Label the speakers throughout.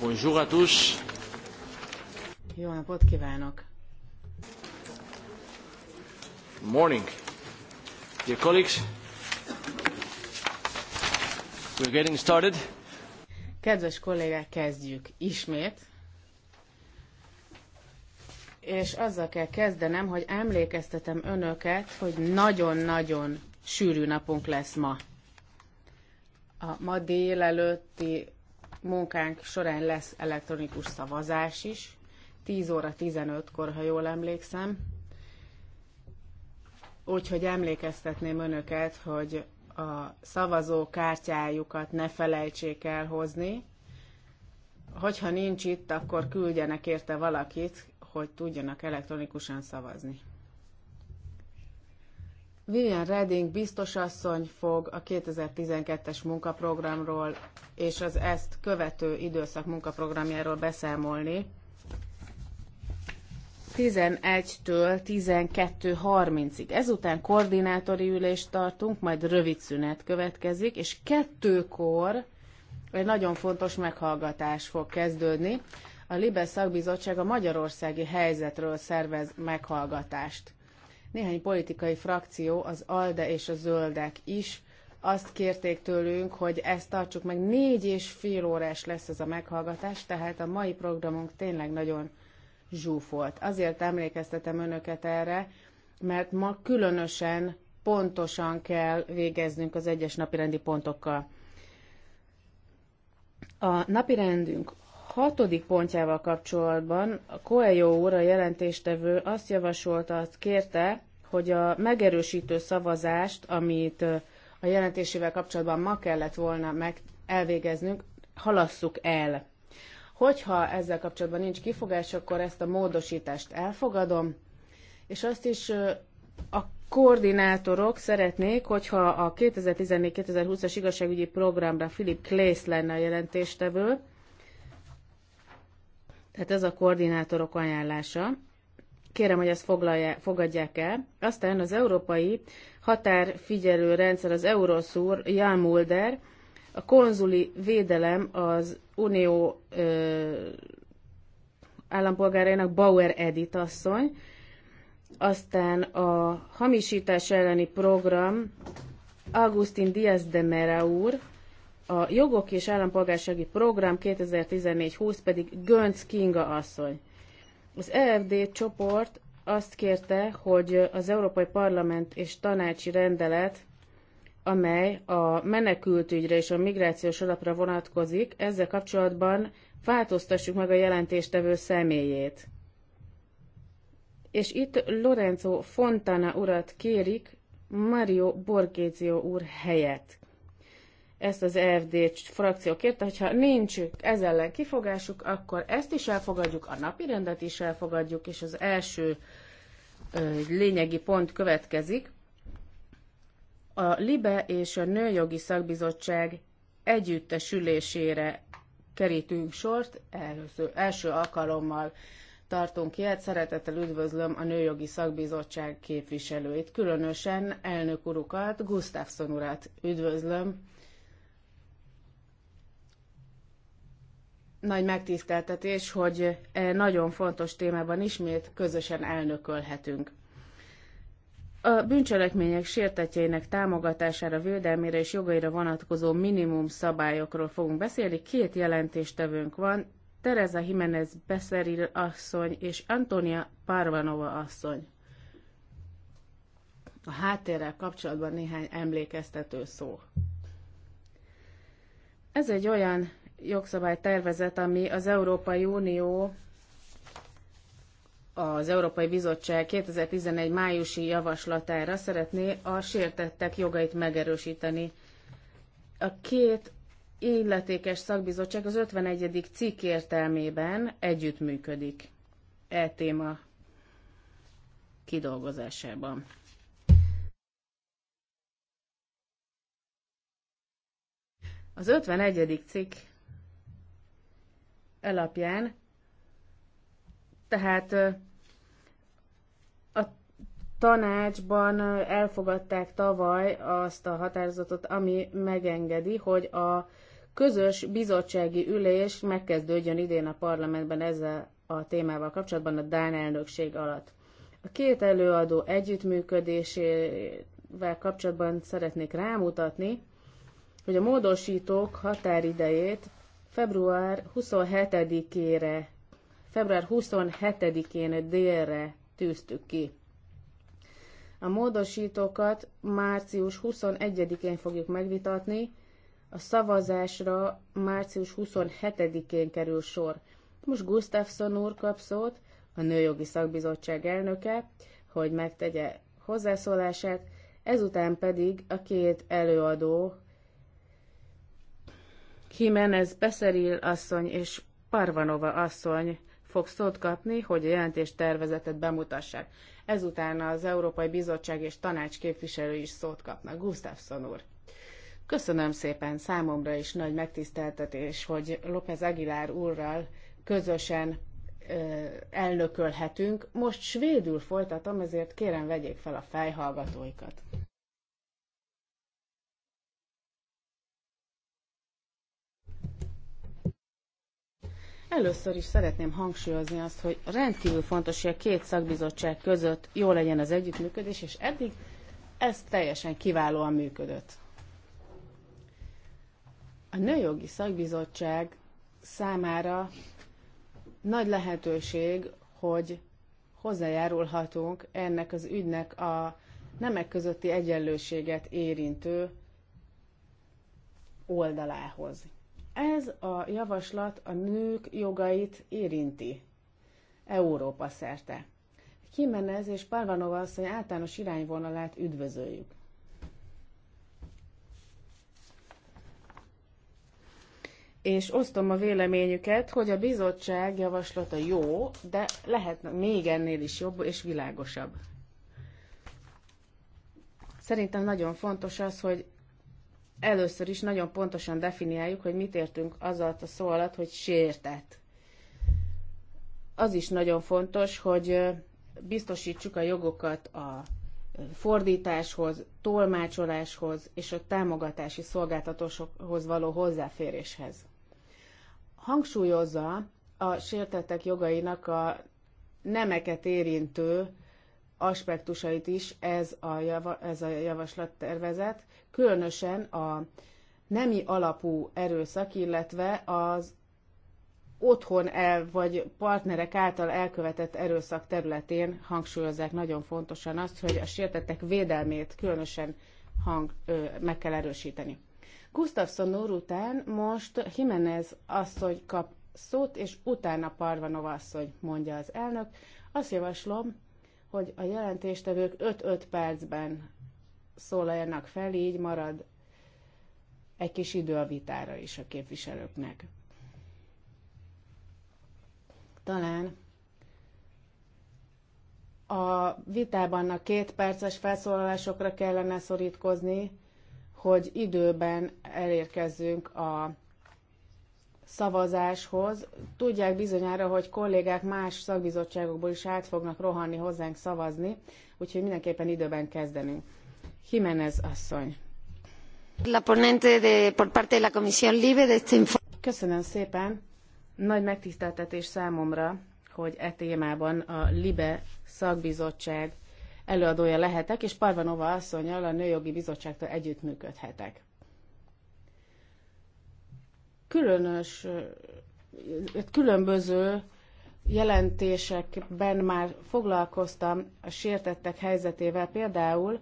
Speaker 1: Bonjour à tous.
Speaker 2: Jó napot kívánok.
Speaker 1: Morning. Dear colleagues, we're getting started.
Speaker 2: Kedves kollégák, kezdjük ismét. És azzal kell kezdenem, hogy emlékeztetem önöket, hogy nagyon-nagyon sűrű napunk lesz ma. A ma délelőtti munkánk során lesz elektronikus szavazás is, 10 óra 15-kor, ha jól emlékszem. Úgyhogy emlékeztetném önöket, hogy a szavazó kártyájukat ne felejtsék el hozni. Hogyha nincs itt, akkor küldjenek érte valakit, hogy tudjanak elektronikusan szavazni. Vivian Redding biztosasszony fog a 2012-es munkaprogramról és az ezt követő időszak munkaprogramjáról beszámolni. 11-től 12.30-ig. Ezután koordinátori ülést tartunk, majd rövid szünet következik, és kettőkor egy nagyon fontos meghallgatás fog kezdődni. A Libes szakbizottság a magyarországi helyzetről szervez meghallgatást. Néhány politikai frakció, az ALDE és a Zöldek is azt kérték tőlünk, hogy ezt tartsuk meg. Négy és fél órás lesz ez a meghallgatás, tehát a mai programunk tényleg nagyon zsúfolt. Azért emlékeztetem önöket erre, mert ma különösen pontosan kell végeznünk az egyes napirendi pontokkal. A napirendünk hatodik pontjával kapcsolatban a Coelho úr, a jelentéstevő azt javasolta, azt kérte, hogy a megerősítő szavazást, amit a jelentésével kapcsolatban ma kellett volna meg elvégeznünk, halasszuk el. Hogyha ezzel kapcsolatban nincs kifogás, akkor ezt a módosítást elfogadom, és azt is a koordinátorok szeretnék, hogyha a 2014-2020-as igazságügyi programra Philip Klész lenne a jelentéstevő, tehát ez a koordinátorok ajánlása. Kérem, hogy ezt fogadják el. Aztán az Európai Határfigyelő Rendszer, az Euroszúr, Jan Mulder, a konzuli védelem az Unió ö, állampolgárainak Bauer Edit asszony, aztán a hamisítás elleni program Augustin Diaz de Mera úr, a jogok és állampolgársági program 2014-20 pedig Gönc Kinga asszony. Az EFD csoport azt kérte, hogy az Európai Parlament és tanácsi rendelet, amely a menekültügyre és a migrációs alapra vonatkozik, ezzel kapcsolatban változtassuk meg a jelentéstevő személyét. És itt Lorenzo Fontana urat kérik Mario Borgézio úr helyett ezt az EFD frakció kérte, hogyha nincs ez ellen kifogásuk, akkor ezt is elfogadjuk, a napi rendet is elfogadjuk, és az első ö, lényegi pont következik. A LIBE és a Nőjogi Szakbizottság együttesülésére kerítünk sort, első, első alkalommal tartunk ilyet. Szeretettel üdvözlöm a Nőjogi Szakbizottság képviselőit, különösen elnök urukat, Gustafsson urat üdvözlöm, nagy megtiszteltetés, hogy e nagyon fontos témában ismét közösen elnökölhetünk. A bűncselekmények sértetjeinek támogatására, védelmére és jogaira vonatkozó minimum szabályokról fogunk beszélni. Két jelentéstevőnk van, Tereza Jimenez Beszeril asszony és Antonia Parvanova asszony. A háttérrel kapcsolatban néhány emlékeztető szó. Ez egy olyan jogszabálytervezet, ami az Európai Unió az Európai Bizottság 2011 májusi javaslatára szeretné a sértettek jogait megerősíteni. A két illetékes szakbizottság az 51. cikk értelmében együttműködik e téma kidolgozásában. Az 51. cikk alapján, tehát a tanácsban elfogadták tavaly azt a határozatot, ami megengedi, hogy a közös bizottsági ülés megkezdődjön idén a parlamentben ezzel a témával kapcsolatban a Dán elnökség alatt. A két előadó együttműködésével kapcsolatban szeretnék rámutatni, hogy a módosítók határidejét február 27-ére, február 27-én délre tűztük ki. A módosítókat március 21-én fogjuk megvitatni, a szavazásra március 27-én kerül sor. Most Gustafsson úr kap szót, a Nőjogi Szakbizottság elnöke, hogy megtegye hozzászólását, ezután pedig a két előadó Jiménez Beszeril asszony és Parvanova asszony fog szót kapni, hogy a jelentés tervezetet bemutassák. Ezután az Európai Bizottság és Tanács képviselői is szót kapnak. Gustafsson úr. Köszönöm szépen számomra is nagy megtiszteltetés, hogy López Aguilar úrral közösen ö, elnökölhetünk. Most svédül folytatom, ezért kérem vegyék fel a fejhallgatóikat. Először is szeretném hangsúlyozni azt, hogy rendkívül fontos, hogy a két szakbizottság között jó legyen az együttműködés, és eddig ez teljesen kiválóan működött. A Nőjogi Szakbizottság számára nagy lehetőség, hogy hozzájárulhatunk ennek az ügynek a nemek közötti egyenlőséget érintő oldalához. Ez a javaslat a nők jogait érinti Európa szerte. Kimenez és Parvanova asszony általános irányvonalát üdvözöljük. és osztom a véleményüket, hogy a bizottság javaslata jó, de lehet még ennél is jobb és világosabb. Szerintem nagyon fontos az, hogy először is nagyon pontosan definiáljuk, hogy mit értünk azzal a szó alatt, hogy sértett. Az is nagyon fontos, hogy biztosítsuk a jogokat a fordításhoz, tolmácsoláshoz és a támogatási szolgáltatóshoz való hozzáféréshez. Hangsúlyozza a sértettek jogainak a nemeket érintő aspektusait is ez a, java, ez a tervezet, különösen a nemi alapú erőszak, illetve az otthon el, vagy partnerek által elkövetett erőszak területén hangsúlyozzák nagyon fontosan azt, hogy a sértettek védelmét különösen hang, ö, meg kell erősíteni. Gustafsson úr után most Jimenez asszony kap szót, és utána Parvanova asszony, mondja az elnök. Azt javaslom, hogy a jelentéstevők 5-5 percben szólaljanak fel, így marad egy kis idő a vitára is a képviselőknek. Talán a vitában a két perces felszólalásokra kellene szorítkozni, hogy időben elérkezzünk a szavazáshoz. Tudják bizonyára, hogy kollégák más szakbizottságokból is át fognak rohanni hozzánk szavazni, úgyhogy mindenképpen időben kezdenünk. Jiménez asszony.
Speaker 3: La ponente de, por parte de la Comisión Libre de este informe.
Speaker 2: Köszönöm szépen. Nagy megtiszteltetés számomra, hogy e témában a LIBE szakbizottság előadója lehetek, és Parvanova asszonyal a Nőjogi Bizottságtól együttműködhetek különös, különböző jelentésekben már foglalkoztam a sértettek helyzetével, például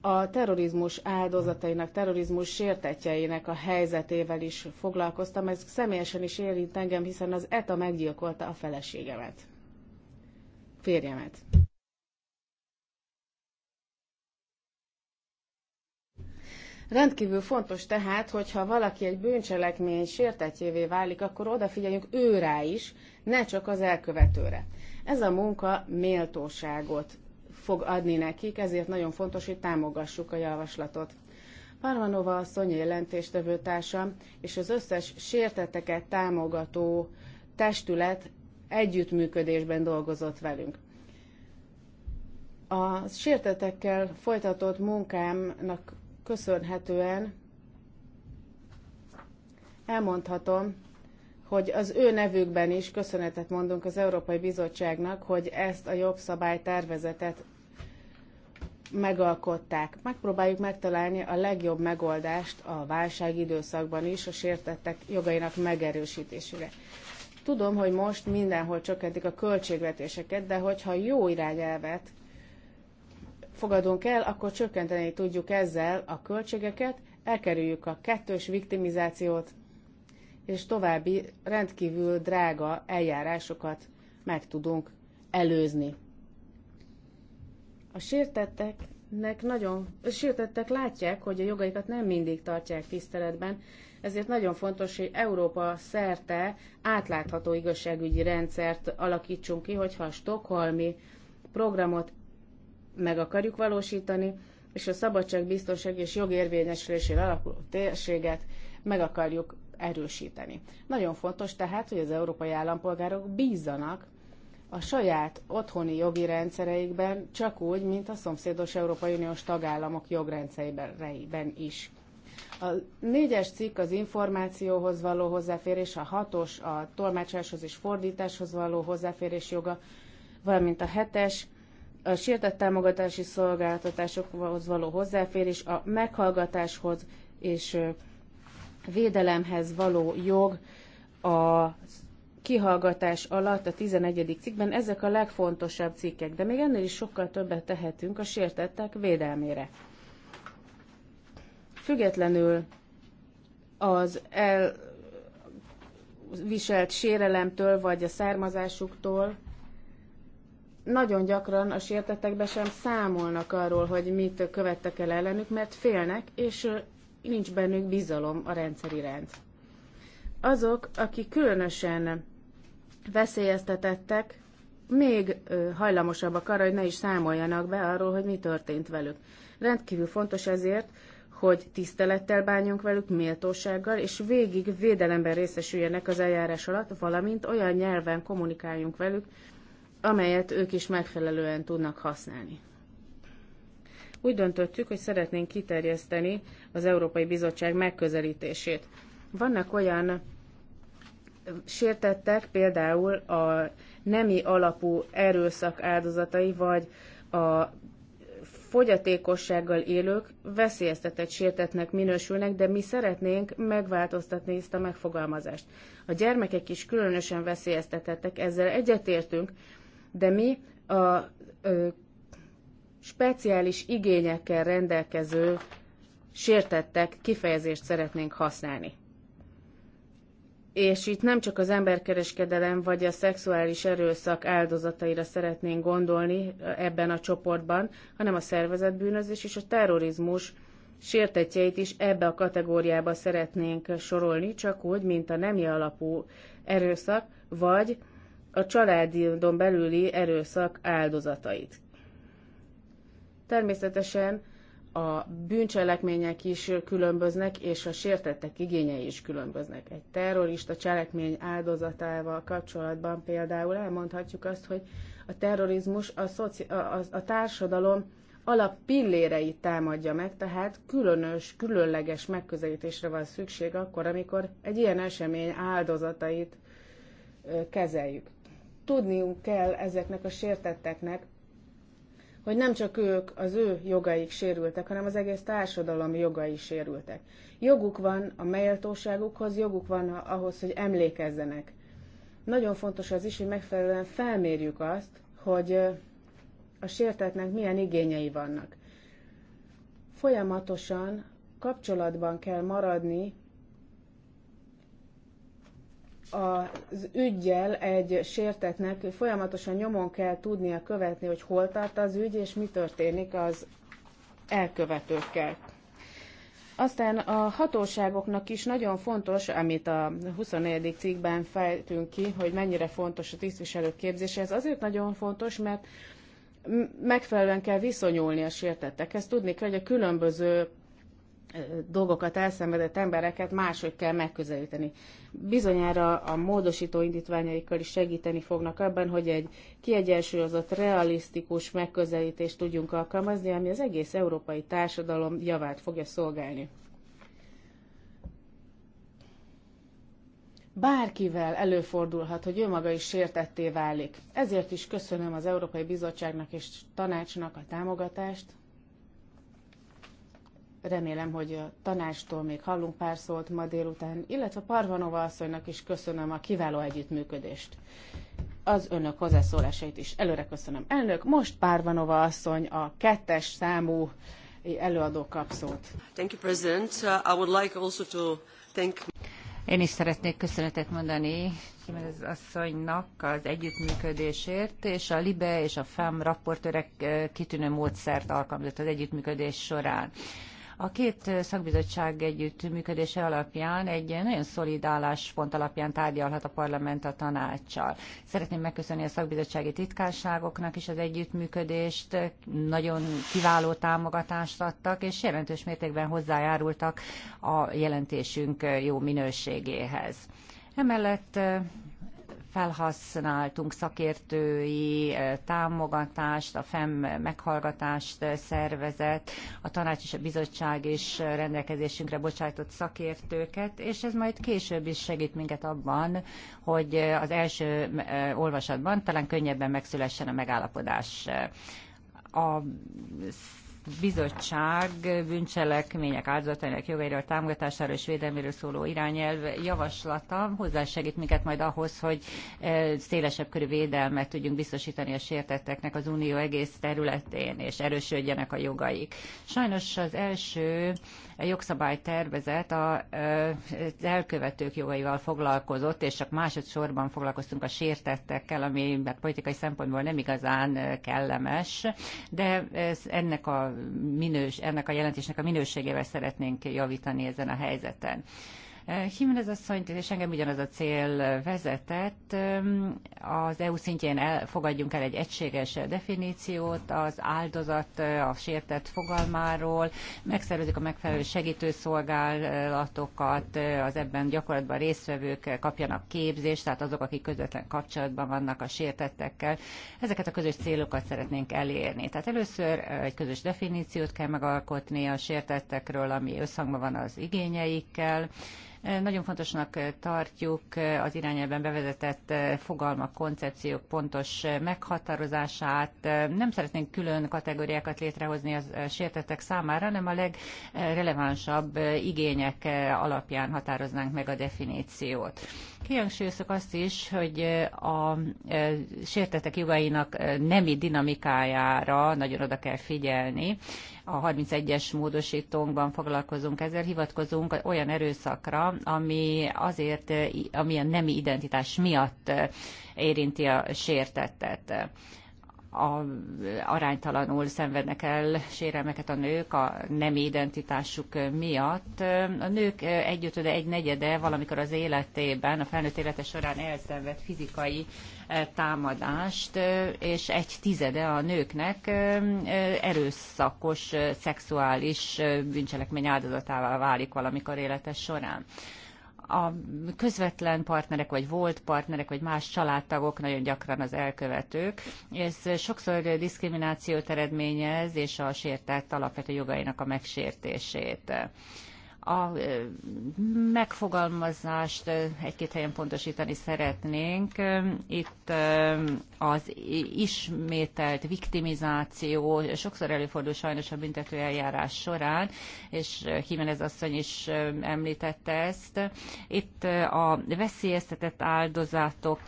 Speaker 2: a terrorizmus áldozatainak, terrorizmus sértetjeinek a helyzetével is foglalkoztam. Ez személyesen is érint engem, hiszen az ETA meggyilkolta a feleségemet, férjemet. Rendkívül fontos tehát, hogyha valaki egy bűncselekmény sértetjévé válik, akkor odafigyeljünk rá is, ne csak az elkövetőre. Ez a munka méltóságot fog adni nekik, ezért nagyon fontos, hogy támogassuk a javaslatot. Parvanova Szonyi jelentéstevő társa, és az összes sérteteket támogató testület együttműködésben dolgozott velünk. A sértetekkel folytatott munkámnak köszönhetően elmondhatom, hogy az ő nevükben is köszönetet mondunk az Európai Bizottságnak, hogy ezt a jogszabálytervezetet megalkották. Megpróbáljuk megtalálni a legjobb megoldást a válság időszakban is a sértettek jogainak megerősítésére. Tudom, hogy most mindenhol csökkentik a költségvetéseket, de hogyha jó irányelvet fogadunk el, akkor csökkenteni tudjuk ezzel a költségeket, elkerüljük a kettős viktimizációt, és további rendkívül drága eljárásokat meg tudunk előzni. A sértetteknek nagyon, a sértettek látják, hogy a jogaikat nem mindig tartják tiszteletben, ezért nagyon fontos, hogy Európa szerte átlátható igazságügyi rendszert alakítsunk ki, hogyha a stokholmi programot meg akarjuk valósítani, és a szabadság, biztonság és jogérvényesülésére alapuló térséget meg akarjuk erősíteni. Nagyon fontos tehát, hogy az európai állampolgárok bízzanak a saját otthoni jogi rendszereikben, csak úgy, mint a szomszédos Európai Uniós tagállamok jogrendszereiben is. A négyes cikk az információhoz való hozzáférés, a hatos a tolmácsáshoz és fordításhoz való hozzáférés joga, valamint a hetes a sértett támogatási szolgáltatásokhoz való hozzáférés, a meghallgatáshoz és védelemhez való jog, a kihallgatás alatt a 11. cikkben ezek a legfontosabb cikkek, de még ennél is sokkal többet tehetünk a sértettek védelmére. Függetlenül az elviselt sérelemtől vagy a származásuktól, nagyon gyakran a sértettekbe sem számolnak arról, hogy mit követtek el ellenük, mert félnek, és nincs bennük bizalom a rendszer iránt. Azok, akik különösen veszélyeztetettek, még hajlamosabbak arra, hogy ne is számoljanak be arról, hogy mi történt velük. Rendkívül fontos ezért, hogy tisztelettel bánjunk velük, méltósággal, és végig védelemben részesüljenek az eljárás alatt, valamint olyan nyelven kommunikáljunk velük, amelyet ők is megfelelően tudnak használni. Úgy döntöttük, hogy szeretnénk kiterjeszteni az Európai Bizottság megközelítését. Vannak olyan sértettek, például a nemi alapú erőszak áldozatai, vagy a fogyatékossággal élők veszélyeztetett sértetnek minősülnek, de mi szeretnénk megváltoztatni ezt a megfogalmazást. A gyermekek is különösen veszélyeztetettek, ezzel egyetértünk, de mi a ö, speciális igényekkel rendelkező sértettek kifejezést szeretnénk használni. És itt nem csak az emberkereskedelem vagy a szexuális erőszak áldozataira szeretnénk gondolni ebben a csoportban, hanem a szervezetbűnözés és a terrorizmus sértetjeit is ebbe a kategóriába szeretnénk sorolni, csak úgy, mint a nemi alapú erőszak, vagy a családon belüli erőszak áldozatait. Természetesen a bűncselekmények is különböznek, és a sértettek igényei is különböznek. Egy terrorista cselekmény áldozatával kapcsolatban például elmondhatjuk azt, hogy a terrorizmus a, szoci- a, a, a társadalom pilléreit támadja meg, tehát különös, különleges megközelítésre van szükség akkor, amikor egy ilyen esemény áldozatait kezeljük tudniunk kell ezeknek a sértetteknek, hogy nem csak ők, az ő jogaik sérültek, hanem az egész társadalom jogai sérültek. Joguk van a méltóságukhoz, joguk van ahhoz, hogy emlékezzenek. Nagyon fontos az is, hogy megfelelően felmérjük azt, hogy a sértetnek milyen igényei vannak. Folyamatosan kapcsolatban kell maradni az ügyjel egy sértetnek folyamatosan nyomon kell tudnia követni, hogy hol tart az ügy, és mi történik az elkövetőkkel. Aztán a hatóságoknak is nagyon fontos, amit a 24. cikkben fejtünk ki, hogy mennyire fontos a tisztviselők képzése. Ez azért nagyon fontos, mert megfelelően kell viszonyulni a sértettekhez. Tudni kell, hogy a különböző dolgokat elszenvedett embereket máshogy kell megközelíteni. Bizonyára a módosító indítványaikkal is segíteni fognak abban, hogy egy kiegyensúlyozott, realisztikus megközelítést tudjunk alkalmazni, ami az egész európai társadalom javát fogja szolgálni. Bárkivel előfordulhat, hogy ő maga is sértetté válik. Ezért is köszönöm az Európai Bizottságnak és Tanácsnak a támogatást, Remélem, hogy a tanástól még hallunk pár szót ma délután, illetve Parvanova asszonynak is köszönöm a kiváló együttműködést. Az önök hozzászólásait is előre köszönöm. Elnök, most Parvanova asszony a kettes számú előadó kap szót. Thank you,
Speaker 3: President. Uh, I would like also to thank...
Speaker 2: Én is szeretnék köszönetet mondani
Speaker 3: az asszonynak az együttműködésért, és a LIBE és a FEM raportőrek uh, kitűnő módszert alkalmazott az együttműködés során. A két szakbizottság együttműködése alapján egy nagyon szolid álláspont alapján tárgyalhat a parlament a tanácssal. Szeretném megköszönni a szakbizottsági titkárságoknak is az együttműködést, nagyon kiváló támogatást adtak, és jelentős mértékben hozzájárultak a jelentésünk jó minőségéhez. Emellett felhasználtunk szakértői eh, támogatást, a FEM meghallgatást eh, szervezett, a tanács és a bizottság is eh, rendelkezésünkre bocsájtott szakértőket, és ez majd később is segít minket abban, hogy az első olvasatban talán könnyebben megszülessen a megállapodás. A bizottság bűncselekmények áldozatainak jogairól, támogatásáról és védelméről szóló irányelv javaslata hozzásegít minket majd ahhoz, hogy eh, szélesebb körű védelmet tudjunk biztosítani a sértetteknek az unió egész területén, és erősödjenek a jogaik. Sajnos az első jogszabálytervezet az elkövetők jogaival foglalkozott, és csak másodszorban foglalkoztunk a sértettekkel, ami mert hát politikai szempontból nem igazán kellemes, de ez ennek, a minős, ennek a jelentésnek a minőségével szeretnénk javítani ezen a helyzeten. Eh, Jiménez asszonyt és engem ugyanaz a cél vezetett. Az EU szintjén el, fogadjunk el egy egységes definíciót az áldozat eh, a sértett fogalmáról, megszervezik a megfelelő segítőszolgálatokat, eh, az ebben gyakorlatban résztvevők kapjanak képzést, tehát azok, akik közvetlen kapcsolatban vannak a sértettekkel. Ezeket a közös célokat szeretnénk elérni. Tehát először egy közös definíciót kell megalkotni a sértettekről, ami összhangban van az igényeikkel, nagyon fontosnak tartjuk az irányelben bevezetett eh, fogalmak, koncepciók pontos eh, meghatározását. Eh, nem szeretnénk külön kategóriákat létrehozni az sértettek számára, hanem a legrelevánsabb igények alapján határoznánk meg a definíciót. Kihangsúlyozok azt is, hogy a sértetek jogainak nemi dinamikájára nagyon oda kell figyelni a 31-es módosítónkban foglalkozunk ezzel, hivatkozunk olyan erőszakra, ami azért, ami a nemi identitás miatt érinti a sértettet a, aránytalanul szenvednek el sérelmeket a nők a nem identitásuk miatt. A nők egyötöde, egy negyede valamikor az életében, a felnőtt élete során elszenved fizikai eh, támadást, eh, és egy tizede a nőknek eh, erőszakos, szexuális bűncselekmény áldozatává válik valamikor élete során a közvetlen partnerek, vagy volt partnerek, vagy más családtagok nagyon gyakran az elkövetők. Ez sokszor diszkriminációt eredményez, és a sértett alapvető jogainak a megsértését a megfogalmazást egy-két helyen pontosítani szeretnénk. Itt az ismételt viktimizáció sokszor előfordul sajnos a eljárás során, és Jimenez asszony is említette ezt. Itt a veszélyeztetett áldozatok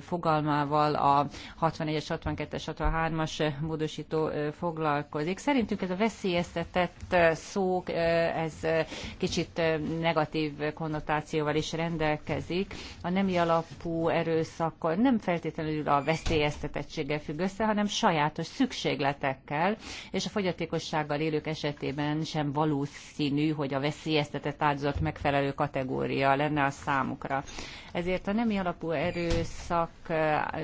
Speaker 3: fogalmával a 61-es, 62-es, 63-as módosító foglalkozik. Szerintünk ez a veszélyeztetett szó, ez kicsit negatív konnotációval is rendelkezik. A nemi alapú erőszakkal nem feltétlenül a veszélyeztetettséggel függ össze, hanem sajátos szükségletekkel, és a fogyatékossággal élők esetében sem valószínű, hogy a veszélyeztetett áldozat megfelelő kategória lenne a számukra. Ezért a nemi alapú erőszak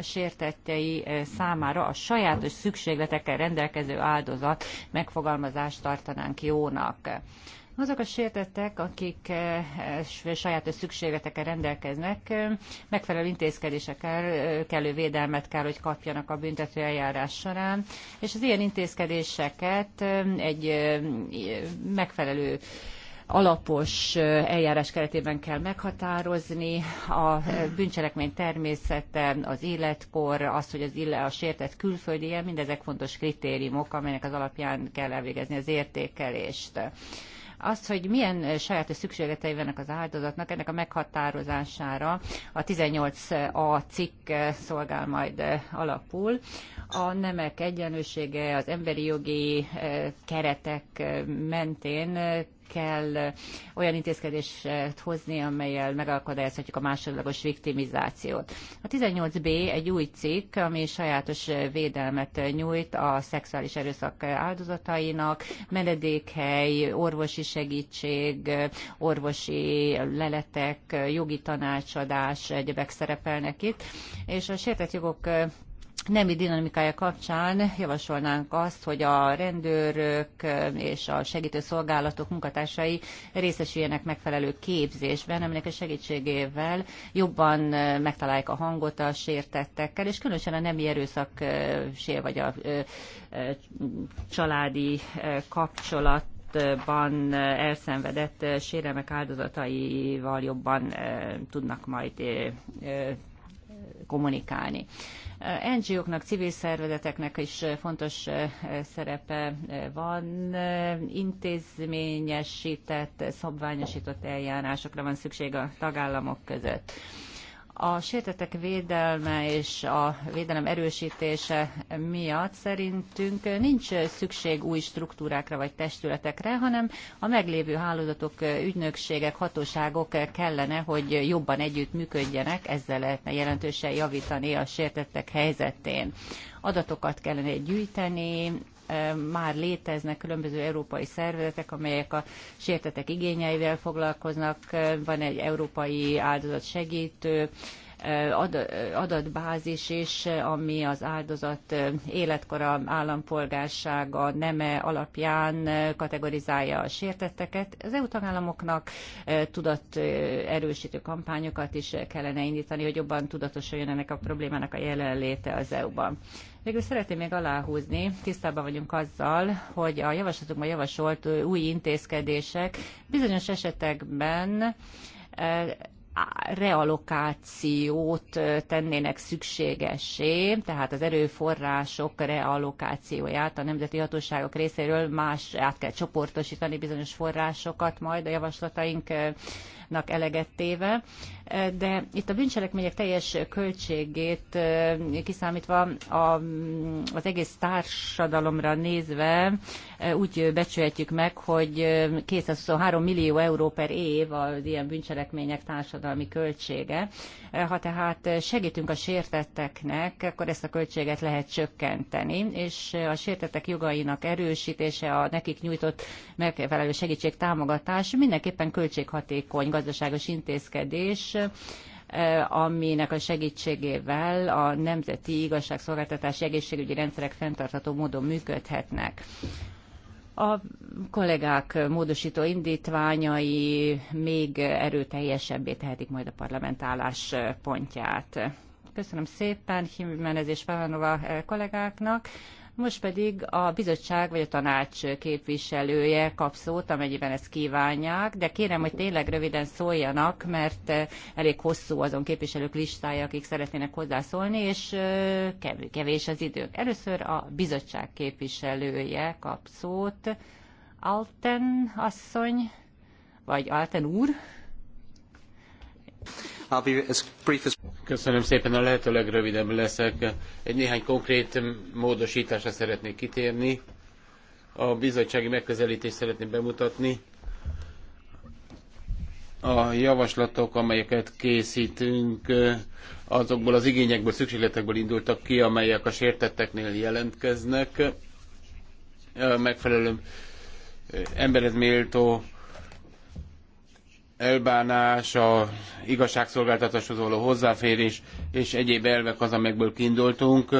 Speaker 3: sértettjei számára a sajátos szükségletekkel rendelkező áldozat megfogalmazást tartanánk jónak. Azok a sértettek, akik eh, saját szükségletekkel rendelkeznek, eh, megfelelő intézkedésekkel eh, kellő védelmet kell, hogy kapjanak a büntető eljárás során, és az ilyen intézkedéseket egy megfelelő alapos eljárás keretében kell meghatározni a bűncselekmény természete, az életkor, az, hogy az ille a sértett külföldi, mindezek fontos kritériumok, amelynek az alapján kell elvégezni az értékelést. Azt, hogy milyen sajátos szükségletei vannak az áldozatnak, ennek a meghatározására a 18a cikk szolgál majd alapul. A nemek egyenlősége az emberi jogi keretek mentén kell olyan intézkedést hozni, amelyel megakadályozhatjuk a másodlagos viktimizációt. A 18b egy új cikk, ami sajátos védelmet nyújt a szexuális erőszak áldozatainak, menedékhely, orvosi segítség, orvosi leletek, jogi tanácsadás, egyebek szerepelnek itt, és a sértett jogok nemi dinamikája kapcsán javasolnánk azt, hogy a rendőrök és a segítő szolgálatok munkatársai részesüljenek megfelelő képzésben, aminek a segítségével jobban megtalálják a hangot a sértettekkel, és különösen a nemi erőszak sér vagy a családi kapcsolat ban elszenvedett sérelmek áldozataival jobban tudnak majd kommunikálni. NGO-knak, civil szervezeteknek is fontos eh, szerepe eh, van. Intézményesített, szabványosított eljárásokra van szükség a tagállamok között. A sértetek védelme és a védelem erősítése miatt szerintünk nincs szükség új struktúrákra vagy testületekre, hanem a meglévő hálózatok, ügynökségek, hatóságok kellene, hogy jobban együtt működjenek, ezzel lehetne jelentősen javítani a sértettek helyzetén adatokat kellene gyűjteni, már léteznek különböző európai szervezetek, amelyek a sértetek igényeivel foglalkoznak, van egy európai áldozat segítő, adatbázis is, ami az áldozat életkora, állampolgársága, neme alapján kategorizálja a sértetteket. Az EU tagállamoknak tudat erősítő kampányokat is kellene indítani, hogy jobban tudatosuljon ennek a problémának a jelenléte az EU-ban. Végül szeretném még aláhúzni, tisztában vagyunk azzal, hogy a javaslatunkban javasolt új intézkedések bizonyos esetekben realokációt tennének szükségessé, tehát az erőforrások realokációját a nemzeti hatóságok részéről más át kell csoportosítani bizonyos forrásokat majd a javaslataink javaslatnak eleget téve, de itt a bűncselekmények teljes költségét kiszámítva a, az egész társadalomra nézve úgy becsülhetjük meg, hogy 223 millió euró per év az ilyen bűncselekmények társadalmi költsége. Ha tehát segítünk a sértetteknek, akkor ezt a költséget lehet csökkenteni, és a sértettek jogainak erősítése, a nekik nyújtott megfelelő segítség támogatás mindenképpen költséghatékony, gazdaságos intézkedés, eh, aminek a segítségével a nemzeti igazságszolgáltatási egészségügyi rendszerek fenntartható módon működhetnek. A kollégák módosító indítványai még erőteljesebbé tehetik majd a parlament álláspontját. Köszönöm szépen Jiménez és Pavanova eh, kollégáknak. Most pedig a bizottság vagy a tanács képviselője kap szót, amennyiben ezt kívánják, de kérem, hogy tényleg röviden szóljanak, mert eh, elég hosszú azon képviselők listája, akik szeretnének hozzászólni, és eh, kevés az idő. Először a bizottság képviselője kap szót. Alten asszony, vagy Alten úr,
Speaker 1: Köszönöm szépen, a lehető legrövidebb leszek. Egy néhány konkrét módosításra szeretnék kitérni. A bizottsági megközelítést szeretném bemutatni. A javaslatok, amelyeket készítünk, azokból az igényekből, szükségletekből indultak ki, amelyek a sértetteknél jelentkeznek. Megfelelő emberhez méltó elbánás, a igazságszolgáltatáshoz való hozzáférés és egyéb elvek az, amelyekből kiindultunk.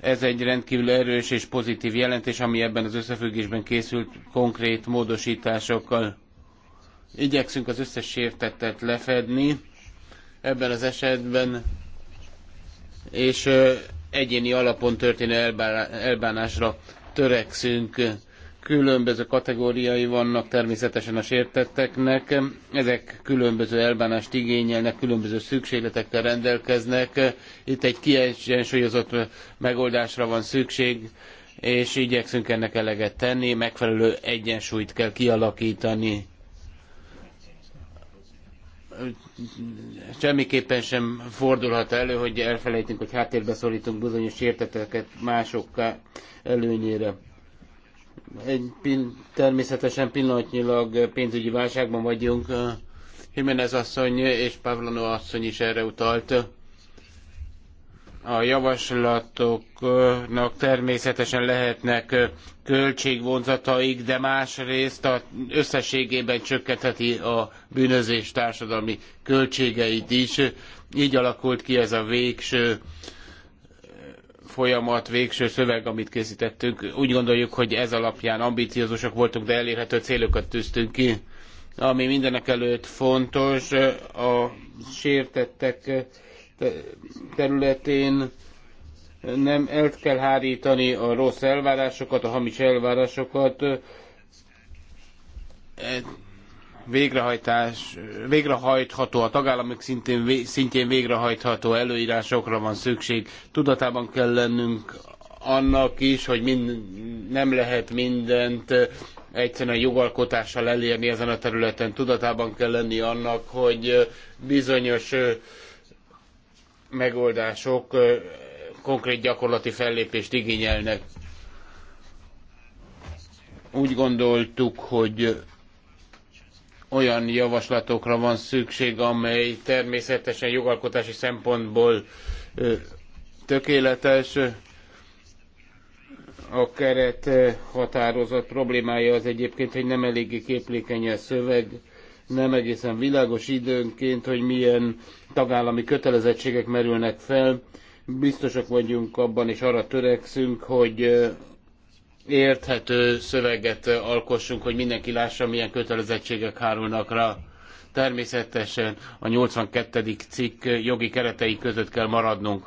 Speaker 1: Ez egy rendkívül erős és pozitív jelentés, ami ebben az összefüggésben készült konkrét módosításokkal. Igyekszünk az összes sértettet lefedni ebben az esetben, és egyéni alapon történő elbánásra törekszünk Különböző kategóriái vannak természetesen a sértetteknek, ezek különböző elbánást igényelnek, különböző szükségletekkel rendelkeznek. Itt egy kiegyensúlyozott megoldásra van szükség, és igyekszünk ennek eleget tenni, megfelelő egyensúlyt kell kialakítani semmiképpen sem fordulhat elő, hogy elfelejtünk, hogy háttérbe szorítunk bizonyos érteteket mások előnyére egy pin, természetesen pillanatnyilag pénzügyi válságban vagyunk. Jiménez asszony és Pavlano asszony is erre utalt. A javaslatoknak természetesen lehetnek költségvonzataik, de másrészt a összességében csökkentheti a bűnözés társadalmi költségeit is. Így alakult ki ez a végső folyamat, végső szöveg, amit készítettünk. Úgy gondoljuk, hogy ez alapján ambiciózusak voltunk, de elérhető célokat tűztünk ki. Ami mindenek előtt fontos, a sértettek területén nem el kell hárítani a rossz elvárásokat, a hamis elvárásokat végrehajtás, végrehajtható, a tagállamok szintén, szintjén végrehajtható előírásokra van szükség. Tudatában kell lennünk annak is, hogy mind, nem lehet mindent egyszerűen jogalkotással elérni ezen a területen. Tudatában kell lenni annak, hogy bizonyos megoldások konkrét gyakorlati fellépést igényelnek. Úgy gondoltuk, hogy olyan javaslatokra van szükség, amely természetesen jogalkotási szempontból tökéletes. A keret határozat problémája az egyébként, hogy nem eléggé képlékeny a szöveg, nem egészen világos időnként, hogy milyen tagállami kötelezettségek merülnek fel. Biztosak vagyunk abban, és arra törekszünk, hogy érthető szöveget alkossunk, hogy mindenki lássa, milyen kötelezettségek hárulnak rá. Természetesen a 82. cikk jogi keretei között kell maradnunk.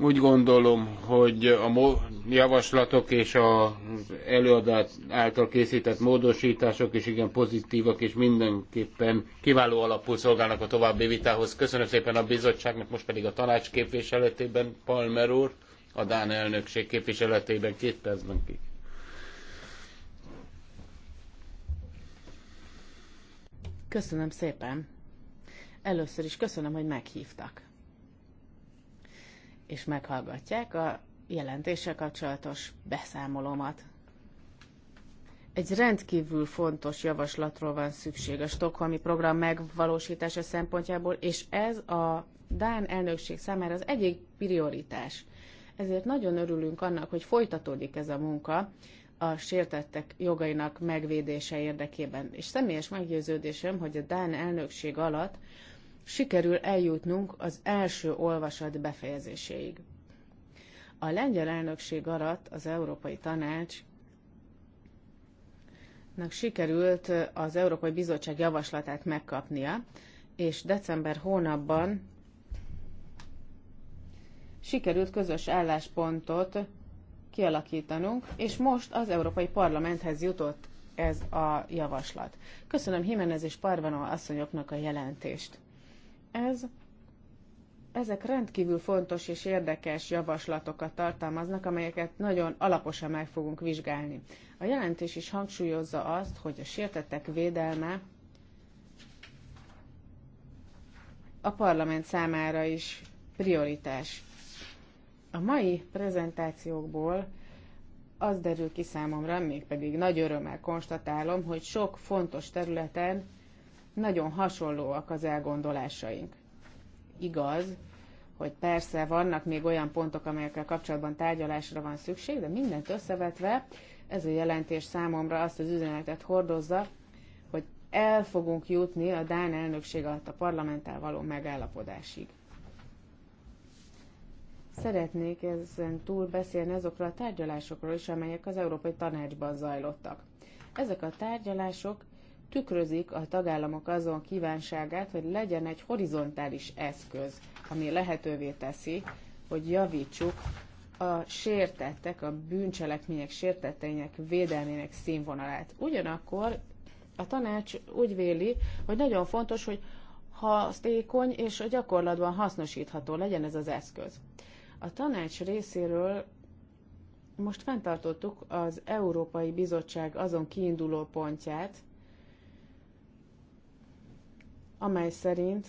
Speaker 1: Úgy gondolom, hogy a javaslatok és az előadás által készített módosítások is igen pozitívak, és mindenképpen kiváló alapul szolgálnak a további vitához. Köszönöm szépen a bizottságnak, most pedig a tanács képviseletében Palmer úr a Dán elnökség képviseletében két percben ki.
Speaker 2: Köszönöm szépen. Először is köszönöm, hogy meghívtak. És meghallgatják a jelentéssel kapcsolatos beszámolómat. Egy rendkívül fontos javaslatról van szükség a Stockholmi program megvalósítása szempontjából, és ez a Dán elnökség számára az egyik prioritás. Ezért nagyon örülünk annak, hogy folytatódik ez a munka a sértettek jogainak megvédése érdekében. És személyes meggyőződésem, hogy a Dán elnökség alatt sikerül eljutnunk az első olvasat befejezéséig. A lengyel elnökség alatt az Európai Tanács sikerült az Európai Bizottság javaslatát megkapnia, és december hónapban sikerült közös álláspontot kialakítanunk, és most az Európai Parlamenthez jutott ez a javaslat. Köszönöm Jimenez és Parvano asszonyoknak a jelentést. Ez, ezek rendkívül fontos és érdekes javaslatokat tartalmaznak, amelyeket nagyon alaposan meg fogunk vizsgálni. A jelentés is hangsúlyozza azt, hogy a sértettek védelme a parlament számára is prioritás. A mai prezentációkból az derül ki számomra, mégpedig nagy örömmel konstatálom, hogy sok fontos területen nagyon hasonlóak az elgondolásaink. Igaz, hogy persze vannak még olyan pontok, amelyekkel kapcsolatban tárgyalásra van szükség, de mindent összevetve ez a jelentés számomra azt az üzenetet hordozza, hogy el fogunk jutni a Dán elnökség alatt a parlamenttel való megállapodásig. Szeretnék ezen túl beszélni azokról a tárgyalásokról is, amelyek az Európai Tanácsban zajlottak. Ezek a tárgyalások tükrözik a tagállamok azon kívánságát, hogy legyen egy horizontális eszköz, ami lehetővé teszi, hogy javítsuk a sértettek, a bűncselekmények, sértetteinek védelmének színvonalát. Ugyanakkor a tanács úgy véli, hogy nagyon fontos, hogy hasztékony és a gyakorlatban hasznosítható legyen ez az eszköz. A tanács részéről most fenntartottuk az Európai Bizottság azon kiinduló pontját, amely szerint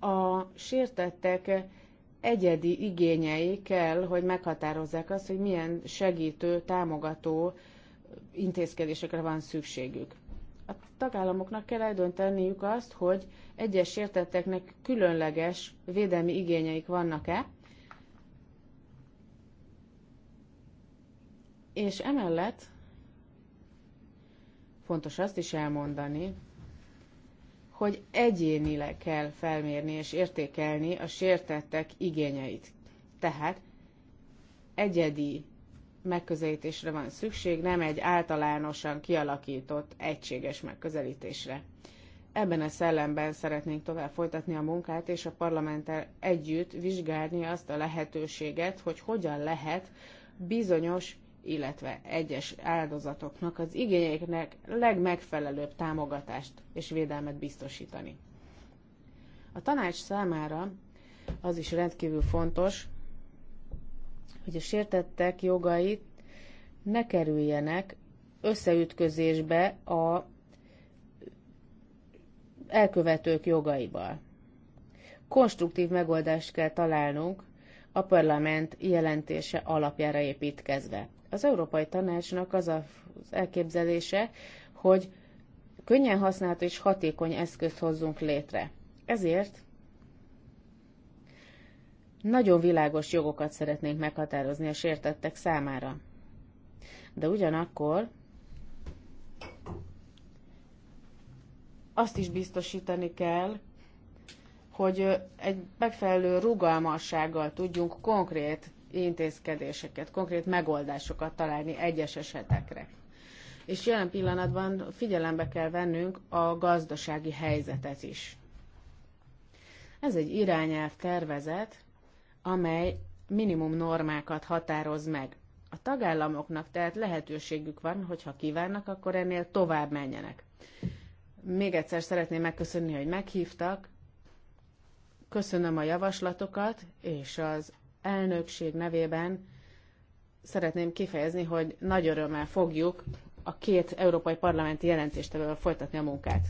Speaker 2: a sértettek egyedi igényei kell, hogy meghatározzák azt, hogy milyen segítő, támogató intézkedésekre van szükségük a tagállamoknak kell eldönteniük azt, hogy egyes sértetteknek különleges védelmi igényeik vannak-e, és emellett fontos azt is elmondani, hogy egyénileg kell felmérni és értékelni a sértettek igényeit. Tehát egyedi megközelítésre van szükség, nem egy általánosan kialakított, egységes megközelítésre. Ebben a szellemben szeretnénk tovább folytatni a munkát, és a parlamenttel együtt vizsgálni azt a lehetőséget, hogy hogyan lehet bizonyos, illetve egyes áldozatoknak az igényeknek legmegfelelőbb támogatást és védelmet biztosítani. A tanács számára az is rendkívül fontos, hogy a sértettek jogait ne kerüljenek összeütközésbe a elkövetők jogaival. Konstruktív megoldást kell találnunk a parlament jelentése alapjára építkezve. Az Európai Tanácsnak az az elképzelése, hogy könnyen használható és hatékony eszközt hozzunk létre. Ezért nagyon világos jogokat szeretnénk meghatározni a sértettek számára. De ugyanakkor azt is biztosítani kell, hogy egy megfelelő rugalmassággal tudjunk konkrét intézkedéseket, konkrét megoldásokat találni egyes esetekre. És jelen pillanatban figyelembe kell vennünk a gazdasági helyzetet is. Ez egy irányelv tervezet, amely minimum normákat határoz meg. A tagállamoknak tehát lehetőségük van, hogyha kívánnak, akkor ennél tovább menjenek. Még egyszer szeretném megköszönni, hogy meghívtak. Köszönöm a javaslatokat, és az elnökség nevében szeretném kifejezni, hogy nagy örömmel fogjuk a két európai parlamenti jelentéstevővel folytatni a munkát.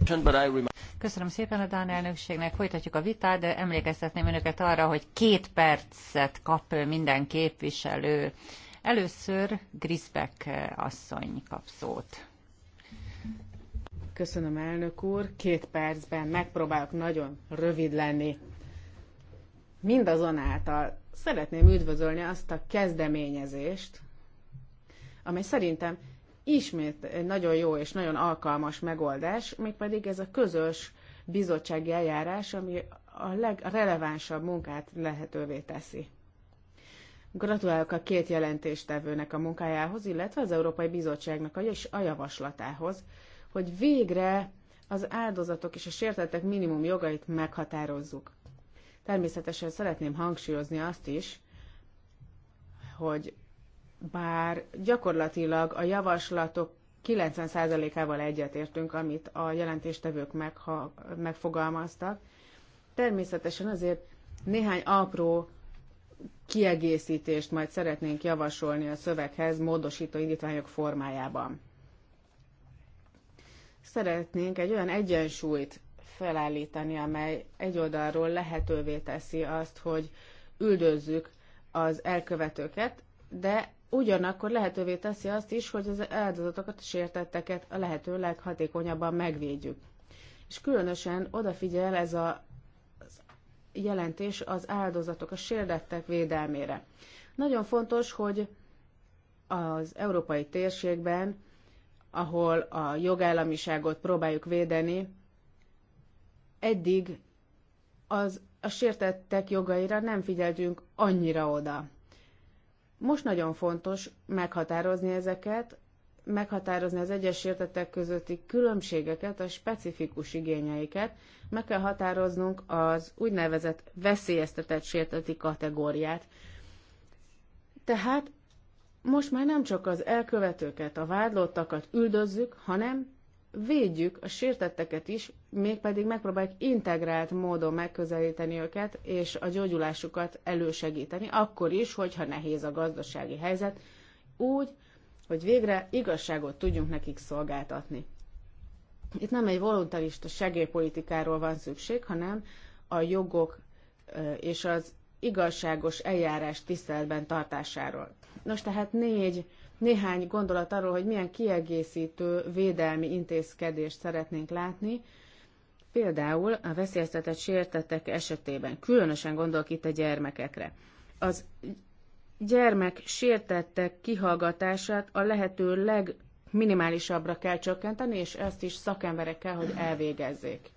Speaker 2: Köszönöm szépen a Dán elnökségnek,
Speaker 3: folytatjuk a vitát, de emlékeztetném önöket arra, hogy két percet kap minden képviselő.
Speaker 2: Először Grisbeck asszony kap szót. Köszönöm, elnök úr. Két percben megpróbálok nagyon rövid lenni. Mindazonáltal szeretném üdvözölni azt a kezdeményezést, amely szerintem ismét egy nagyon jó és nagyon alkalmas megoldás, mégpedig ez a közös bizottsági eljárás, ami a legrelevánsabb munkát lehetővé teszi. Gratulálok a két jelentéstevőnek a munkájához, illetve az Európai Bizottságnak a javaslatához, hogy végre az áldozatok és a sértettek minimum jogait meghatározzuk. Természetesen szeretném hangsúlyozni azt is, hogy bár gyakorlatilag a javaslatok 90%-ával egyetértünk, amit a jelentéstevők megha- megfogalmaztak. Természetesen azért néhány apró kiegészítést majd szeretnénk javasolni a szöveghez módosító indítványok formájában. Szeretnénk egy olyan egyensúlyt felállítani, amely egy oldalról lehetővé teszi azt, hogy üldözzük az elkövetőket, de ugyanakkor lehetővé teszi azt is, hogy az áldozatokat, értetteket a lehető leghatékonyabban megvédjük. És különösen odafigyel ez a jelentés az áldozatok, a sérdettek védelmére. Nagyon fontos, hogy az európai térségben, ahol a jogállamiságot próbáljuk védeni, eddig az a sértettek jogaira nem figyeltünk annyira oda. Most nagyon fontos meghatározni ezeket, meghatározni az egyes értetek közötti különbségeket, a specifikus igényeiket, meg kell határoznunk az úgynevezett veszélyeztetett sérteti kategóriát. Tehát most már nem csak az elkövetőket, a vádlottakat üldözzük, hanem védjük a sértetteket is, mégpedig megpróbáljuk integrált módon megközelíteni őket, és a gyógyulásukat elősegíteni, akkor is, hogyha nehéz a gazdasági helyzet, úgy, hogy végre igazságot tudjunk nekik szolgáltatni. Itt nem egy voluntarista segélypolitikáról van szükség, hanem a jogok és az igazságos eljárás tiszteletben tartásáról. Nos, tehát négy néhány gondolat arról, hogy milyen kiegészítő védelmi intézkedést szeretnénk látni, például a veszélyeztetett sértettek esetében. Különösen gondolok itt a gyermekekre. Az gyermek sértettek kihallgatását a lehető legminimálisabbra kell csökkenteni, és ezt is szakemberekkel, hogy elvégezzék.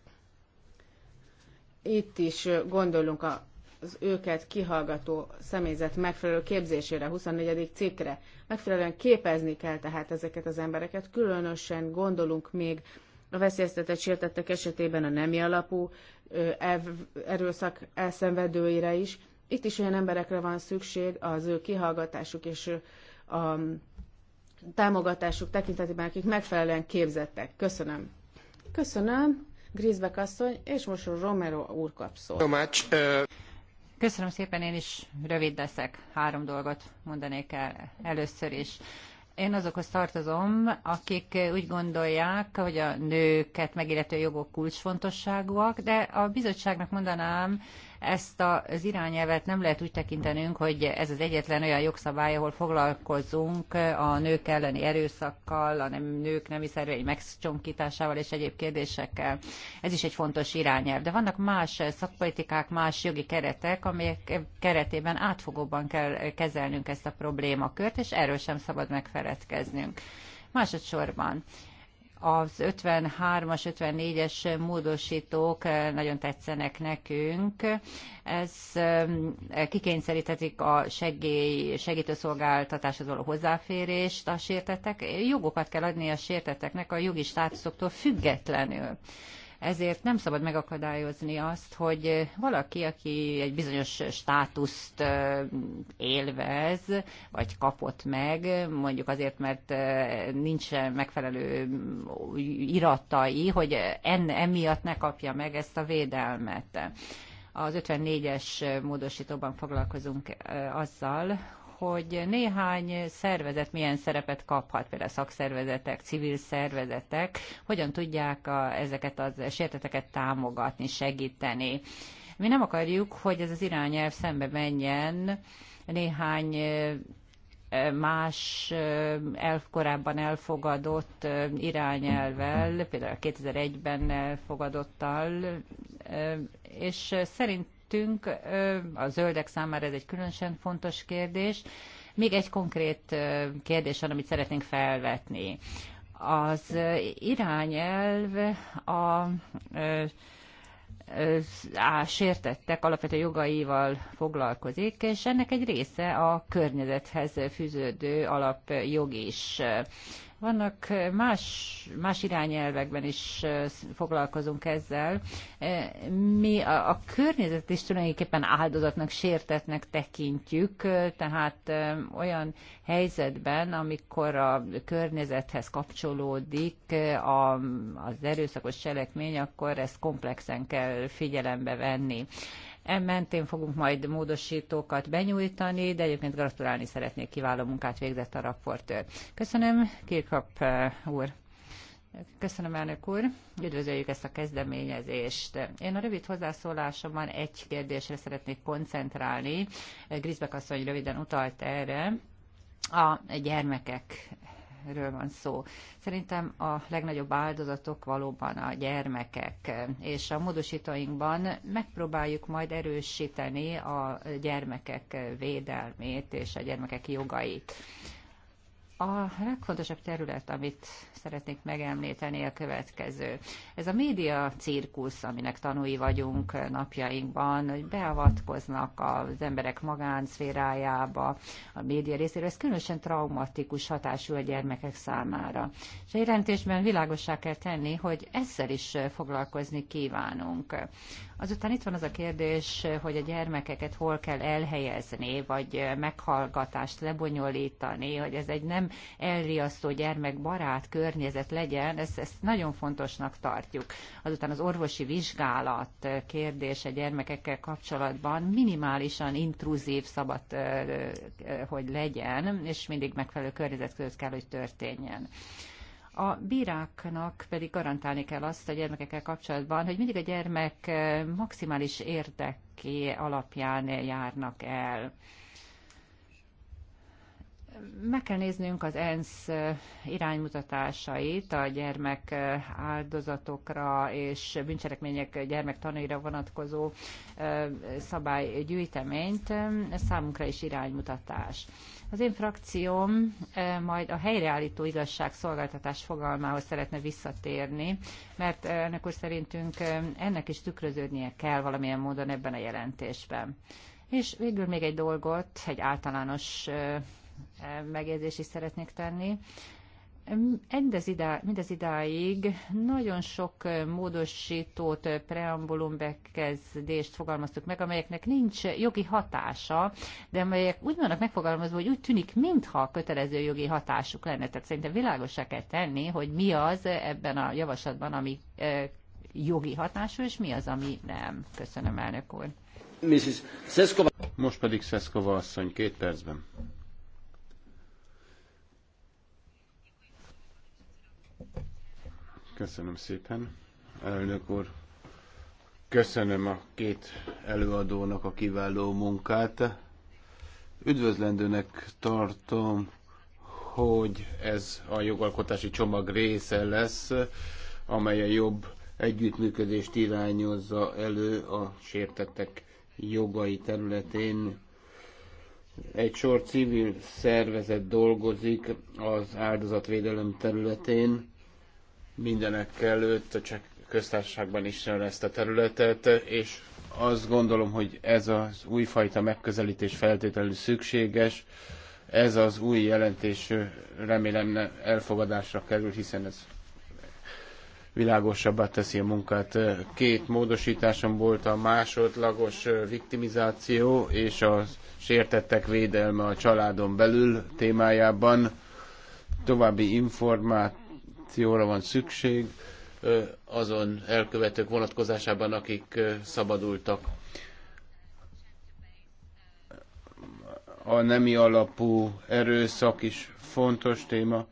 Speaker 2: Itt is gondolunk a az őket kihallgató személyzet megfelelő képzésére, 24. cikkre. Megfelelően képezni kell tehát ezeket az embereket, különösen gondolunk még a veszélyeztetett sértettek esetében a nemi alapú erőszak elszenvedőire is. Itt is olyan emberekre van szükség az ő kihallgatásuk és a támogatásuk tekintetében, akik megfelelően képzettek. Köszönöm. Köszönöm. Grisbeck asszony, és most Romero úr kap szót. Köszönöm szépen, én is rövid leszek. Három dolgot
Speaker 3: mondanék el először is. Én azokhoz tartozom, akik úgy gondolják, hogy a nőket megillető jogok kulcsfontosságúak, de a bizottságnak mondanám, ezt az irányelvet nem lehet úgy tekintenünk, hogy ez az egyetlen olyan jogszabály, ahol foglalkozunk a nők elleni erőszakkal, a nem, nők nemi szervei megcsonkításával és egyéb kérdésekkel. Ez is egy fontos irányelv. De vannak más szakpolitikák, más jogi keretek, amelyek keretében átfogóban kell kezelnünk ezt a problémakört, és erről sem szabad megfeledkeznünk. Másodszorban az 53-as, 54-es módosítók eh, nagyon tetszenek nekünk. Ez kikényszerítetik a segély, segítőszolgáltatáshoz való hozzáférést a sértettek. Jogokat kell adni a sértetteknek a jogi státuszoktól függetlenül. Ezért nem szabad megakadályozni azt, hogy valaki, aki egy bizonyos státuszt élvez, vagy kapott meg, mondjuk azért, mert nincs megfelelő iratai, hogy en, emiatt ne kapja meg ezt a védelmet. Az 54-es módosítóban foglalkozunk azzal, hogy néhány szervezet milyen szerepet kaphat, például szakszervezetek, civil szervezetek, hogyan tudják a, ezeket az sérteteket támogatni, segíteni. Mi nem akarjuk, hogy ez az irányelv szembe menjen néhány más elf, korábban elfogadott irányelvel, például 2001-ben elfogadottal, és szerint tettünk. A zöldek számára ez egy különösen fontos kérdés. Még egy konkrét kérdés van, amit szeretnénk felvetni. Az irányelv a á, sértettek alapvető jogaival foglalkozik, és ennek egy része a környezethez fűződő alapjog is. Vannak más, más irányelvekben is foglalkozunk ezzel. Mi a, a környezet is tulajdonképpen áldozatnak, sértetnek tekintjük, tehát olyan helyzetben, amikor a környezethez kapcsolódik a, az erőszakos cselekmény, akkor ezt komplexen kell figyelembe venni. E mentén fogunk majd módosítókat benyújtani, de egyébként gratulálni szeretnék, kiváló munkát végzett a raportőr. Köszönöm, Kirkap eh, úr. Köszönöm, elnök úr. Üdvözöljük ezt a kezdeményezést. Én a rövid hozzászólásomban egy kérdésre szeretnék koncentrálni. Griszbek asszony röviden utalt erre a gyermekek ről van szó. Szerintem a legnagyobb áldozatok valóban a gyermekek, és a módosítóinkban megpróbáljuk majd erősíteni a gyermekek védelmét és a gyermekek jogait. A legfontosabb terület, amit szeretnék megemlíteni, a következő. Ez a média cirkusz, aminek tanúi vagyunk napjainkban, hogy beavatkoznak az emberek magánszférájába, a média részéről, ez különösen traumatikus hatású a gyermekek számára. És a jelentésben világosá kell tenni, hogy ezzel is foglalkozni kívánunk. Azután itt van az a kérdés, hogy a gyermekeket hol kell elhelyezni, vagy meghallgatást lebonyolítani, hogy ez egy nem elriasztó gyermekbarát környezet legyen, ezt, ezt nagyon fontosnak tartjuk. Azután az orvosi vizsgálat kérdése gyermekekkel kapcsolatban minimálisan intruzív szabad, hogy legyen, és mindig megfelelő környezet között kell, hogy történjen. A bíráknak pedig garantálni kell azt a gyermekekkel kapcsolatban, hogy mindig a gyermek eh, maximális érdeké alapján járnak el. Meg kell néznünk az ENSZ iránymutatásait a gyermek áldozatokra és bűncselekmények gyermek tanúira vonatkozó szabálygyűjteményt. Ez számunkra is iránymutatás. Az én frakcióm majd a helyreállító igazságszolgáltatás fogalmához szeretne visszatérni, mert ennek úr szerintünk ennek is tükröződnie kell valamilyen módon ebben a jelentésben. És végül még egy dolgot, egy általános megjegyzést is szeretnék tenni. Mindez, idá, mindez idáig nagyon sok módosítót, preambulum bekezdést fogalmaztuk meg, amelyeknek nincs jogi hatása, de amelyek úgy vannak megfogalmazva, hogy úgy tűnik, mintha kötelező jogi hatásuk lenne. Tehát szerintem világosá kell tenni, hogy mi az ebben a javaslatban, ami e, jogi hatású, és mi az, ami nem. Köszönöm, elnök úr.
Speaker 1: Most pedig Szeszkova asszony két percben. Köszönöm szépen, elnök úr. Köszönöm a két előadónak a kiváló munkát. Üdvözlendőnek tartom, hogy ez a jogalkotási csomag része lesz, amely a jobb együttműködést irányozza elő a sértettek jogai területén. Egy sor civil szervezet dolgozik az áldozatvédelem területén, mindenek előtt a cseh köztársaságban is ezt a területet, és azt gondolom, hogy ez az újfajta megközelítés feltétlenül szükséges. Ez az új jelentés remélem elfogadásra kerül, hiszen ez világosabbá teszi a munkát. Két módosításom volt a másodlagos viktimizáció és a sértettek védelme a családon belül témájában. További informát reakcióra van szükség azon elkövetők vonatkozásában, akik szabadultak. A nemi alapú erőszak is fontos téma.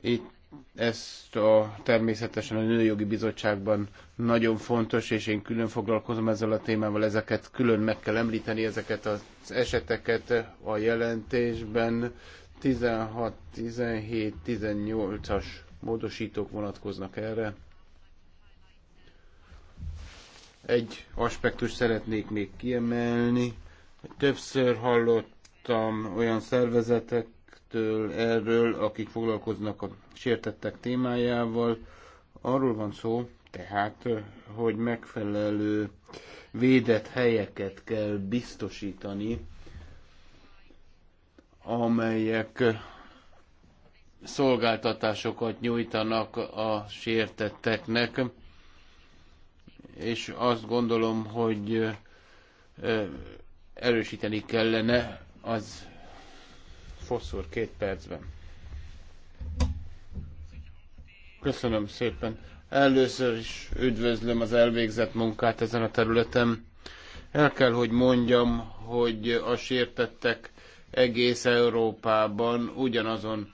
Speaker 1: Itt ezt a természetesen a Nőjogi Bizottságban nagyon fontos, és én külön foglalkozom ezzel a témával, ezeket külön meg kell említeni, ezeket az eseteket a jelentésben 16, 17, 18-as módosítók vonatkoznak erre. Egy aspektus szeretnék még kiemelni. Többször hallottam olyan szervezetektől erről, akik foglalkoznak a sértettek témájával. Arról van szó, tehát, hogy megfelelő védett helyeket kell biztosítani, amelyek szolgáltatásokat nyújtanak a sértetteknek, és azt gondolom, hogy erősíteni kellene az foszor két percben. Köszönöm szépen. Először is üdvözlöm az elvégzett munkát ezen a területen. El kell, hogy mondjam, hogy a sértettek egész Európában ugyanazon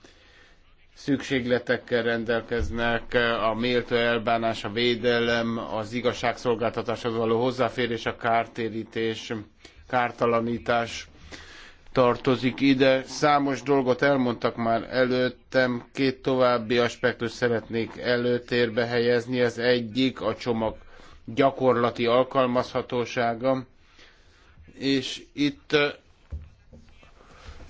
Speaker 1: szükségletekkel rendelkeznek, a méltó elbánás, a védelem, az igazságszolgáltatáshoz való hozzáférés, a kártérítés, kártalanítás tartozik ide. Számos dolgot elmondtak már előttem, két további aspektus szeretnék előtérbe helyezni. Az egyik a csomag gyakorlati alkalmazhatósága, és itt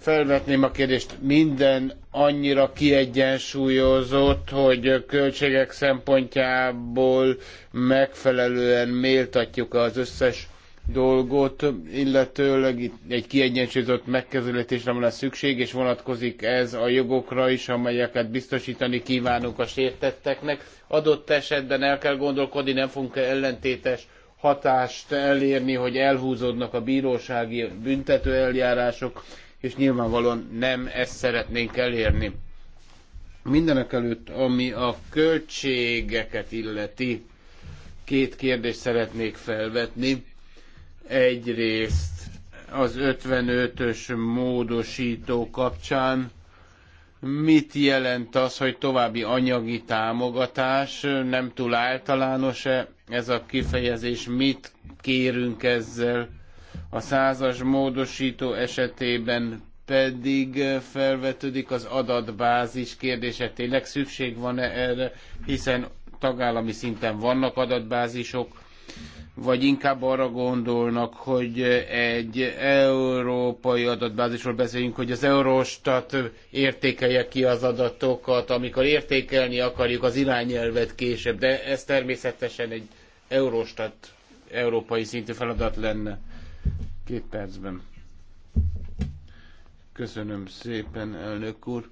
Speaker 1: felvetném a kérdést, minden annyira kiegyensúlyozott, hogy költségek szempontjából megfelelően méltatjuk az összes dolgot, illetőleg egy kiegyensúlyozott megkezelítésre van szükség, és vonatkozik ez a jogokra is, amelyeket biztosítani kívánunk a sértetteknek. Adott esetben el kell gondolkodni, nem fogunk ellentétes hatást elérni, hogy elhúzódnak a bírósági büntetőeljárások, és nyilvánvalóan nem ezt szeretnénk elérni. Mindenek előtt, ami a költségeket illeti, két kérdést szeretnék felvetni. Egyrészt az 55-ös módosító kapcsán mit jelent az, hogy további anyagi támogatás, nem túl általános-e ez a kifejezés, mit kérünk ezzel, a százas módosító esetében pedig felvetődik az adatbázis kérdése. Tényleg szükség van-e erre, hiszen tagállami szinten vannak adatbázisok, vagy inkább arra gondolnak, hogy egy európai adatbázisról beszéljünk, hogy az Eurostat értékelje ki az adatokat, amikor értékelni akarjuk az irányelvet később, de ez természetesen egy Eurostat európai szintű feladat lenne. Két percben. Köszönöm szépen, elnök úr.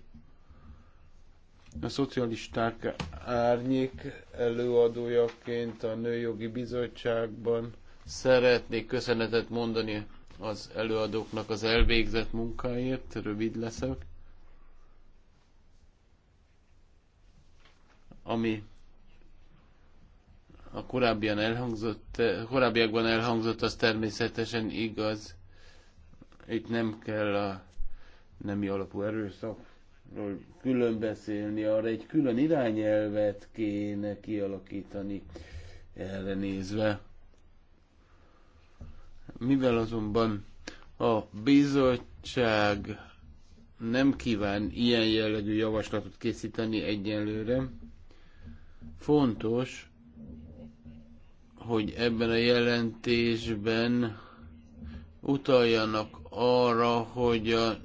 Speaker 1: A szocialisták árnyék előadójaként a Nőjogi Bizottságban szeretnék köszönetet mondani az előadóknak az elvégzett munkáért. Rövid leszek. Ami a korábbian elhangzott, korábbiakban elhangzott, az természetesen igaz. Itt nem kell a nemi alapú erőszakról külön beszélni, arra egy külön irányelvet kéne kialakítani erre nézve. Mivel azonban a bizottság nem kíván ilyen jellegű javaslatot készíteni egyenlőre, fontos, hogy ebben a jelentésben utaljanak arra, hogy a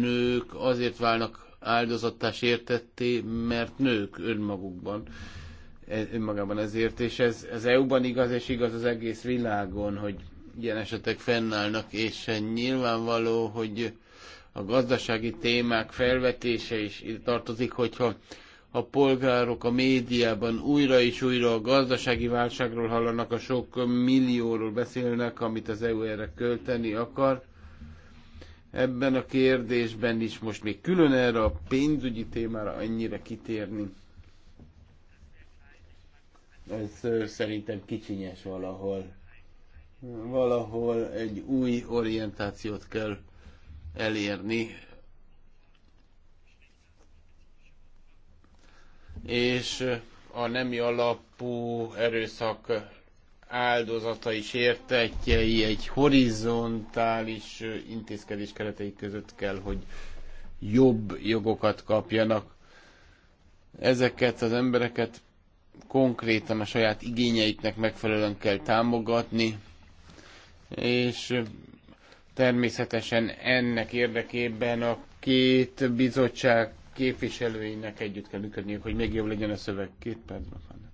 Speaker 1: nők azért válnak áldozattá sértetté, mert nők önmagukban, e, önmagában ezért, és ez, ez EU-ban igaz, és igaz az egész világon, hogy ilyen esetek fennállnak, és nyilvánvaló, hogy a gazdasági témák felvetése is tartozik, hogyha a polgárok a médiában újra és újra a gazdasági válságról hallanak, a sok millióról beszélnek, amit az EU erre költeni akar. Ebben a kérdésben is most még külön erre a pénzügyi témára annyira kitérni. Ez szerintem kicsinyes valahol. Valahol egy új orientációt kell elérni és a nemi alapú erőszak áldozatai sértetjei egy horizontális intézkedés keretei között kell, hogy jobb jogokat kapjanak. Ezeket az embereket konkrétan a saját igényeiknek megfelelően kell támogatni, és természetesen ennek érdekében a két bizottság képviselőinek együtt kell működniük, hogy még jobb legyen a szöveg. Két percben van.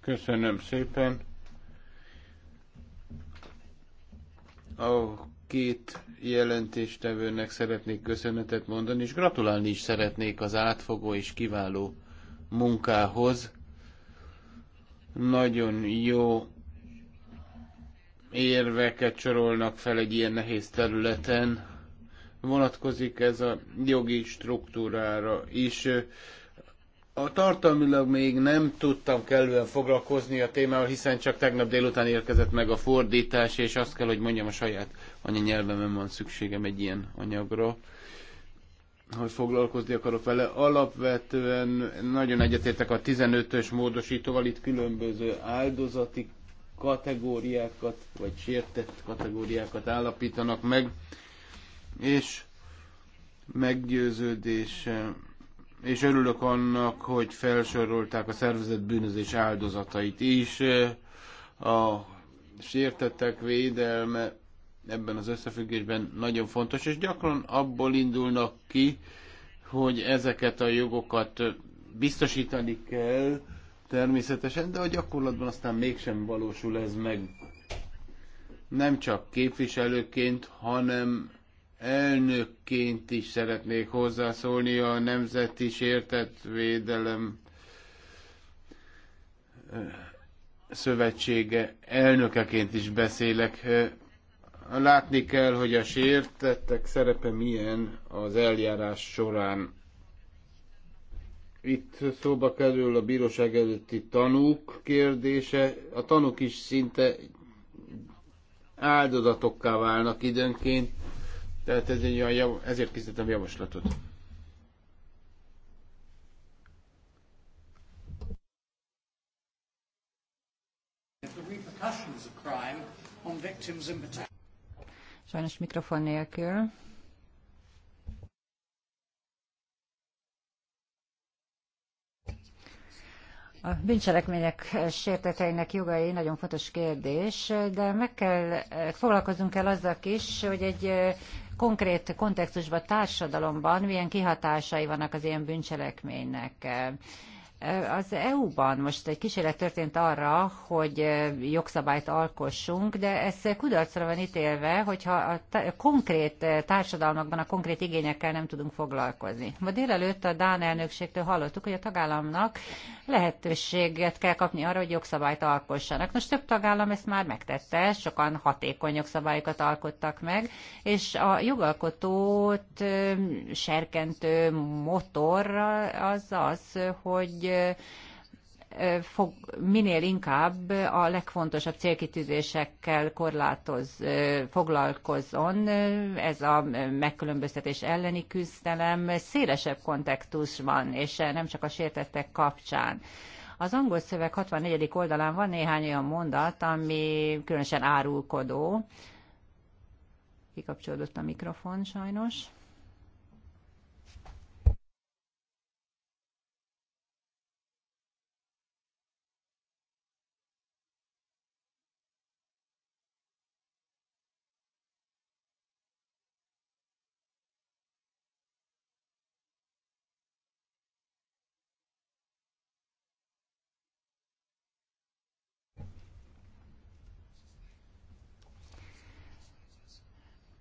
Speaker 1: Köszönöm szépen. A két jelentéstevőnek szeretnék köszönetet mondani, és gratulálni is szeretnék az átfogó és kiváló munkához. Nagyon jó érveket sorolnak fel egy ilyen nehéz területen, vonatkozik ez a jogi struktúrára is. A tartalmilag még nem tudtam kellően foglalkozni a témával, hiszen csak tegnap délután érkezett meg a fordítás, és azt kell, hogy mondjam, a saját anyanyelvemen van szükségem egy ilyen anyagra hogy foglalkozni akarok vele. Alapvetően nagyon egyetértek a 15-ös módosítóval, itt különböző áldozati kategóriákat, vagy sértett kategóriákat állapítanak meg és meggyőződése, és örülök annak, hogy felsorolták a szervezet bűnözés áldozatait is. A sértettek védelme ebben az összefüggésben nagyon fontos, és gyakran abból indulnak ki, hogy ezeket a jogokat biztosítani kell természetesen, de a gyakorlatban aztán mégsem valósul ez meg. Nem csak képviselőként, hanem elnökként is szeretnék hozzászólni a nemzeti sértetvédelem szövetsége elnökeként is beszélek. Látni kell, hogy a sértettek szerepe milyen az eljárás során. Itt szóba kerül a bíróság előtti tanúk kérdése. A tanúk is szinte áldozatokká válnak időnként tehát ez egy olyan jav... ezért készítettem javaslatot.
Speaker 3: Sajnos mikrofon nélkül. A bűncselekmények sérteteinek jogai nagyon fontos kérdés, de meg kell, foglalkozunk el azzal is, hogy egy konkrét kontextusban, társadalomban milyen kihatásai vannak az ilyen bűncselekménynek az EU-ban most egy kísérlet történt arra, hogy jogszabályt alkossunk, de ez kudarcra van ítélve, hogyha a konkrét társadalmakban a konkrét igényekkel nem tudunk foglalkozni. Ma délelőtt a Dán elnökségtől hallottuk, hogy a tagállamnak lehetőséget kell kapni arra, hogy jogszabályt alkossanak. Most több tagállam ezt már megtette, sokan hatékony jogszabályokat alkottak meg, és a jogalkotót serkentő motor az az, hogy fog, minél inkább a legfontosabb célkitűzésekkel korlátoz, foglalkozzon. Ez a megkülönböztetés elleni küzdelem szélesebb kontextusban, és nem csak a sértettek kapcsán. Az angol szöveg 64. oldalán van néhány olyan mondat, ami különösen árulkodó. Kikapcsolódott a mikrofon sajnos.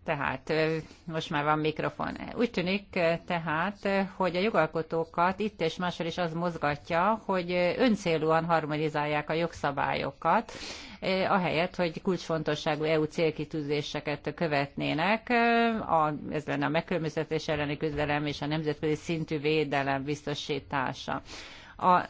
Speaker 3: Tehát most már van mikrofon. Úgy tűnik tehát, hogy a jogalkotókat itt és máshol is az mozgatja, hogy öncélúan harmonizálják a jogszabályokat, ahelyett, hogy kulcsfontosságú EU célkitűzéseket követnének. A, ez lenne a megkülönböztetés elleni küzdelem és a nemzetközi szintű védelem biztosítása. A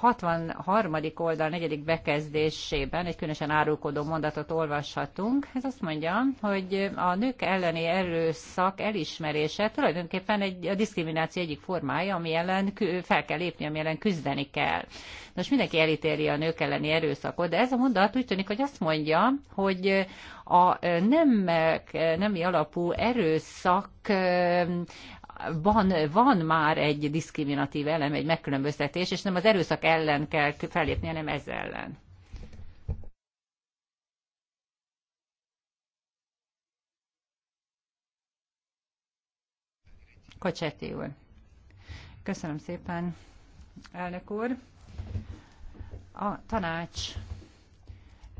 Speaker 3: 63. oldal 4. bekezdésében egy különösen árulkodó mondatot olvashatunk. Ez azt mondja, hogy a nők elleni erőszak elismerése tulajdonképpen egy, a diszkrimináció egyik formája, ami ellen fel kell lépni, ami ellen küzdeni kell. Most mindenki elítéli a nők elleni erőszakot, de ez a mondat úgy tűnik, hogy azt mondja, hogy a nemek, nemi alapú erőszak van, van már egy diszkriminatív elem, egy megkülönböztetés, és nem az erőszak ellen kell fellépni, hanem ez ellen. Kocseti úr. Köszönöm szépen, elnök úr. A tanács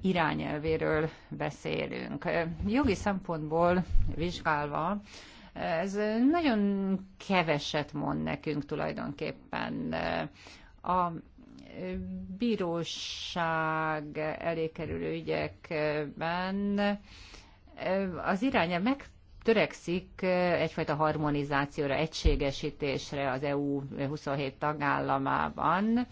Speaker 3: irányelvéről beszélünk. Jogi szempontból vizsgálva ez nagyon keveset mond nekünk tulajdonképpen. A bíróság elé kerülő ügyekben az irányel meg törekszik egyfajta harmonizációra, egységesítésre az EU 27 tagállamában,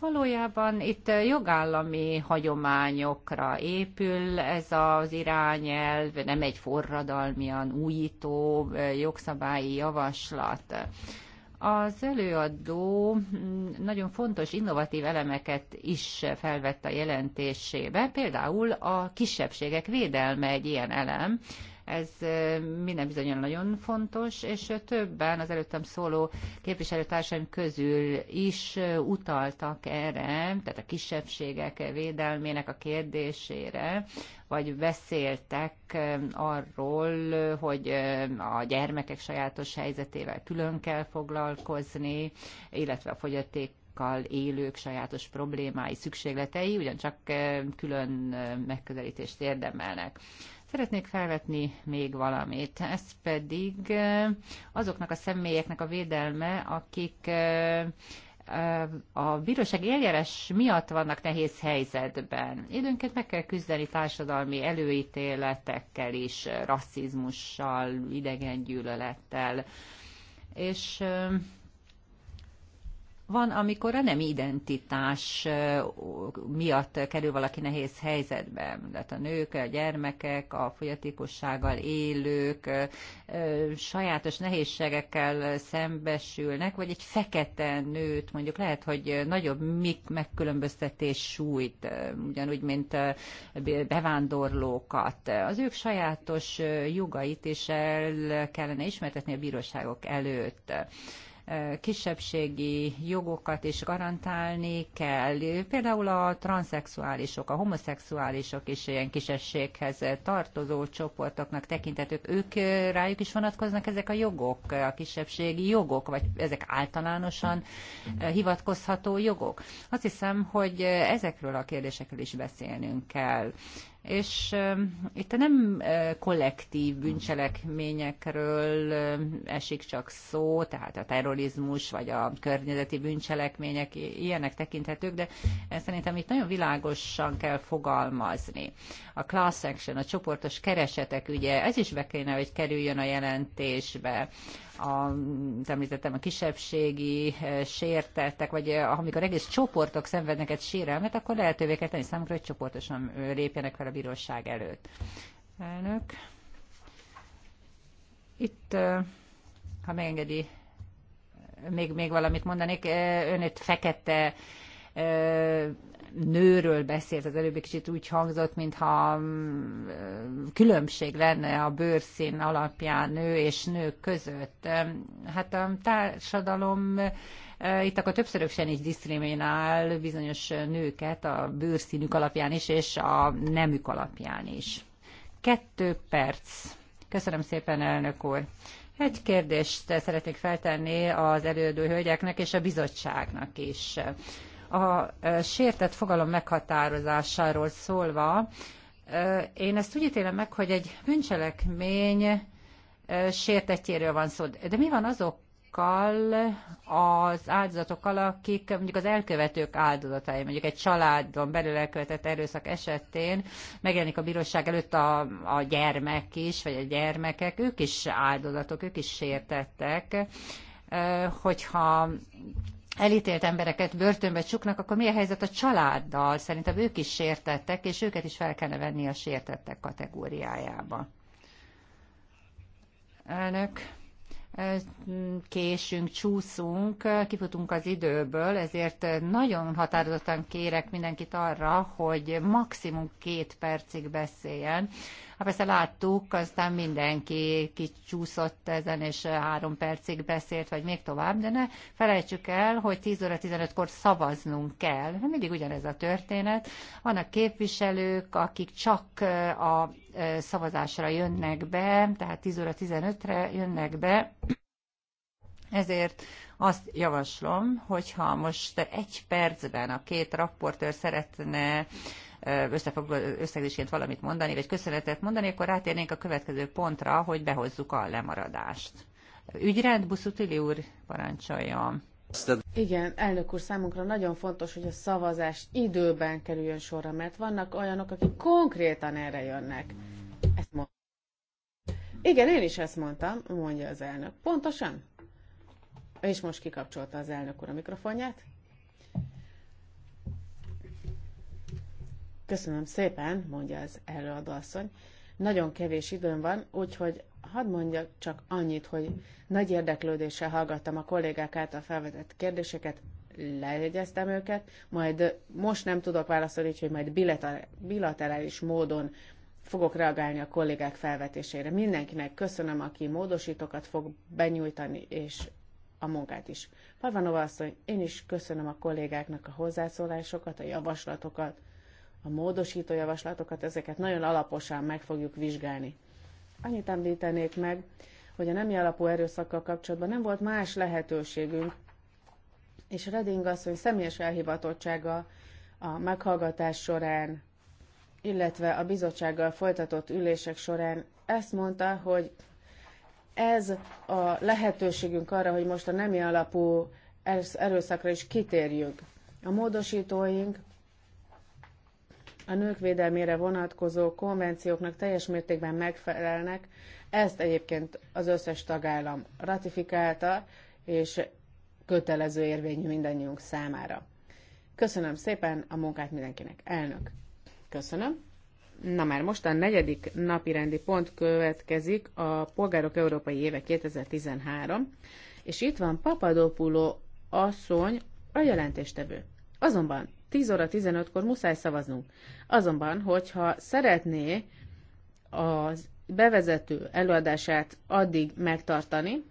Speaker 3: Valójában itt jogállami hagyományokra épül ez az irányelv, nem egy forradalmian újító jogszabályi javaslat. Az előadó mm, nagyon fontos innovatív elemeket is felvett a jelentésébe, például a kisebbségek védelme egy ilyen elem, ez minden bizonyan nagyon fontos, és többen az előttem szóló képviselőtársaim közül is utaltak erre, tehát a kisebbségek védelmének a kérdésére, vagy beszéltek arról, hogy a gyermekek sajátos helyzetével külön kell foglalkozni, illetve a fogyaték élők sajátos problémái, szükségletei ugyancsak külön megközelítést érdemelnek. Szeretnék felvetni még valamit, ez pedig azoknak a személyeknek a védelme, akik a bíróság eljárás miatt vannak nehéz helyzetben. Időnként meg kell küzdeni társadalmi előítéletekkel is, rasszizmussal, idegengyűlölettel. És van, amikor a nem identitás miatt kerül valaki nehéz helyzetbe, tehát a nők, a gyermekek, a fogyatékossággal élők sajátos nehézségekkel szembesülnek, vagy egy fekete nőt mondjuk lehet, hogy nagyobb mik megkülönböztetés sújt, ugyanúgy, mint bevándorlókat. Az ők sajátos jogait is el kellene ismertetni a bíróságok előtt kisebbségi jogokat is garantálni kell. Például a transzexuálisok, a homoszexuálisok is ilyen kisességhez tartozó csoportoknak tekintetők, ők rájuk is vonatkoznak ezek a jogok, a kisebbségi jogok, vagy ezek általánosan hivatkozható jogok. Azt hiszem, hogy ezekről a kérdésekről is beszélnünk kell és itt nem kollektív bűncselekményekről esik csak szó, tehát a terrorizmus vagy a környezeti bűncselekmények ilyenek tekinthetők, de szerintem itt nagyon világosan kell fogalmazni. A class action, a csoportos keresetek ügye, ez is be kéne, hogy kerüljön a jelentésbe a, említettem a kisebbségi eh, sértettek, vagy eh, amikor egész csoportok szenvednek egy sérelmet, akkor lehetővé kell tenni számukra, hogy csoportosan lépjenek fel a bíróság előtt. Elnök. Itt, ha megengedi, még, még valamit mondanék. Ön itt fekete nőről beszélt, az előbb egy kicsit úgy hangzott, mintha mm, különbség lenne a bőrszín alapján nő és nők között. Hát a társadalom e, itt akkor többszörösen is diszkriminál bizonyos nőket a bőrszínük alapján is, és a nemük alapján is. Kettő perc. Köszönöm szépen, elnök úr. Egy kérdést szeretnék feltenni az előadó hölgyeknek és a bizottságnak is. A e, sértett fogalom meghatározásáról szólva, e, én ezt úgy ítélem meg, hogy egy bűncselekmény e, sértetjéről van szó. De mi van azokkal, az áldozatokkal, akik mondjuk az elkövetők áldozatai, mondjuk egy családon belül elkövetett erőszak esetén megjelenik a bíróság előtt a, a gyermek is, vagy a gyermekek, ők is áldozatok, ők is sértettek hogyha elítélt embereket börtönbe csuknak, akkor mi a helyzet a családdal? Szerintem ők is sértettek, és őket is fel kellene venni a sértettek kategóriájába. Elnök, késünk, csúszunk, kifutunk az időből, ezért nagyon határozottan kérek mindenkit arra, hogy maximum két percig beszéljen. Ha hát persze láttuk, aztán mindenki kicsúszott ezen, és három percig beszélt, vagy még tovább, de ne felejtsük el, hogy 10 óra 15-kor szavaznunk kell. Mindig ugyanez a történet. Vannak képviselők, akik csak a szavazásra jönnek be, tehát 10 óra 15-re jönnek be. Ezért azt javaslom, hogyha most egy percben a két rapportőr szeretne összegzésként valamit mondani, vagy köszönetet mondani, akkor rátérnénk a következő pontra, hogy behozzuk a lemaradást.
Speaker 2: Ügyrend, Buszutili úr, parancsoljon. Igen, elnök úr, számunkra nagyon fontos, hogy a szavazás időben kerüljön sorra, mert vannak olyanok, akik konkrétan erre jönnek. Ezt mondtam. Igen, én is ezt mondtam, mondja az elnök. Pontosan. És most kikapcsolta az elnök úr a mikrofonját. Köszönöm szépen, mondja az asszony. Nagyon kevés időm van, úgyhogy hadd mondjak csak annyit, hogy nagy érdeklődéssel hallgattam a kollégák által felvetett kérdéseket, lejegyeztem őket, majd most nem tudok válaszolni, hogy majd bilaterális módon fogok reagálni a kollégák felvetésére. Mindenkinek köszönöm, aki módosítókat fog benyújtani, és a munkát is. Parvanova asszony, én is köszönöm a kollégáknak a hozzászólásokat, a javaslatokat, a módosító javaslatokat, ezeket nagyon alaposan meg fogjuk vizsgálni. Annyit említenék meg, hogy a nemi alapú erőszakkal kapcsolatban nem volt más lehetőségünk, és Reding asszony személyes elhivatottsága a meghallgatás során, illetve a bizottsággal folytatott ülések során ezt mondta, hogy ez a lehetőségünk arra, hogy most a nemi alapú erőszakra is kitérjük. A módosítóink a nők védelmére vonatkozó konvencióknak teljes mértékben megfelelnek. Ezt egyébként az összes tagállam ratifikálta, és kötelező érvényű mindannyiunk számára. Köszönöm szépen a munkát mindenkinek. Elnök, köszönöm. Na már most a negyedik napi rendi pont következik, a Polgárok Európai Éve 2013, és itt van Papadopulo asszony, a jelentéstevő. Azonban 10 óra 15-kor muszáj szavaznunk. Azonban, hogyha szeretné az bevezető előadását addig megtartani,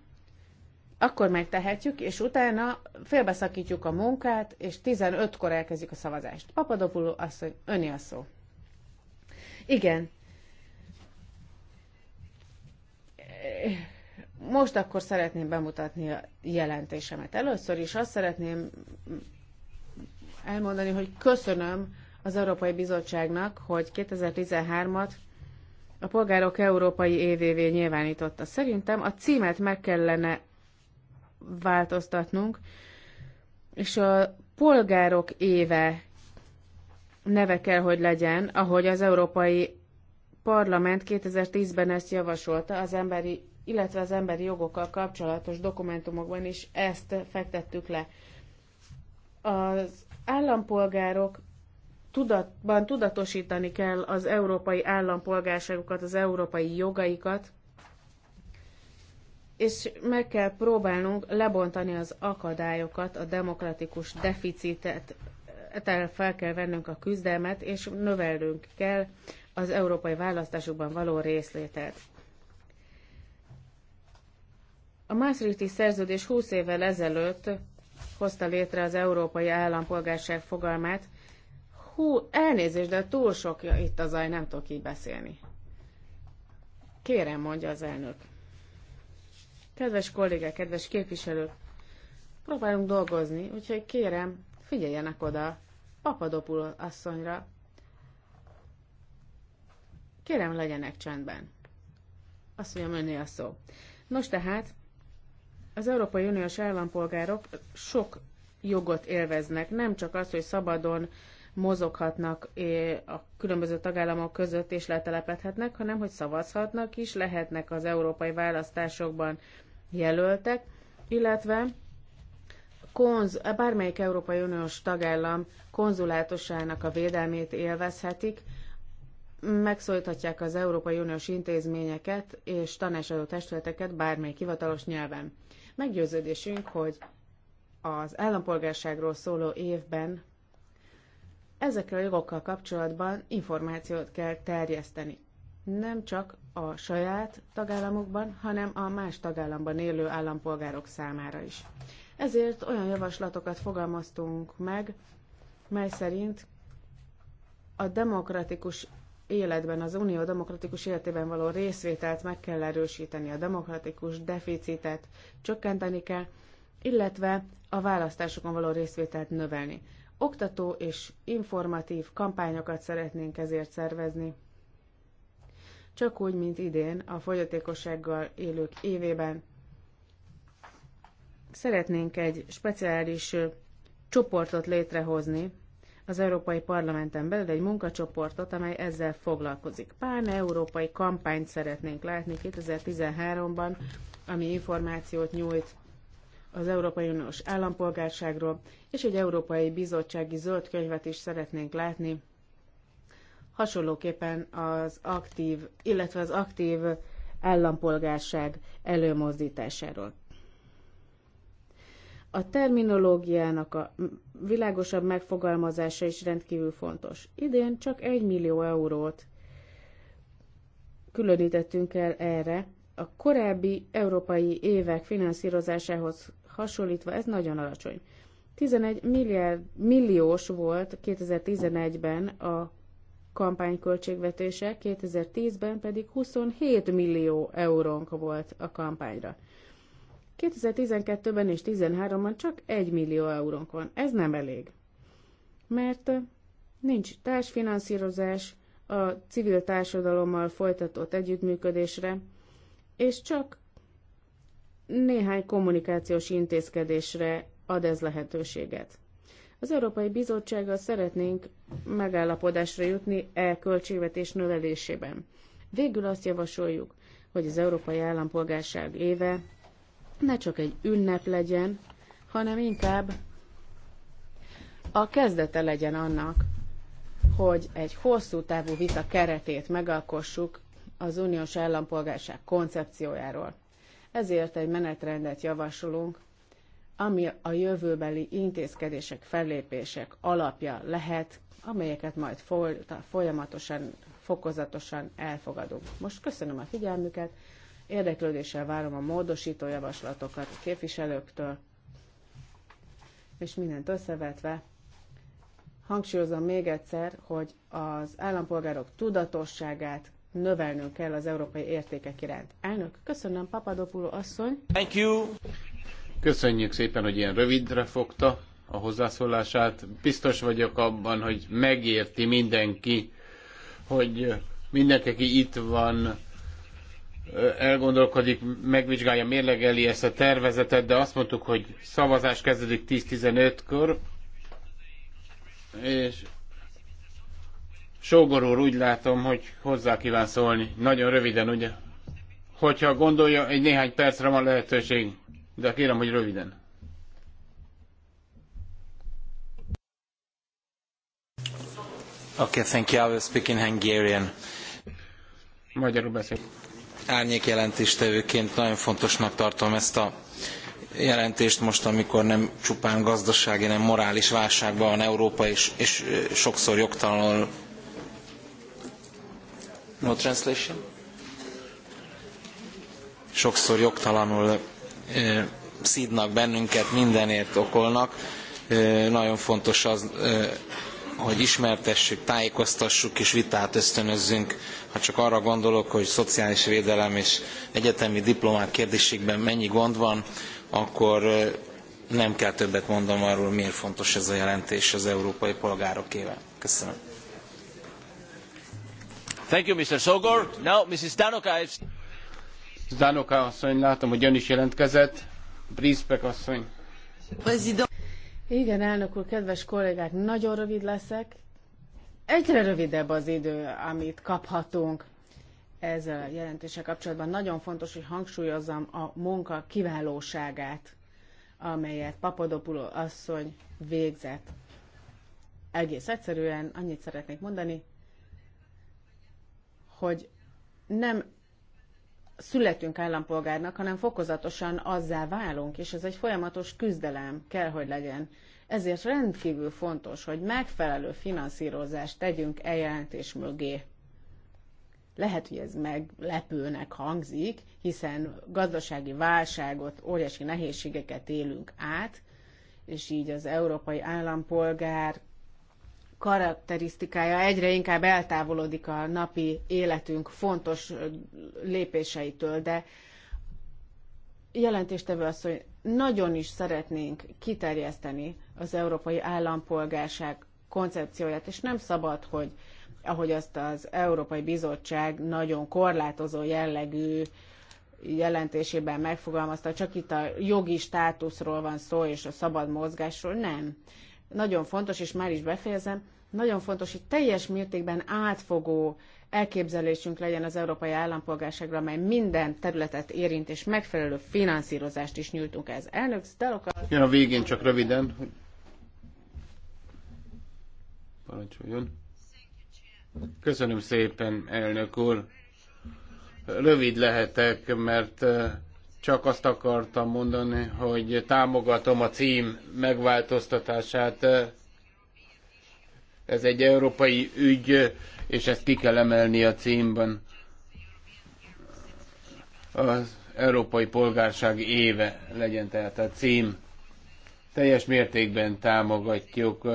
Speaker 2: akkor megtehetjük, és utána félbeszakítjuk a munkát, és 15-kor elkezdjük a szavazást. Papadopoulou asszony, öni a szó. Igen. Most akkor szeretném bemutatni a jelentésemet. Először is azt szeretném elmondani, hogy köszönöm az Európai Bizottságnak, hogy 2013-at a Polgárok Európai Évévé nyilvánította. Szerintem a címet meg kellene változtatnunk, és a Polgárok Éve neve kell, hogy legyen, ahogy az Európai Parlament 2010-ben ezt javasolta, az emberi, illetve az emberi jogokkal kapcsolatos dokumentumokban is ezt fektettük le. Az állampolgárok tudatban tudatosítani kell az európai állampolgárságukat, az európai jogaikat, és meg kell próbálnunk lebontani az akadályokat, a demokratikus deficitet, tehát fel kell vennünk a küzdelmet, és növelnünk kell az európai választásokban való részlétet. A Maastrichti szerződés 20 évvel ezelőtt hozta létre az európai állampolgárság fogalmát. Hú, elnézést, de túl sok itt az zaj, nem tudok így beszélni. Kérem, mondja az elnök. Kedves kollégák, kedves képviselők, próbálunk dolgozni, úgyhogy kérem, figyeljenek oda Papadopul asszonyra. Kérem, legyenek csendben. Azt mondjam, önné a szó. Nos tehát, az Európai Uniós állampolgárok sok jogot élveznek, nem csak az, hogy szabadon mozoghatnak eh, a különböző tagállamok között és letelepedhetnek, hanem hogy szavazhatnak is, lehetnek az európai választásokban jelöltek, illetve konz, bármelyik Európai Uniós tagállam konzulátusának a védelmét élvezhetik, megszólíthatják az Európai Uniós intézményeket és tanácsadó testületeket bármelyik hivatalos nyelven. Meggyőződésünk, hogy az állampolgárságról szóló évben ezekkel a jogokkal kapcsolatban információt kell terjeszteni. Nem csak a saját tagállamokban, hanem a más tagállamban élő állampolgárok számára is. Ezért olyan javaslatokat fogalmaztunk meg, mely szerint a demokratikus életben, az unió demokratikus életében való részvételt meg kell erősíteni, a demokratikus deficitet csökkenteni kell, illetve a választásokon való részvételt növelni. Oktató és informatív kampányokat szeretnénk ezért szervezni. Csak úgy, mint idén, a fogyatékossággal élők évében szeretnénk egy speciális csoportot létrehozni, az Európai Parlamenten belül egy munkacsoportot, amely ezzel foglalkozik. Pán-európai kampányt szeretnénk látni 2013-ban, ami információt nyújt az Európai Uniós állampolgárságról, és egy Európai Bizottsági Zöld Könyvet is szeretnénk látni, hasonlóképpen az aktív, illetve az aktív állampolgárság előmozdításáról. A terminológiának a világosabb megfogalmazása is rendkívül fontos. Idén csak 1 millió eurót különítettünk el erre. A korábbi európai évek finanszírozásához hasonlítva ez nagyon alacsony. 11 milliárd, milliós volt 2011-ben a kampányköltségvetése, költségvetése, 2010-ben pedig 27 millió eurónk volt a kampányra. 2012-ben és 2013-ban csak 1 millió eurónk van. Ez nem elég. Mert nincs társfinanszírozás a civil társadalommal folytatott együttműködésre, és csak néhány kommunikációs intézkedésre ad ez lehetőséget. Az Európai Bizottsággal szeretnénk megállapodásra jutni e költségvetés növelésében. Végül azt javasoljuk, hogy az Európai Állampolgárság éve ne csak egy ünnep legyen, hanem inkább a kezdete legyen annak, hogy egy hosszú távú vita keretét megalkossuk az uniós állampolgárság koncepciójáról. Ezért egy menetrendet javasolunk, ami a jövőbeli intézkedések, fellépések alapja lehet, amelyeket majd folyamatosan, fokozatosan elfogadunk. Most köszönöm a figyelmüket, Érdeklődéssel várom a módosító javaslatokat a képviselőktől, és mindent összevetve hangsúlyozom még egyszer, hogy az állampolgárok tudatosságát növelnünk kell az európai értékek iránt. Elnök, köszönöm, Papadopulo asszony.
Speaker 1: Thank you. Köszönjük szépen, hogy ilyen rövidre fogta a hozzászólását. Biztos vagyok abban, hogy megérti mindenki, hogy mindenki, aki itt van, elgondolkodik, megvizsgálja, mérlegeli ezt a tervezetet, de azt mondtuk, hogy szavazás kezdődik 10-15-kor, és Sógor úr úgy látom, hogy hozzá kíván szólni. Nagyon röviden, ugye? Hogyha gondolja, egy néhány percre van lehetőség, de kérem, hogy röviden. Okay, thank you. I will speak in Hungarian. Magyarul beszélek árnyékjelentéstevőként nagyon fontosnak tartom ezt a jelentést most, amikor nem csupán gazdasági, hanem morális válságban van Európa, és, és sokszor jogtalanul... No translation? Sokszor jogtalanul e, szídnak bennünket, mindenért okolnak. nagyon fontos az, hogy ismertessük, tájékoztassuk és vitát ösztönözzünk, ha csak arra gondolok, hogy szociális védelem és egyetemi diplomák kérdésében mennyi gond van, akkor nem kell többet mondanom arról, miért fontos ez a jelentés az európai polgárokével. Köszönöm. Thank you, Mr. Sogor. Now, Mrs. Danoka is... Danoka asszony, látom, hogy ön is jelentkezett. Brisbek asszony. President.
Speaker 2: Igen, elnök úr, kedves kollégák, nagyon rövid leszek. Egyre rövidebb az idő, amit kaphatunk ezzel a jelentéssel kapcsolatban. Nagyon fontos, hogy hangsúlyozzam a munka kiválóságát, amelyet Papadopulo asszony végzett. Egész egyszerűen annyit szeretnék mondani, hogy nem születünk állampolgárnak, hanem fokozatosan azzá válunk, és ez egy folyamatos küzdelem kell, hogy legyen. Ezért rendkívül fontos, hogy megfelelő finanszírozást tegyünk eljelentés mögé. Lehet, hogy ez meglepőnek hangzik, hiszen gazdasági válságot, óriási nehézségeket élünk át, és így az európai állampolgár karakterisztikája egyre inkább eltávolodik a napi életünk fontos lépéseitől, de jelentéstevő hogy nagyon is szeretnénk kiterjeszteni az európai állampolgárság koncepcióját, és nem szabad, hogy ahogy azt az Európai Bizottság nagyon korlátozó jellegű jelentésében megfogalmazta, csak itt a jogi státuszról van szó, és a szabad mozgásról nem nagyon fontos, és már is befejezem, nagyon fontos, hogy teljes mértékben átfogó elképzelésünk legyen az európai állampolgárságra, amely minden területet érint, és megfelelő finanszírozást is nyújtunk ez. Elnök Staloka... Jön a végén
Speaker 1: csak röviden. Parancsoljon. Köszönöm szépen, elnök úr. Rövid lehetek, mert csak azt akartam mondani, hogy támogatom a cím megváltoztatását. Ez egy európai ügy, és ezt ki kell emelni a címben. Az Európai Polgárság éve legyen tehát a cím. Teljes mértékben támogatjuk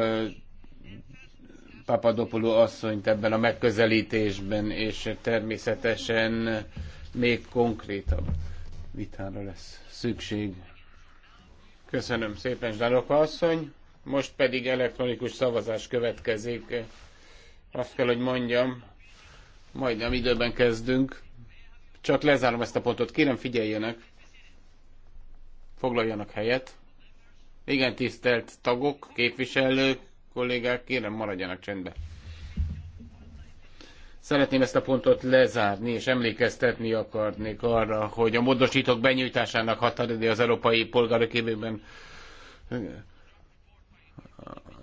Speaker 1: Papadopoulou asszonyt ebben a megközelítésben, és természetesen még konkrétabb vitára lesz szükség. Köszönöm szépen, Zsanoka asszony. Most pedig elektronikus szavazás következik. Azt kell, hogy mondjam, majdnem időben kezdünk. Csak lezárom ezt a pontot. Kérem, figyeljenek. Foglaljanak helyet. Igen, tisztelt tagok, képviselők, kollégák, kérem, maradjanak csendben. Szeretném ezt a pontot lezárni, és emlékeztetni akarnék arra, hogy a módosítók benyújtásának határidő az európai polgárok évében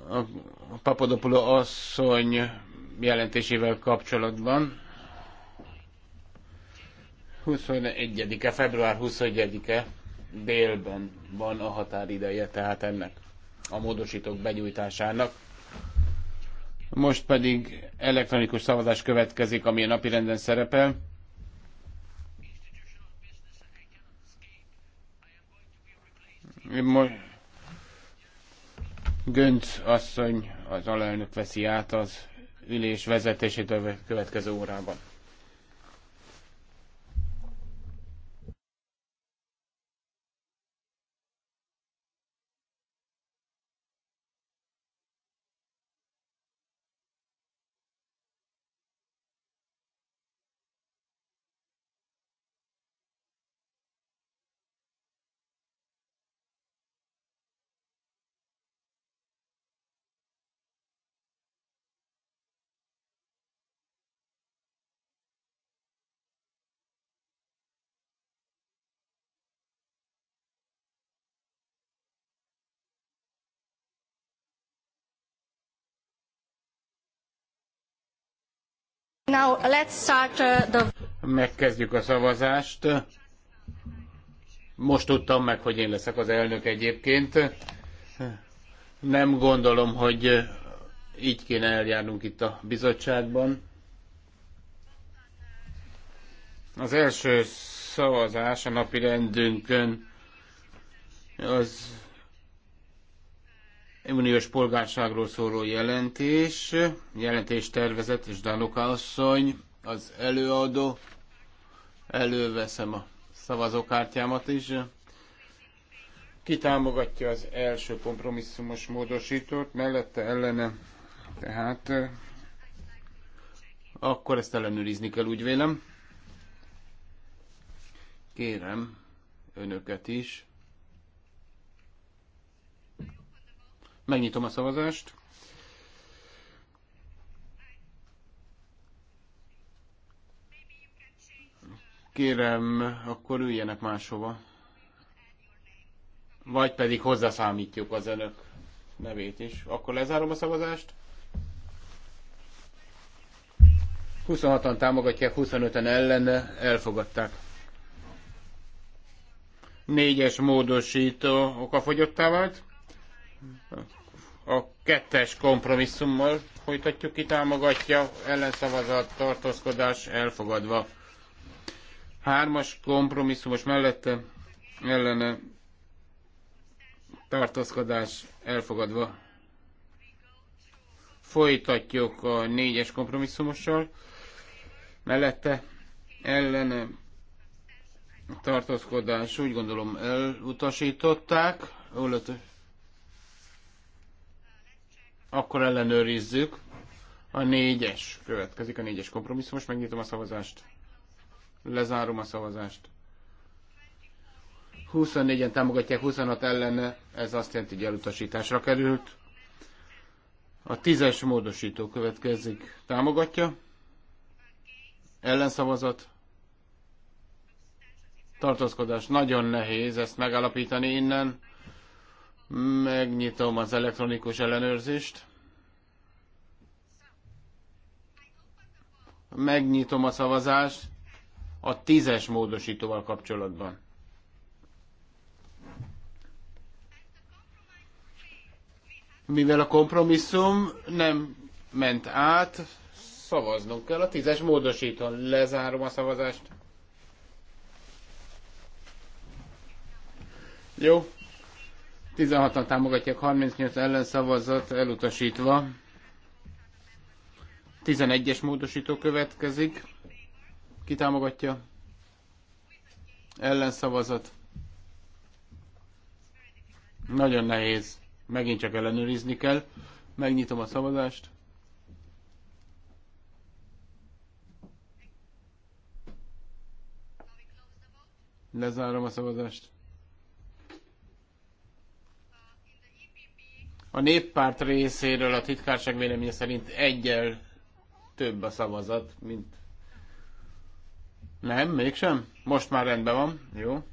Speaker 1: a Papadopulo asszony jelentésével kapcsolatban. 21-e, február 21-e délben van a határideje, tehát ennek a módosítók benyújtásának. Most pedig elektronikus szavazás következik, ami a napi renden szerepel. Most Gönc asszony, az alelnök veszi át az ülés vezetését a következő órában.
Speaker 3: Now let's start uh, the...
Speaker 1: Megkezdjük a szavazást. Most tudtam meg, hogy én leszek az elnök egyébként. Nem gondolom, hogy így kéne eljárnunk itt a bizottságban. Az első szavazás a napi rendünkön az uniós polgárságról szóló jelentés, jelentés tervezet, és Danuka asszony, az előadó, előveszem a szavazókártyámat is. Ki támogatja az első kompromisszumos módosítót, mellette ellene, tehát eh, akkor ezt ellenőrizni kell, úgy vélem. Kérem önöket is, Megnyitom a szavazást. Kérem, akkor üljenek máshova. Vagy pedig hozzászámítjuk az önök nevét is. Akkor lezárom a szavazást. 26-an támogatják, 25-en ellene elfogadták. Négyes módosító fogyottá vált a kettes kompromisszummal folytatjuk, ki támogatja, ellenszavazat, tartózkodás elfogadva. Hármas kompromisszumos mellette ellene tartózkodás elfogadva. Folytatjuk a négyes kompromisszumossal. Mellette ellene tartózkodás úgy gondolom elutasították. Öletes akkor ellenőrizzük. A négyes következik, a négyes Most Megnyitom a szavazást. Lezárom a szavazást. 24-en támogatják, 26 ellene, ez azt jelenti, hogy elutasításra került. A tízes módosító következik. Támogatja? Ellenszavazat? Tartózkodás. Nagyon nehéz ezt megállapítani innen. Megnyitom az elektronikus ellenőrzést. Megnyitom a szavazást a tízes módosítóval kapcsolatban. Mivel a kompromisszum nem ment át, szavaznunk kell a tízes módosítón. Lezárom a szavazást. Jó, 16-an támogatják, 38 ellen szavazat elutasítva. 11-es módosító következik. Ki támogatja? Ellenszavazat. Nagyon nehéz. Megint csak ellenőrizni kell. Megnyitom a szavazást. Lezárom a szavazást. A néppárt részéről a titkárság véleménye szerint egyel több a szavazat, mint... Nem, mégsem? Most már rendben van, jó.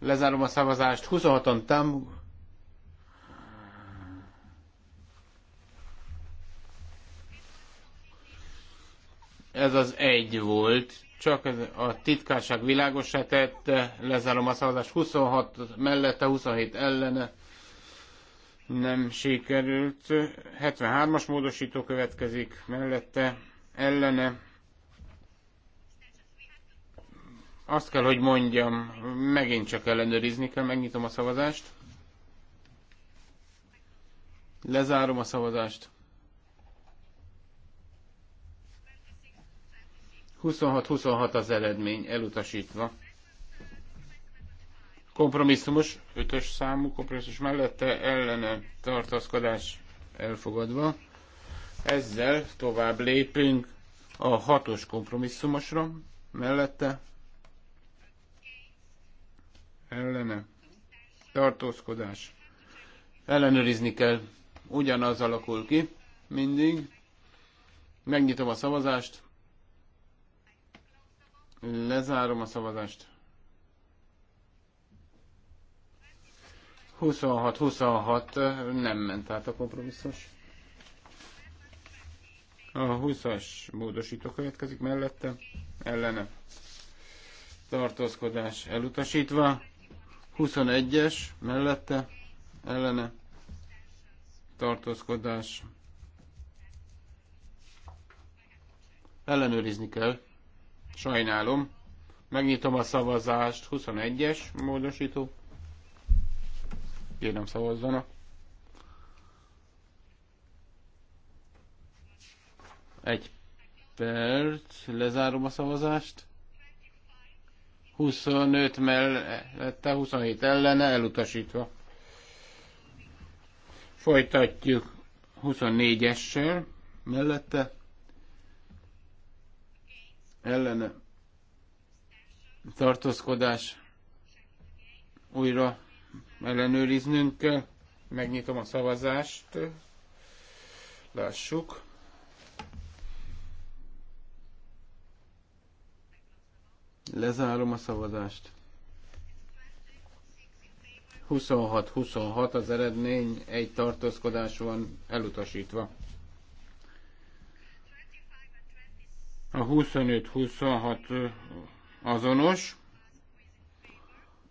Speaker 1: Lezárom a szavazást. 26-on tám... Ez az egy volt, csak ez a titkárság világosá tette, lezárom a szavazást 26 mellette, 27 ellene nem sikerült. 73-as módosító következik mellette, ellene. Azt kell, hogy mondjam, megint csak ellenőrizni kell, megnyitom a szavazást. Lezárom a szavazást. 26-26 az eredmény, elutasítva. Kompromisszumos, ötös számú kompromisszumos mellette ellene tartaszkodás elfogadva. Ezzel tovább lépünk a hatos kompromisszumosra mellette ellene tartózkodás. Ellenőrizni kell. Ugyanaz alakul ki mindig. Megnyitom a szavazást. Lezárom a szavazást. 26-26 nem ment át a kompromisszus. A 20-as módosító következik mellette, ellene tartózkodás elutasítva, 21-es mellette, ellene tartózkodás ellenőrizni kell, sajnálom. Megnyitom a szavazást, 21-es módosító. Kérem szavazzanak. Egy perc, lezárom a szavazást. 25 mellette, 27 ellene, elutasítva. Folytatjuk 24-essel, mellette, ellene, tartózkodás, újra ellenőriznünk kell. Megnyitom a szavazást. Lássuk. Lezárom a szavazást. 26-26 az eredmény, egy tartózkodás van elutasítva. A 25-26 azonos.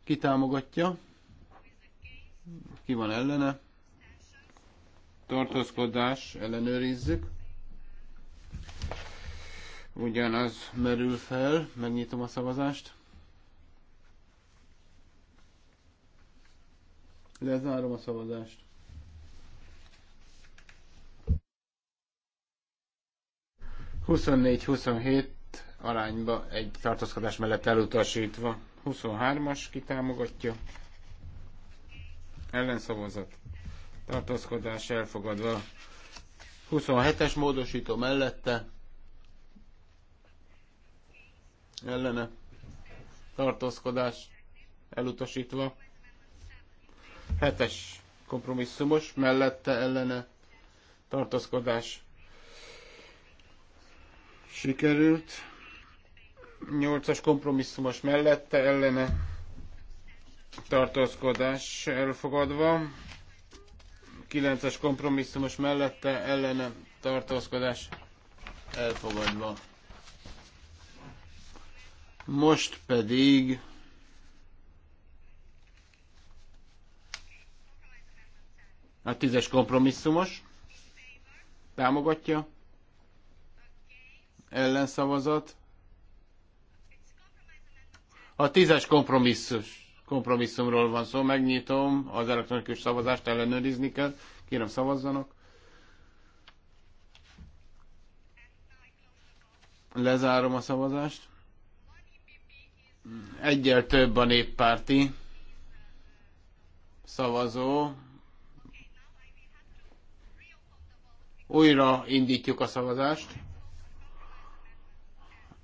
Speaker 1: Kitámogatja. támogatja? Ki van ellene? Tartózkodás, ellenőrizzük. Ugyanaz merül fel, megnyitom a szavazást. Lezárom a szavazást. Huszonnégy, huszonhét arányba egy tartózkodás mellett elutasítva. 23-as kitámogatja ellenszavazat, tartózkodás elfogadva. 27-es módosító mellette, ellene, tartózkodás elutasítva. 7-es kompromisszumos, mellette, ellene, tartózkodás sikerült. 8-as kompromisszumos mellette, ellene, tartózkodás elfogadva. 9-es kompromisszumos mellette ellene tartózkodás elfogadva. Most pedig a tízes kompromisszumos támogatja ellenszavazat. A tízes kompromisszus kompromisszumról van szó. Megnyitom az elektronikus szavazást, ellenőrizni kell. Kérem szavazzanak. Lezárom a szavazást. Egyel több a néppárti szavazó. Újra indítjuk a szavazást.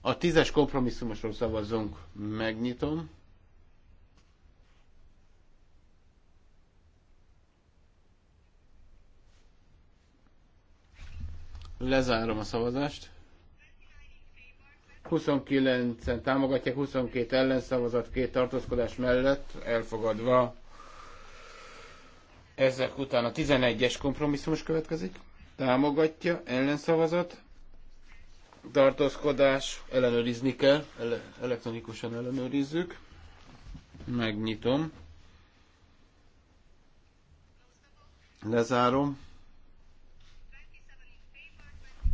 Speaker 1: A tízes kompromisszumosról szavazunk, Megnyitom. Lezárom a szavazást. 29-en támogatják, 22 ellenszavazat, két tartózkodás mellett elfogadva. Ezek után a 11-es kompromisszumos következik. Támogatja, ellenszavazat, tartózkodás, ellenőrizni kell, ele elektronikusan ellenőrizzük. Megnyitom. Lezárom.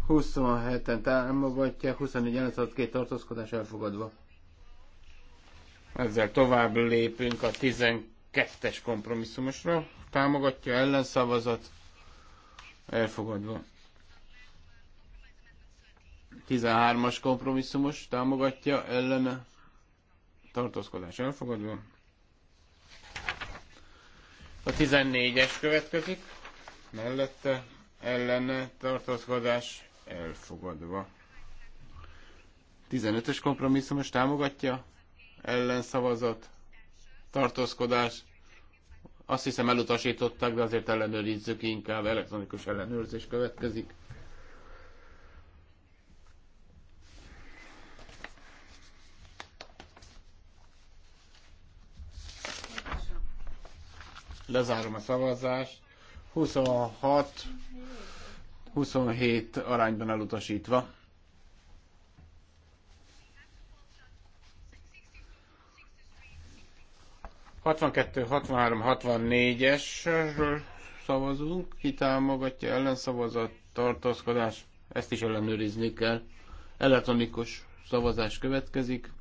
Speaker 1: 27-en támogatják, 24 ellenszavazat, két tartózkodás elfogadva. Ezzel tovább lépünk a 12-es kompromisszumosra. Támogatja ellenszavazat, elfogadva. 13-as kompromisszumos támogatja ellene tartózkodás elfogadva. A 14-es következik, mellette ellene tartózkodás elfogadva. 15-ös kompromisszumos támogatja, ellenszavazat, tartózkodás. Azt hiszem elutasították, de azért ellenőrizzük inkább, elektronikus ellenőrzés következik. Lezárom a szavazást. 26 27 arányban elutasítva. ...62-63-64-esről szavazunk, ki támogatja ellenszavazat, tartózkodás, ezt is ellenőrizni kell. Elektronikus szavazás következik.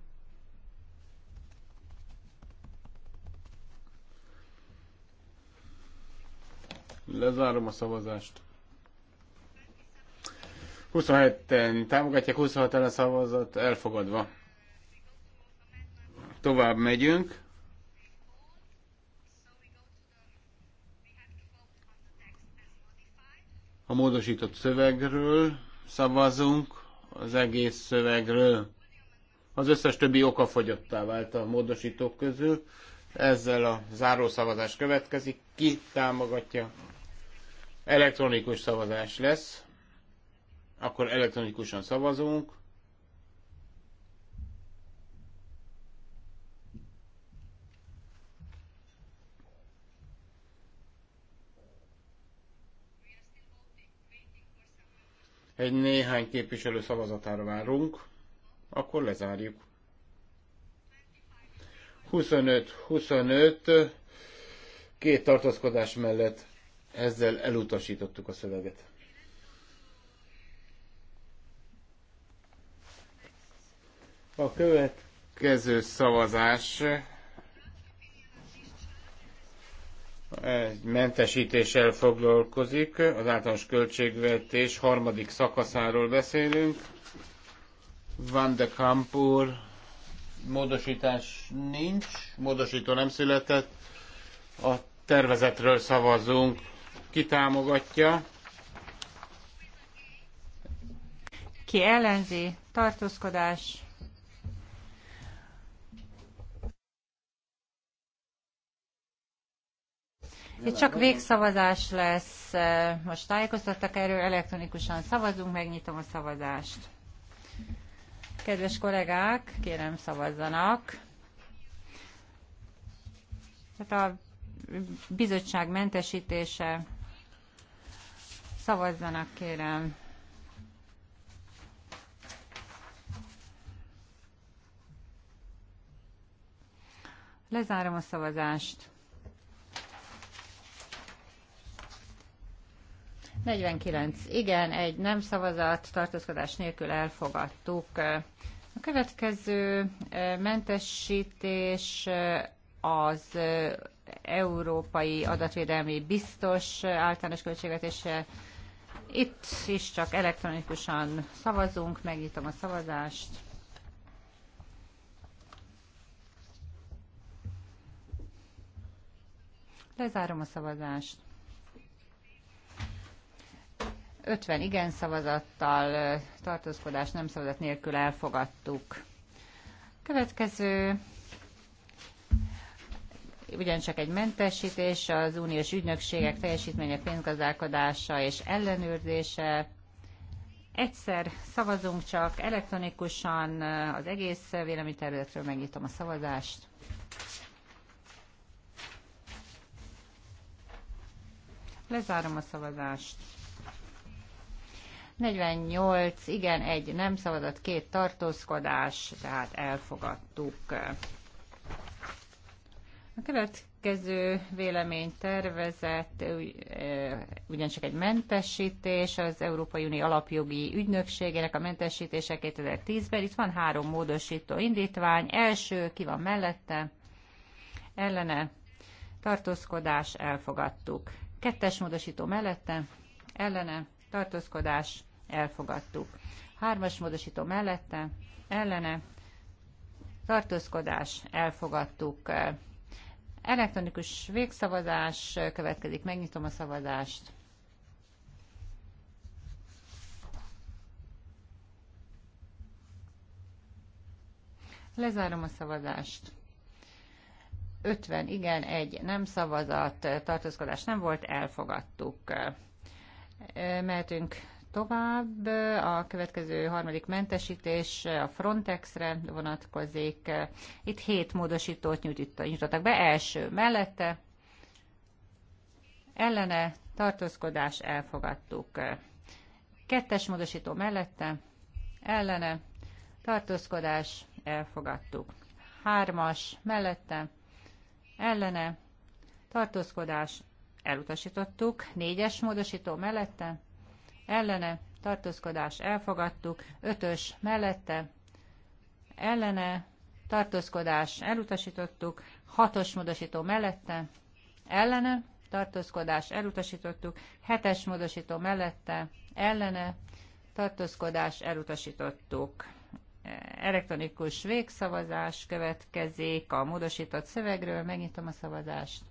Speaker 1: Lezárom a szavazást. 27-en támogatják, 26 ellen szavazat elfogadva. Tovább megyünk. A módosított szövegről szavazunk, az egész szövegről. Az összes többi fogyottá vált a módosítók közül. Ezzel a záró szavazás következik. Ki támogatja? Elektronikus szavazás lesz. Akkor elektronikusan szavazunk. Egy néhány képviselő szavazatára várunk, akkor lezárjuk. 25-25 két tartózkodás mellett ezzel elutasítottuk a szöveget. A következő szavazás egy mentesítéssel foglalkozik, az általános költségvetés harmadik szakaszáról beszélünk. Van de kampur, módosítás nincs, módosító nem született. A tervezetről szavazunk. Ki támogatja? Ki
Speaker 3: ellenzi? Tartózkodás? Itt csak végszavazás lesz. E, most tájékoztattak erről, elektronikusan szavazunk, megnyitom a szavazást. Kedves kollégák, kérem szavazzanak. Tehát a bizottság mentesítése. Szavazzanak, kérem. Lezárom a szavazást. 49 igen, egy nem szavazat, tartózkodás nélkül elfogadtuk. A következő mentesítés az Európai Adatvédelmi Biztos általános költségvetése. Itt is csak elektronikusan szavazunk, megnyitom a szavazást. Lezárom a szavazást. 50 igen szavazattal, tartózkodás nem szavazat nélkül elfogadtuk. Következő ugyancsak egy mentesítés, az uniós ügynökségek teljesítménye, pénzgazdálkodása és ellenőrzése. Egyszer szavazunk csak elektronikusan az egész véleményterületről, megnyitom a szavazást. Lezárom a szavazást. 48, igen, egy nem szavazat, két tartózkodás, tehát elfogadtuk. A következő tervezett, ugyancsak egy mentesítés, az Európai Unió Alapjogi Ügynökségének a mentesítése 2010-ben. Itt van három módosító indítvány. Első, ki van mellette? Ellene tartózkodás, elfogadtuk. Kettes módosító mellette? Ellene tartózkodás, elfogadtuk. Hármas módosító mellette, ellene, tartózkodás, elfogadtuk. Elektronikus végszavazás következik, megnyitom a szavazást. Lezárom a szavazást. 50 igen, egy nem szavazat, tartózkodás nem volt, elfogadtuk. Mehetünk tovább. A következő harmadik mentesítés a Frontexre vonatkozik. Itt hét módosítót nyújtottak be. Első mellette ellene tartózkodás elfogadtuk. Kettes módosító mellette ellene tartózkodás elfogadtuk. Hármas mellette ellene tartózkodás elutasítottuk, négyes módosító mellette, ellene, tartózkodás elfogadtuk, ötös mellette, ellene, tartózkodás elutasítottuk, hatos módosító mellette, ellene, tartózkodás elutasítottuk, hetes módosító mellette, ellene, tartózkodás elutasítottuk. Elektronikus végszavazás következik a módosított szövegről, megnyitom a szavazást.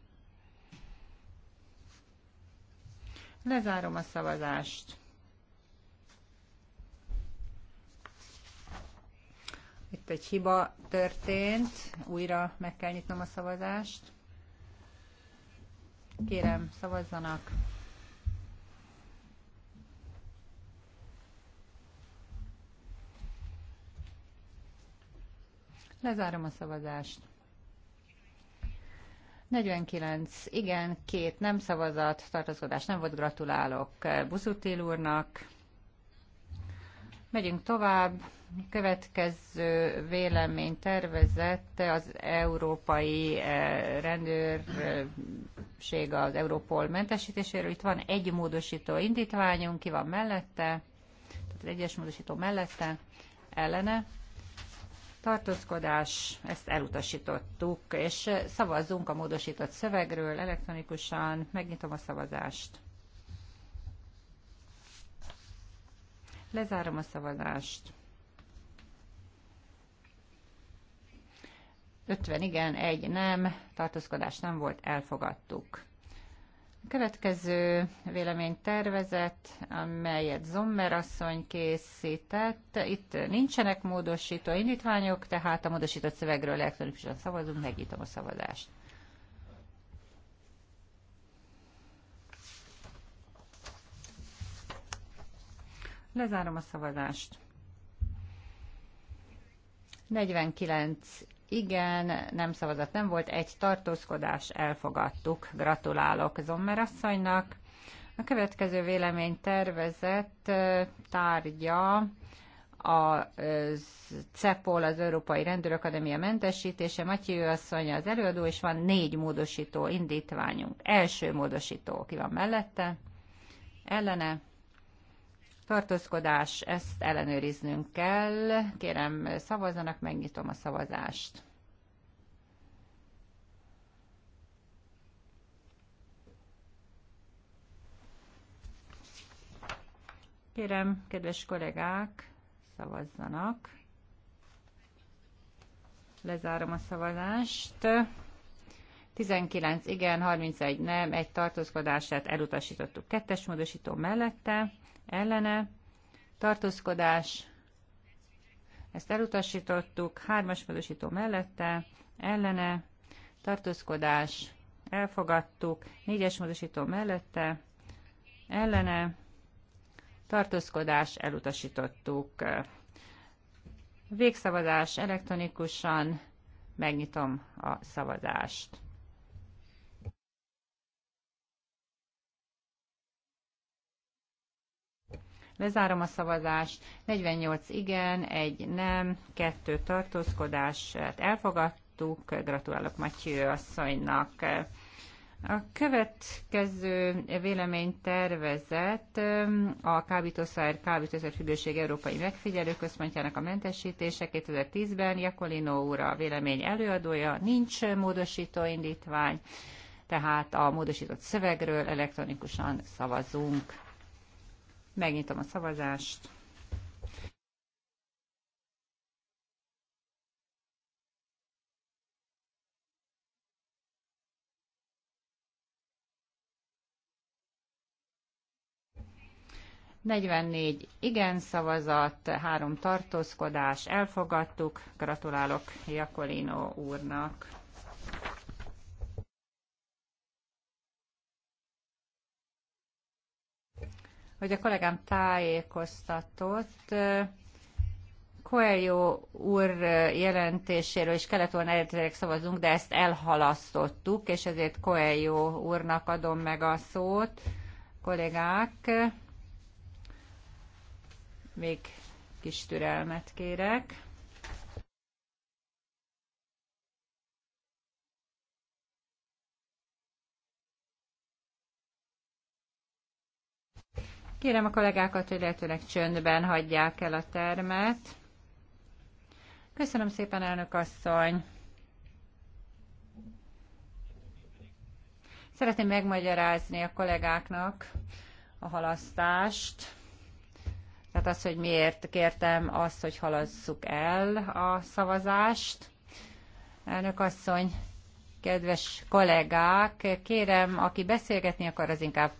Speaker 3: Lezárom a szavazást. Itt egy hiba történt, újra meg kell nyitnom a szavazást. Kérem, szavazzanak. Lezárom a szavazást. 49 igen, két nem szavazat, tartozkodás nem volt, gratulálok Buzutil úrnak. Megyünk tovább. Következő vélemény tervezett az európai eh, rendőrség az Európol mentesítéséről. Itt van egy módosító indítványunk, ki van mellette, tehát az egyes módosító mellette, ellene tartózkodás, ezt elutasítottuk, és szavazzunk a módosított szövegről elektronikusan, megnyitom a szavazást. Lezárom a szavazást. 50 igen, egy nem, tartózkodás nem volt, elfogadtuk következő véleménytervezet, amelyet Zommer asszony készített. Itt nincsenek módosító indítványok, tehát a módosított szövegről elektronikusan szavazunk, megnyitom a szavazást. Lezárom a szavazást. 49 igen, nem szavazat nem volt, egy tartózkodás elfogadtuk. Gratulálok Zommer asszonynak. A következő vélemény tervezett tárgya a CEPOL, az Európai akadémia mentesítése, Matyő asszony az előadó, és van négy módosító indítványunk. Első módosító, ki van mellette? Ellene? tartózkodás, ezt ellenőriznünk kell. Kérem, szavazzanak, megnyitom a szavazást. Kérem, kedves kollégák, szavazzanak. Lezárom a szavazást. 19 igen, 31 nem, egy tartózkodását elutasítottuk kettes módosító mellette ellene, tartózkodás, ezt elutasítottuk, hármas módosító mellette, ellene, tartózkodás, elfogadtuk, négyes módosító mellette, ellene, tartózkodás, elutasítottuk. Végszavazás elektronikusan, megnyitom a szavazást. Lezárom a szavazást. 48 igen, egy nem, kettő tartózkodás. Hát elfogadtuk. Gratulálok Matyő asszonynak. A következő véleménytervezet a kábítószer, kábítószer függőség Európai Megfigyelő Központjának a mentesítése 2010-ben. Jakolino úr a vélemény előadója, nincs módosító indítvány, tehát a módosított szövegről elektronikusan szavazunk. Megnyitom a szavazást. Negyvennégy igen szavazat, három tartózkodás, elfogadtuk. Gratulálok Jakolino úrnak. hogy a kollégám tájékoztatott, Coelho úr jelentéséről is kellett volna eredetileg szavazunk, de ezt elhalasztottuk, és ezért Coelho úrnak adom meg a szót. Kollégák, még kis türelmet kérek. Kérem a kollégákat, hogy lehetőleg csöndben hagyják el a termet. Köszönöm szépen, elnök asszony! Szeretném megmagyarázni a kollégáknak a halasztást, tehát az hogy miért kértem azt, hogy halasszuk el a szavazást. Elnök asszony, kedves kollégák, kérem, aki beszélgetni akar, az inkább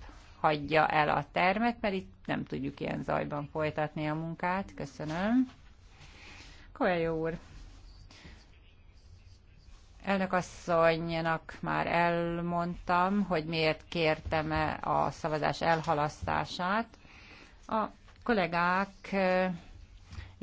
Speaker 3: hagyja el a termet, mert itt nem tudjuk ilyen zajban folytatni a munkát. Köszönöm. Koelyó úr. Elnök asszonynak már elmondtam, hogy miért kértem -e a szavazás elhalasztását. A kollégák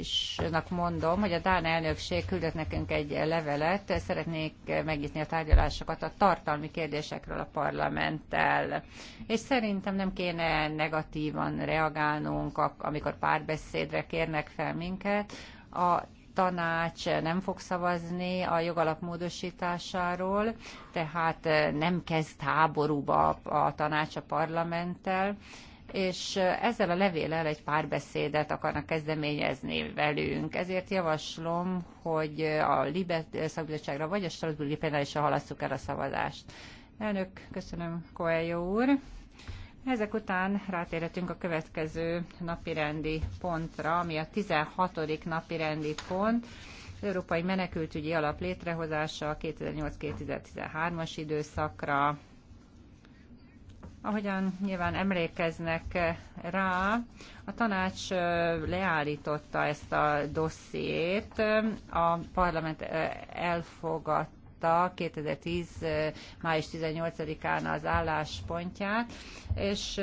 Speaker 3: és mondom, hogy a Dán elnökség küldött nekünk egy levelet, szeretnék megnyitni a tárgyalásokat a tartalmi kérdésekről a parlamenttel. És szerintem nem kéne negatívan reagálnunk, amikor párbeszédre kérnek fel minket. A tanács nem fog szavazni a jogalap módosításáról, tehát nem kezd háborúba a tanács a parlamenttel, és ezzel a levéllel egy párbeszédet akarnak kezdeményezni velünk. Ezért javaslom, hogy a Libet szakbizottságra vagy a Strasburgi is halasszuk el a szavazást. Elnök, köszönöm Koeljó úr. Ezek után rátérhetünk a következő napirendi pontra, ami a 16. napirendi pont, az Európai Menekültügyi Alap létrehozása a 2008-2013-as időszakra. Ahogyan nyilván emlékeznek rá, a tanács leállította ezt a dossziét, a parlament elfogadta, elfogadta 2010. május 18-án az álláspontját, és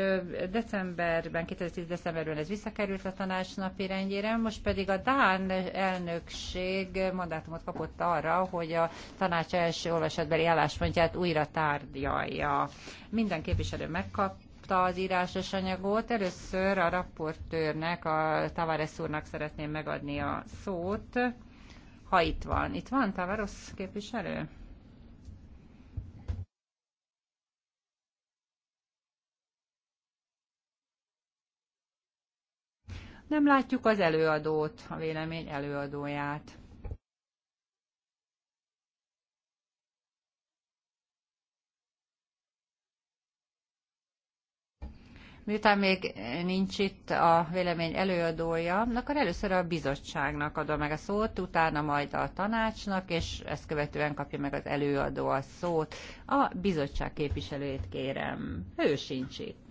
Speaker 3: decemberben, 2010. decemberben ez visszakerült a tanács napi rendjére, most pedig a Dán elnökség mandátumot kapott arra, hogy a tanács első olvasatbeli álláspontját újra tárgyalja. Minden képviselő megkap az írásos anyagot. Először a raportőrnek, a Tavares úrnak szeretném megadni a szót ha itt van. Itt van Tavaros képviselő? Nem látjuk az előadót, a vélemény előadóját. Miután még nincs itt a vélemény előadója, akkor először a bizottságnak adom meg a szót, utána majd a tanácsnak, és ezt követően kapja meg az előadó a szót. A bizottság képviselőjét kérem. Ő sincs itt.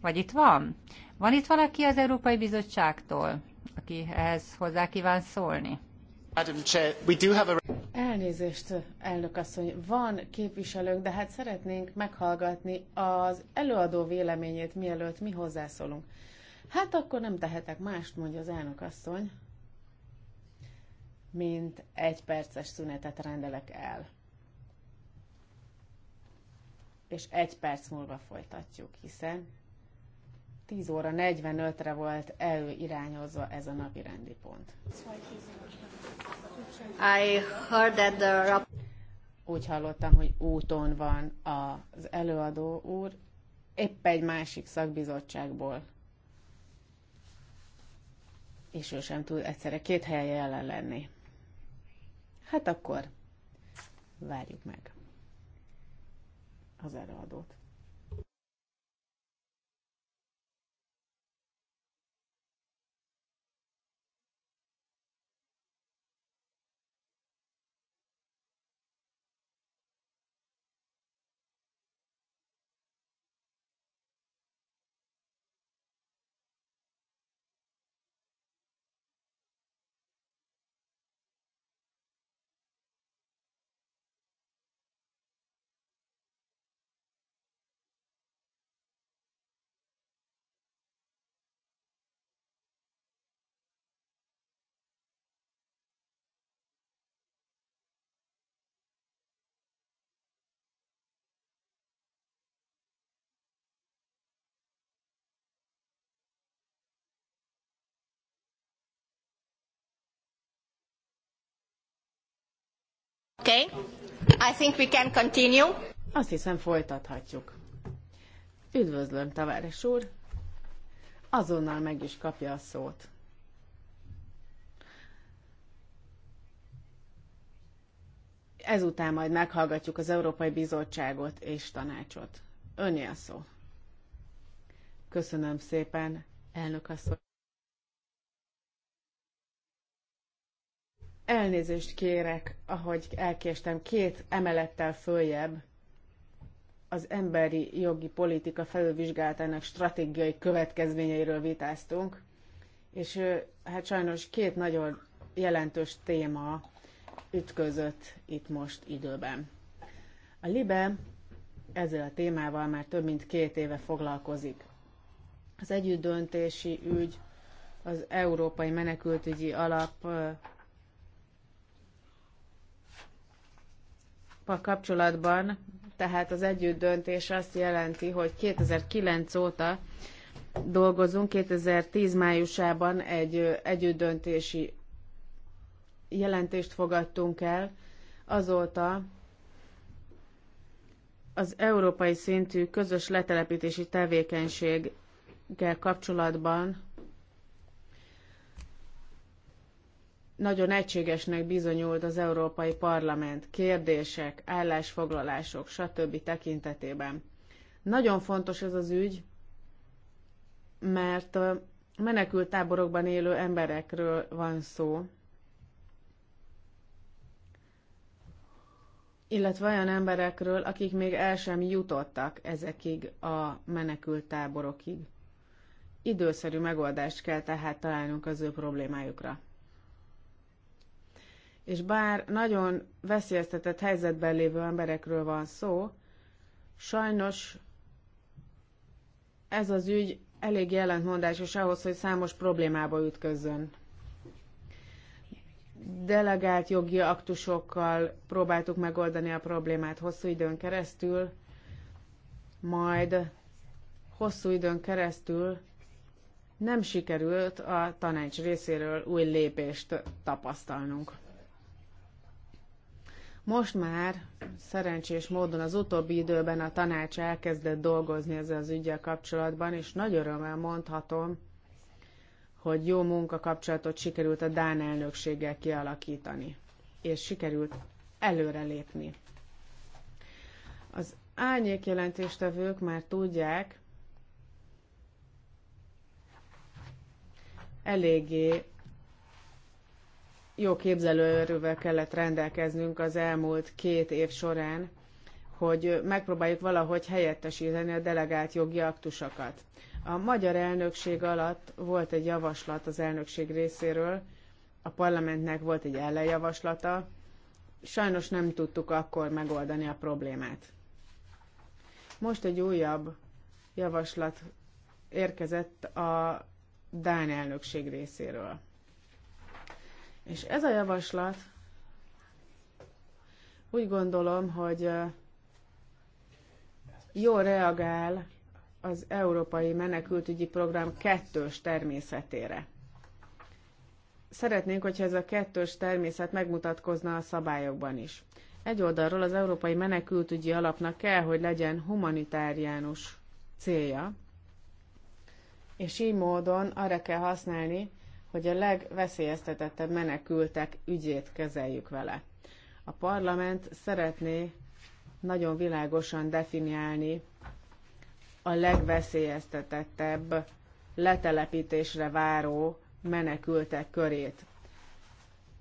Speaker 3: Vagy itt van? Van itt valaki az Európai Bizottságtól,
Speaker 2: aki ehhez hozzá kíván szólni? Elnézést, elnök asszony. Van képviselőnk, de hát szeretnénk meghallgatni az előadó véleményét, mielőtt mi hozzászólunk. Hát akkor nem tehetek mást, mondja az elnök asszony, mint egy perces szünetet rendelek el. És egy perc múlva folytatjuk, hiszen 10 óra 45-re volt előirányozva ez a napi rendi pont.
Speaker 3: I heard that the...
Speaker 2: Úgy hallottam, hogy úton van az előadó úr, épp egy másik szakbizottságból. És ő sem tud egyszerre két helyen jelen lenni. Hát akkor várjuk meg az előadót. Okay. I think we can continue. Azt hiszem folytathatjuk. Üdvözlöm, Tavares úr. Azonnal meg is kapja a szót. Ezután majd meghallgatjuk az Európai Bizottságot és tanácsot. Önnyi a szó. Köszönöm szépen, elnök asszony. Elnézést kérek, ahogy elkéstem két emelettel följebb az emberi jogi politika felülvizsgálatának stratégiai következményeiről vitáztunk, és hát sajnos két nagyon jelentős téma ütközött itt most időben. A LIBE ezzel a témával már több mint két éve foglalkozik. Az együttdöntési ügy, az Európai Menekültügyi Alap kapcsolatban, tehát az együtt döntés azt jelenti, hogy 2009 óta dolgozunk, 2010 májusában egy együtt döntési jelentést fogadtunk el, azóta az európai szintű közös letelepítési tevékenységgel kapcsolatban nagyon egységesnek bizonyult az Európai Parlament kérdések, állásfoglalások, stb. tekintetében. Nagyon fontos ez az ügy, mert menekült táborokban élő emberekről van szó, illetve olyan emberekről, akik még el sem jutottak ezekig a menekült táborokig. Időszerű megoldást kell tehát találnunk az ő problémájukra és bár nagyon veszélyeztetett helyzetben lévő emberekről van szó, sajnos ez az ügy elég jelentmondásos ahhoz, hogy számos problémába ütközzön. Delegált jogi aktusokkal próbáltuk megoldani a problémát hosszú időn keresztül, majd hosszú időn keresztül nem sikerült a tanács részéről új lépést tapasztalnunk. Most már szerencsés módon az utóbbi időben a tanács elkezdett dolgozni ezzel az ügyel kapcsolatban, és nagy örömmel mondhatom, hogy jó munkakapcsolatot sikerült a Dán elnökséggel kialakítani, és sikerült előrelépni. Az árnyék jelentéstevők már tudják, eléggé jó képzelőerővel kellett rendelkeznünk az elmúlt két év során, hogy megpróbáljuk valahogy helyettesíteni a delegált jogi aktusokat. A magyar elnökség alatt volt egy javaslat az elnökség részéről, a parlamentnek volt egy ellenjavaslata, sajnos nem tudtuk akkor megoldani a problémát. Most egy újabb javaslat érkezett a Dán elnökség részéről. És ez a javaslat úgy gondolom, hogy jól reagál az Európai Menekültügyi Program kettős természetére. Szeretnénk, hogyha ez a kettős természet megmutatkozna a szabályokban is. Egy oldalról az Európai Menekültügyi Alapnak kell, hogy legyen humanitáriánus célja, és így módon arra kell használni, hogy a legveszélyeztetettebb menekültek ügyét kezeljük vele. A parlament szeretné nagyon világosan definiálni a legveszélyeztetettebb letelepítésre váró menekültek körét.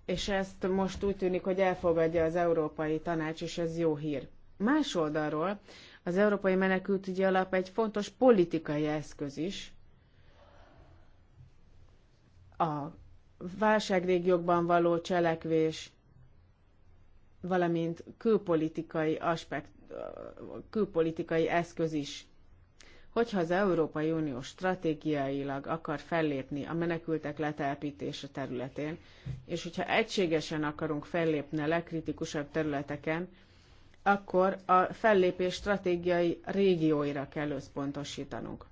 Speaker 2: És ezt most úgy tűnik, hogy elfogadja az Európai Tanács, és ez jó hír. Más oldalról az Európai Menekültügyi Alap egy fontos politikai eszköz is, a válságrégiókban való cselekvés, valamint külpolitikai aspekt, külpolitikai eszköz is. Hogyha az Európai Unió stratégiailag akar fellépni a menekültek letelepítése területén, és hogyha egységesen akarunk fellépni a legkritikusabb területeken, akkor a fellépés stratégiai régióira kell összpontosítanunk.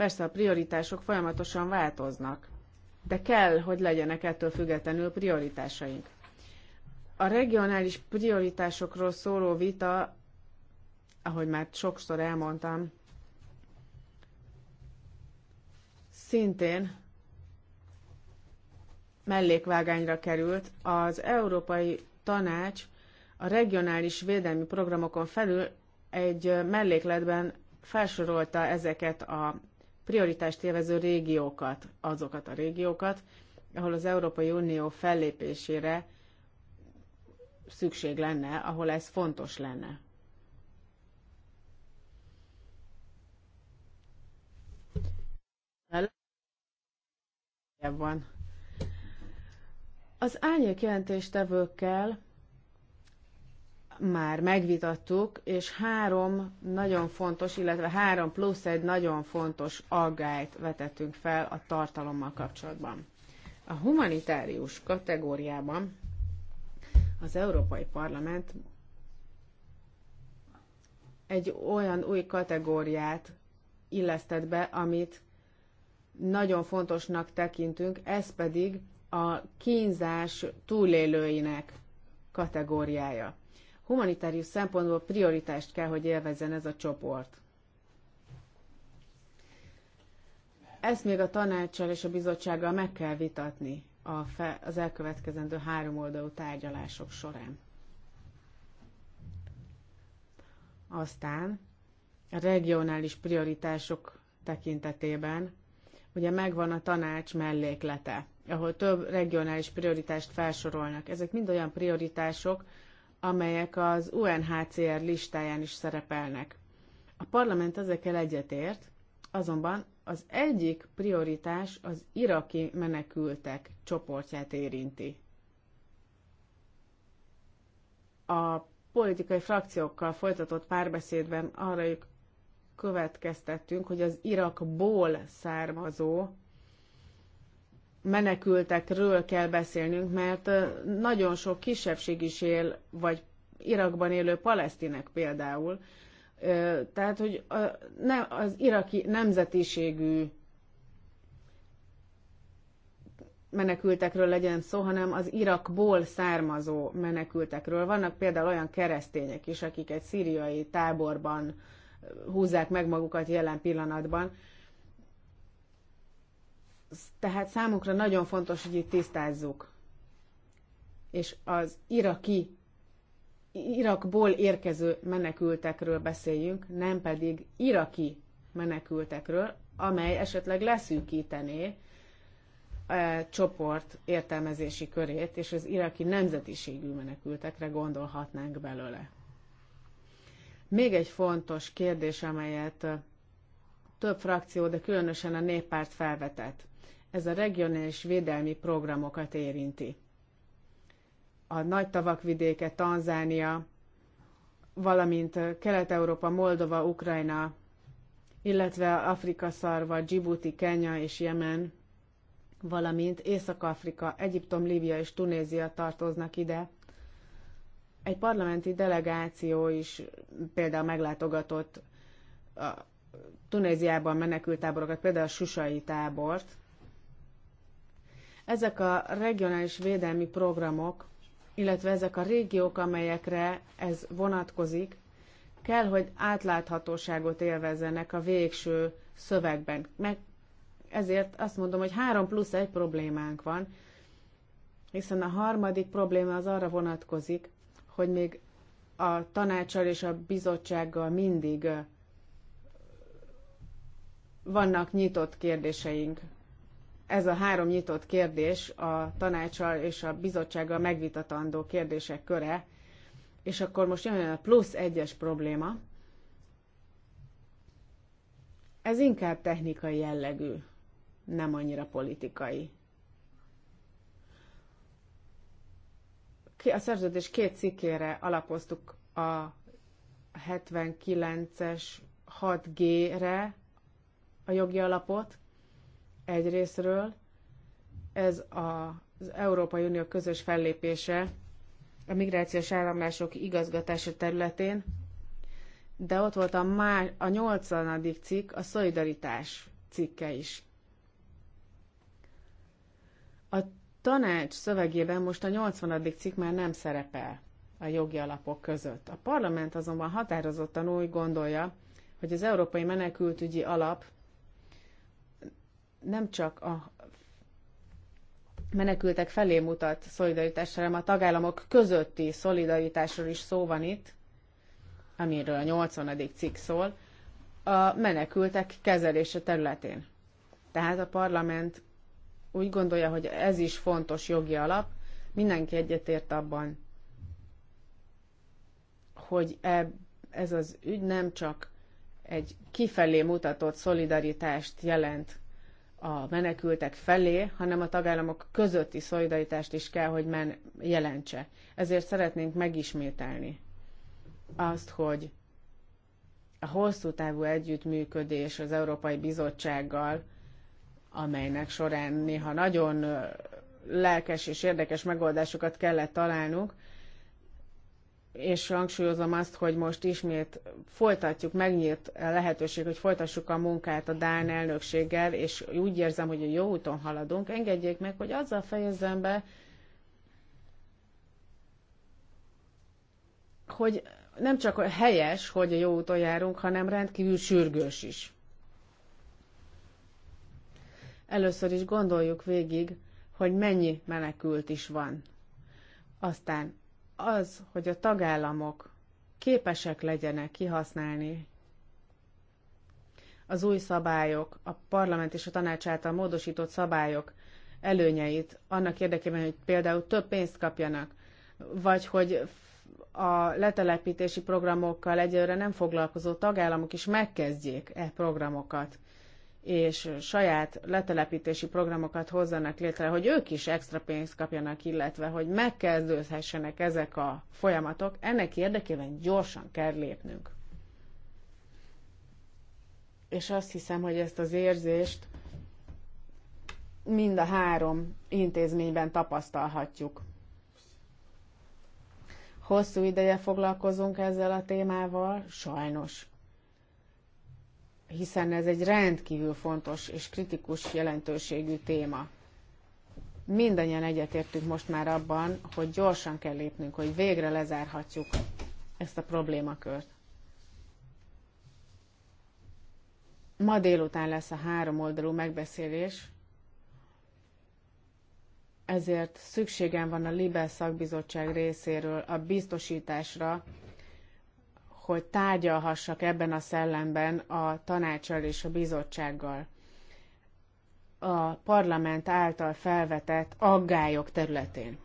Speaker 2: Persze a prioritások folyamatosan változnak, de kell, hogy legyenek ettől függetlenül prioritásaink. A regionális prioritásokról szóló vita, ahogy már sokszor elmondtam, szintén mellékvágányra került. Az Európai Tanács a regionális védelmi programokon felül egy mellékletben felsorolta ezeket a prioritást élvező régiókat, azokat a régiókat, ahol az Európai Unió fellépésére szükség lenne, ahol ez fontos lenne. Van. Az árnyék jelentéstevőkkel már megvitattuk, és három nagyon fontos, illetve három plusz egy nagyon fontos aggályt vetettünk fel a tartalommal kapcsolatban. A humanitárius kategóriában az Európai Parlament egy olyan új kategóriát illesztett be, amit nagyon fontosnak tekintünk, ez pedig a kínzás túlélőinek kategóriája humanitárius szempontból prioritást kell, hogy élvezzen ez a csoport. Ezt még a tanácssal és a bizottsággal meg kell vitatni a fe, az elkövetkezendő három oldalú tárgyalások során. Aztán a regionális prioritások tekintetében ugye megvan a tanács melléklete, ahol több regionális prioritást felsorolnak. Ezek mind olyan prioritások, amelyek az UNHCR listáján is szerepelnek. A parlament ezekkel egyetért, azonban az egyik prioritás az iraki menekültek csoportját érinti. A politikai frakciókkal folytatott párbeszédben arra következtettünk, hogy az Irakból származó menekültekről kell beszélnünk, mert nagyon sok kisebbség is él, vagy Irakban élő palesztinek például. Tehát, hogy az iraki nemzetiségű menekültekről legyen szó, hanem az Irakból származó menekültekről. Vannak például olyan keresztények is, akik egy szíriai táborban húzzák meg magukat jelen pillanatban, tehát számukra nagyon fontos, hogy itt tisztázzuk. És az iraki, Irakból érkező menekültekről beszéljünk, nem pedig iraki menekültekről, amely esetleg leszűkítené e csoport értelmezési körét, és az iraki nemzetiségű menekültekre gondolhatnánk belőle. Még egy fontos kérdés, amelyet több frakció, de különösen a néppárt felvetett ez a regionális védelmi programokat érinti. A nagy tavak vidéke, Tanzánia, valamint Kelet-Európa, Moldova, Ukrajna, illetve Afrika szarva, Djibouti, Kenya és Jemen, valamint Észak-Afrika, Egyiptom, Líbia és Tunézia tartoznak ide. Egy parlamenti delegáció is például meglátogatott a Tunéziában menekültáborokat, például a Susai tábort, ezek a regionális védelmi programok, illetve ezek a régiók, amelyekre ez vonatkozik, kell, hogy átláthatóságot élvezzenek a végső szövegben. Meg ezért azt mondom, hogy három plusz egy problémánk van, hiszen a harmadik probléma az arra vonatkozik, hogy még a tanácsal és a bizottsággal mindig vannak nyitott kérdéseink ez a három nyitott kérdés a tanácsal és a bizottsággal megvitatandó kérdések köre, és akkor most jön a plusz egyes probléma. Ez inkább technikai jellegű, nem annyira politikai. A szerződés két cikkére alapoztuk a 79-es 6G-re a jogi alapot, Egyrésztről ez a, az Európai Unió közös fellépése a migrációs áramlások igazgatása területén, de ott volt a, más, a 80. cikk, a szolidaritás cikke is. A tanács szövegében most a 80. cikk már nem szerepel a jogi alapok között. A parlament azonban határozottan úgy gondolja, hogy az Európai Menekültügyi Alap nem csak a menekültek felé mutat szolidaritásra, hanem a tagállamok közötti szolidaritásról is szó van itt, amiről a 80. cikk szól, a menekültek kezelése területén. Tehát a parlament úgy gondolja, hogy ez is fontos jogi alap, mindenki egyetért abban, hogy ez az ügy nem csak egy kifelé mutatott szolidaritást jelent a menekültek felé, hanem a tagállamok közötti szolidaritást is kell, hogy men jelentse. Ezért szeretnénk megismételni azt, hogy a hosszú távú együttműködés az Európai Bizottsággal, amelynek során néha nagyon lelkes és érdekes megoldásokat kellett találnunk, és hangsúlyozom azt, hogy most ismét folytatjuk, megnyílt lehetőség, hogy folytassuk a munkát a Dán elnökséggel, és úgy érzem, hogy jó úton haladunk. Engedjék meg, hogy azzal fejezzem be, hogy nem csak helyes, hogy a jó úton járunk, hanem rendkívül sürgős is. Először is gondoljuk végig, hogy mennyi menekült is van. Aztán az, hogy a tagállamok képesek legyenek kihasználni az új szabályok, a parlament és a tanács által módosított szabályok előnyeit, annak érdekében, hogy például több pénzt kapjanak, vagy hogy a letelepítési programokkal egyelőre nem foglalkozó tagállamok is megkezdjék e programokat és saját letelepítési programokat hozzanak létre, hogy ők is extra pénzt kapjanak, illetve hogy megkezdődhessenek ezek a folyamatok, ennek érdekében gyorsan kell lépnünk. És azt hiszem, hogy ezt az érzést mind a három intézményben tapasztalhatjuk. Hosszú ideje foglalkozunk ezzel a témával, sajnos hiszen ez egy rendkívül fontos és kritikus jelentőségű téma. Mindannyian egyetértünk most már abban, hogy gyorsan kell lépnünk, hogy végre lezárhatjuk ezt a problémakört. Ma délután lesz a három oldalú megbeszélés, ezért szükségem van a Libel szakbizottság részéről a biztosításra, hogy tárgyalhassak ebben a szellemben a tanácssal és a bizottsággal a parlament által felvetett aggályok területén.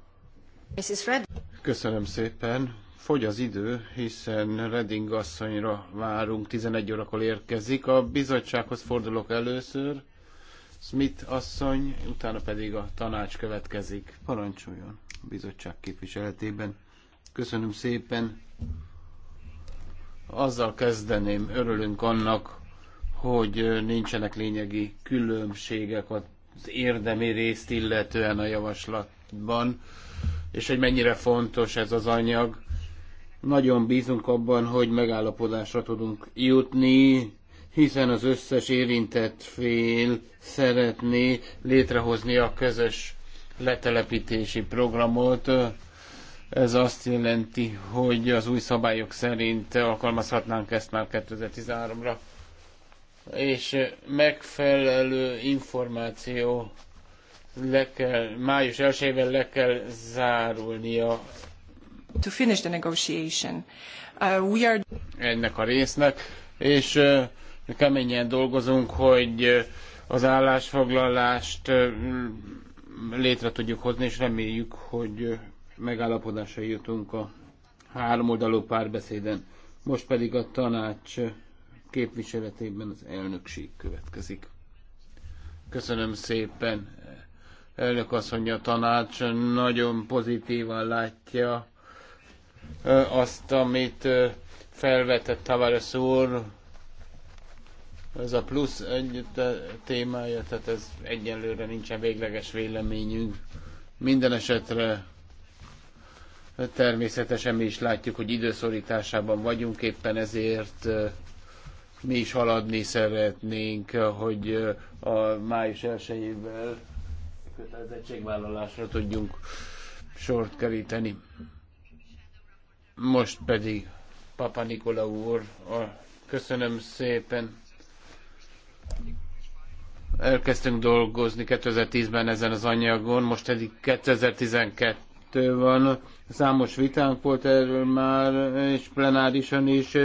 Speaker 1: Köszönöm szépen. Fogy az idő, hiszen Redding asszonyra várunk, 11 órakor érkezik. A bizottsághoz fordulok először. Smith asszony, utána pedig a tanács következik. Parancsoljon a bizottság képviseletében. Köszönöm szépen. Azzal kezdeném, örülünk annak, hogy nincsenek lényegi különbségek az érdemi részt illetően a javaslatban, és hogy mennyire fontos ez az anyag. Nagyon bízunk abban, hogy megállapodásra tudunk jutni, hiszen az összes érintett fél szeretné létrehozni a közös letelepítési programot, ez azt jelenti, hogy az új szabályok szerint alkalmazhatnánk ezt már 2013-ra. És eh, megfelelő információ le kell, május 1-ével le kell zárulnia. To finish the negotiation. Uh, we are... Ennek a résznek, és uh, keményen dolgozunk, hogy uh, az állásfoglalást létre tudjuk hozni, és reméljük, hogy megállapodásra jutunk a háromoldalú párbeszéden. Most pedig a tanács képviseletében az elnökség következik. Köszönöm szépen. Elnök asszony, a tanács nagyon pozitívan látja azt, amit felvetett Tavares úr, ez a plusz egy témája, tehát ez egyelőre nincsen végleges véleményünk. Minden esetre Természetesen mi is látjuk, hogy időszorításában vagyunk, éppen ezért mi is haladni szeretnénk, hogy a május 1-ével kötelezettségvállalásra tudjunk sort keríteni. Most pedig Papa Nikola úr, a, köszönöm szépen. Elkezdtünk dolgozni 2010-ben ezen az anyagon, most pedig 2012 kettő van. Számos vitánk volt erről már, és plenárisan is,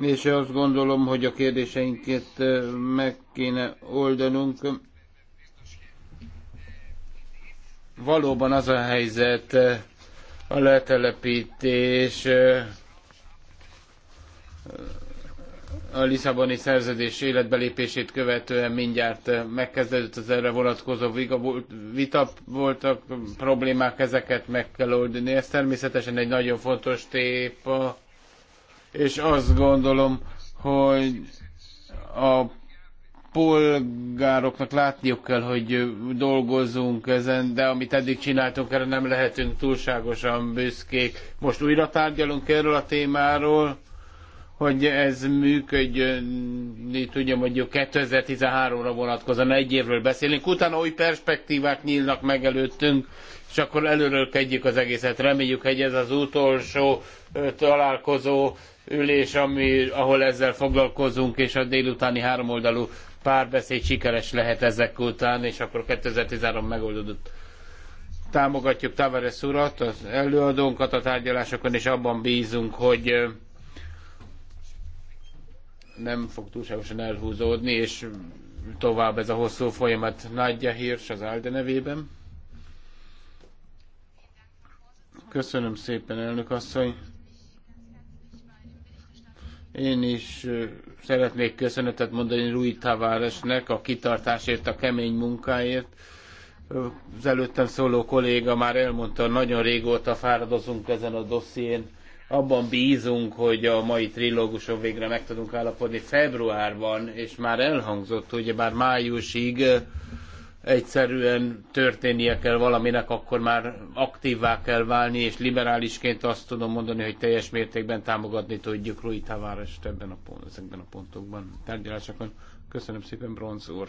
Speaker 1: és azt gondolom, hogy a kérdéseinket meg kéne oldanunk. Valóban az a helyzet, a letelepítés a Lisszaboni szerződés életbelépését követően mindjárt megkezdődött az erre vonatkozó vita, voltak problémák, ezeket meg kell oldani. Ez természetesen egy nagyon fontos tépa, és azt gondolom, hogy a polgároknak látniuk kell, hogy dolgozunk ezen, de amit eddig csináltunk, erre nem lehetünk túlságosan büszkék. Most újra tárgyalunk erről a témáról, hogy ez működjön, tudja mondjuk 2013-ra vonatkozóan egy évről beszélünk, utána új perspektívák nyílnak meg előttünk, és akkor kedjük az egészet. Reméljük, hogy ez az utolsó találkozó ülés, ami, ahol ezzel foglalkozunk, és a délutáni háromoldalú párbeszéd sikeres lehet ezek után, és akkor 2013 megoldódott. Támogatjuk Tavares urat, az előadónkat a tárgyalásokon, és abban bízunk, hogy nem fog túlságosan elhúzódni, és tovább ez a hosszú folyamat. Nagyja hírs, az Alde nevében. Köszönöm szépen, elnök asszony. Én is szeretnék köszönetet mondani Rui Tavaresnek a kitartásért, a kemény munkáért. Az előttem szóló kolléga már elmondta, nagyon régóta fáradozunk ezen a dosszién abban bízunk, hogy a mai trilóguson végre meg tudunk állapodni februárban, és már elhangzott, hogy bár májusig egyszerűen történnie kell valaminek, akkor már aktívvá kell válni, és liberálisként azt tudom mondani, hogy teljes mértékben támogatni tudjuk Rui Tavares ebben a pont, ezekben a pontokban, tárgyalásokon. Köszönöm szépen, Bronz úr!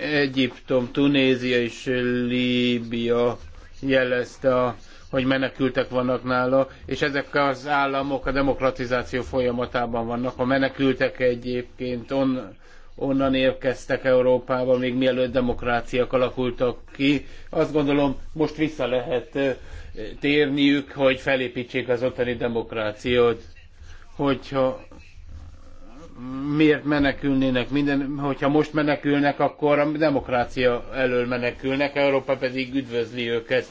Speaker 1: Egyiptom, Tunézia és Líbia jelezte, hogy menekültek vannak nála, és ezek az államok a demokratizáció folyamatában vannak. A menekültek egyébként on, onnan érkeztek Európába, még mielőtt demokráciák alakultak ki. Azt gondolom, most vissza lehet térniük, hogy felépítsék az ottani demokrációt. Hogyha miért menekülnének minden, hogyha most menekülnek, akkor a demokrácia elől menekülnek, Európa pedig üdvözli őket.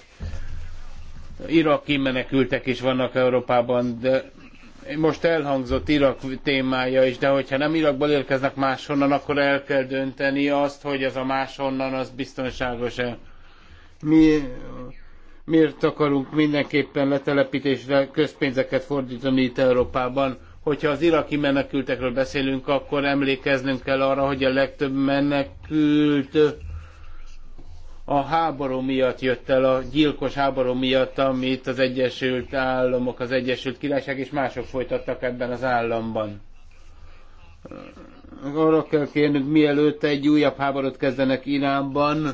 Speaker 1: Iraki menekültek is vannak Európában, de most elhangzott Irak témája is, de hogyha nem Irakból érkeznek máshonnan, akkor el kell dönteni azt, hogy az a máshonnan az biztonságos-e. Mi, miért akarunk mindenképpen letelepítésre közpénzeket fordítani itt Európában? hogyha az iraki menekültekről beszélünk, akkor emlékeznünk kell arra, hogy a legtöbb menekült a háború miatt jött el, a gyilkos háború miatt, amit az Egyesült Államok, az Egyesült Királyság és mások folytattak ebben az államban. Arra kell kérnünk, mielőtt egy újabb háborút kezdenek Iránban,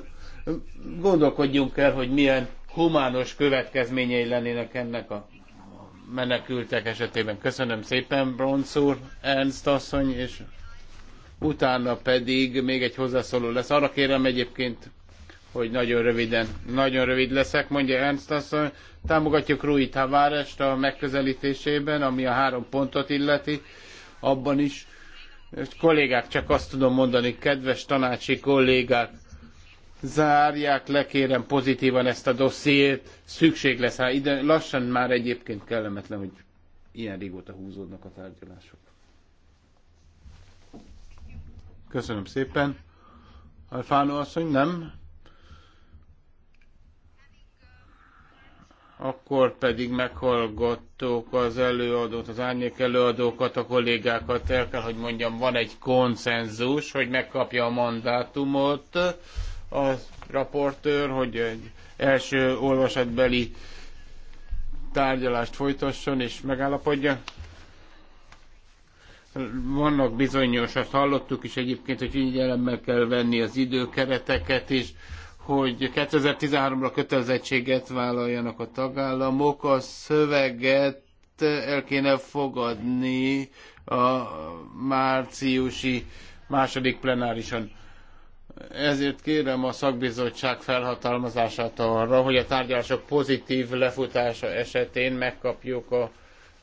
Speaker 1: gondolkodjunk el, hogy milyen humános következményei lennének ennek a menekültek esetében. Köszönöm szépen, Bronz úr, Ernst asszony, és utána pedig még egy hozzászóló lesz. Arra kérem egyébként, hogy nagyon röviden, nagyon rövid leszek, mondja Ernst asszony. Támogatjuk Rui Tavárest a megközelítésében, ami a három pontot illeti, abban is. És kollégák, csak azt tudom mondani, kedves tanácsi kollégák, zárják le, kérem pozitívan ezt a dossziét, szükség lesz rá. Ide lassan már egyébként kellemetlen, hogy ilyen régóta húzódnak a tárgyalások. Köszönöm szépen. Alfánó asszony, nem? Akkor pedig meghallgattuk az előadót, az árnyék előadókat, a kollégákat. El kell, hogy mondjam, van egy konszenzus, hogy megkapja a mandátumot a raportőr, hogy egy első olvasatbeli tárgyalást folytasson és megállapodja. Vannak bizonyos, azt hallottuk is egyébként, hogy figyelembe kell venni az időkereteket, és hogy 2013-ra kötelezettséget vállaljanak a tagállamok, a szöveget el kéne fogadni a márciusi második plenárison. Ezért kérem a szakbizottság felhatalmazását arra, hogy a tárgyalások pozitív lefutása esetén megkapjuk a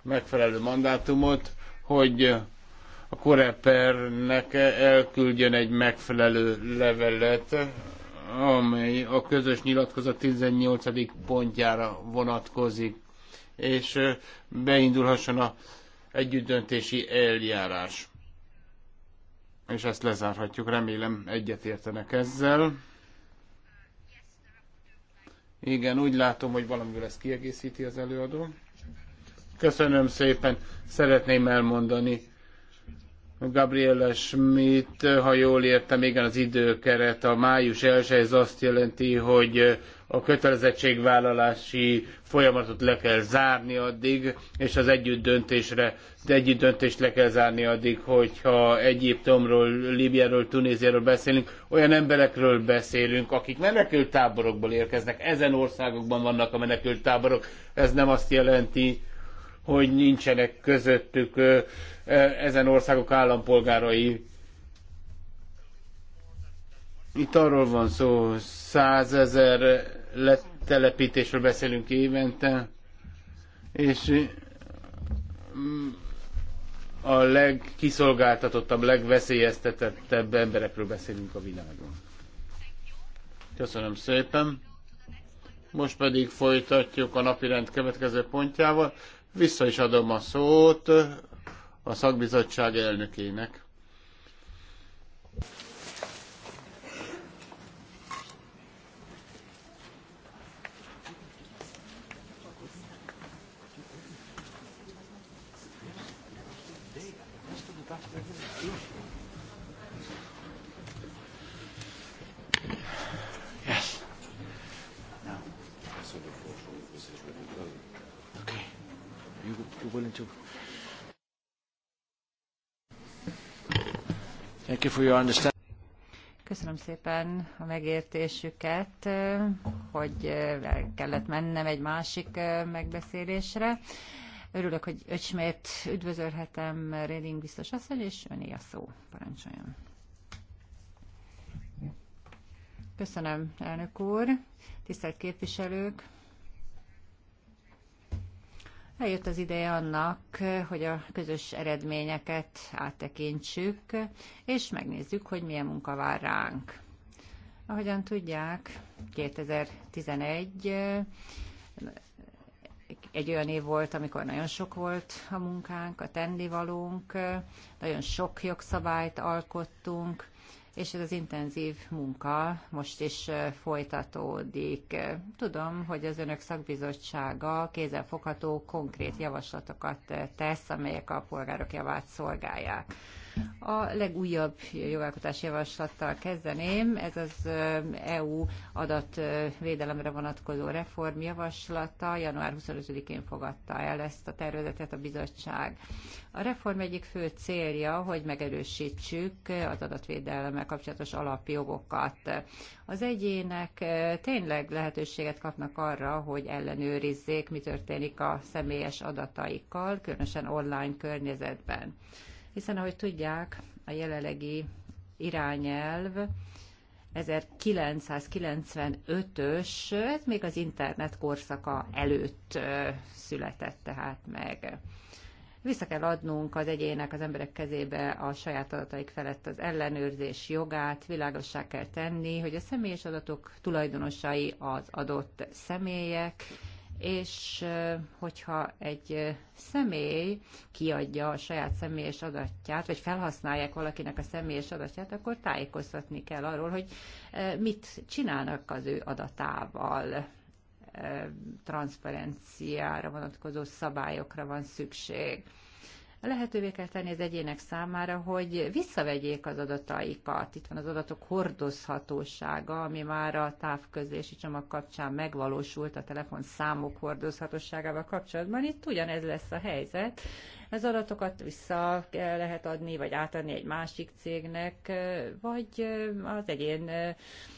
Speaker 1: megfelelő mandátumot, hogy a korepernek elküldjön egy megfelelő levelet, amely a közös nyilatkozat 18. pontjára vonatkozik, és beindulhasson a együttdöntési eljárás és ezt lezárhatjuk. Remélem egyetértenek ezzel. Igen, úgy látom, hogy valamivel ezt kiegészíti az előadó. Köszönöm szépen. Szeretném elmondani, Gabriela Schmidt, ha jól értem, igen, az időkeret a május 1 ez azt jelenti, hogy a kötelezettségvállalási folyamatot le kell zárni addig, és az együtt döntésre, de együtt döntést le kell zárni addig, hogyha Egyiptomról, Líbiáról, Tunéziáról beszélünk, olyan emberekről beszélünk, akik menekült táborokból érkeznek, ezen országokban vannak a menekült táborok, ez nem azt jelenti, hogy nincsenek közöttük ezen országok állampolgárai, itt arról van szó, százezer letelepítésről beszélünk évente, és mm, a legkiszolgáltatottabb, legveszélyeztetettebb emberekről beszélünk a világon. Köszönöm szépen. Most pedig folytatjuk a napirend következő pontjával. Vissza is adom a szót a szakbizottság elnökének. Thank you for your understanding.
Speaker 3: Köszönöm szépen a megértésüket, hogy el kellett mennem egy másik megbeszélésre. Örülök, hogy öcsmét üdvözölhetem Reding biztos asszony, és öné a szó. Parancsoljon. Köszönöm, elnök úr. Tisztelt képviselők! Eljött az ideje annak, hogy a közös eredményeket áttekintsük, és megnézzük, hogy milyen munka vár ránk. Ahogyan tudják, 2011 egy olyan év volt, amikor nagyon sok volt a munkánk, a tennivalónk, nagyon sok jogszabályt alkottunk, és ez az intenzív munka most is folytatódik. Tudom, hogy az önök szakbizottsága kézzelfogható konkrét javaslatokat tesz, amelyek a polgárok javát szolgálják. A legújabb jogalkotási javaslattal kezdeném, ez az EU adatvédelemre vonatkozó reform javaslata. Január 25-én fogadta el ezt a tervezetet a bizottság. A reform egyik fő célja, hogy megerősítsük az adatvédelemmel kapcsolatos alapjogokat. Az egyének tényleg lehetőséget kapnak arra, hogy ellenőrizzék, mi történik a személyes adataikkal, különösen online környezetben hiszen ahogy tudják, a jelenlegi irányelv 1995-ös, ez még az internet korszaka előtt született tehát meg. Vissza kell adnunk az egyének, az emberek kezébe a saját adataik felett az ellenőrzés jogát, világossá kell tenni, hogy a személyes adatok tulajdonosai az adott személyek, és hogyha egy személy kiadja a saját személyes adatját, vagy felhasználják valakinek a személyes adatját, akkor tájékoztatni kell arról, hogy mit csinálnak az ő adatával. Transzparenciára vonatkozó szabályokra van szükség. Lehetővé kell tenni az egyének számára, hogy visszavegyék az adataikat. Itt van az adatok hordozhatósága, ami már a távközlési csomag kapcsán megvalósult a telefon számok hordozhatóságával kapcsolatban. Itt ugyanez lesz a helyzet. Az adatokat vissza lehet adni, vagy átadni egy másik cégnek, vagy az egyén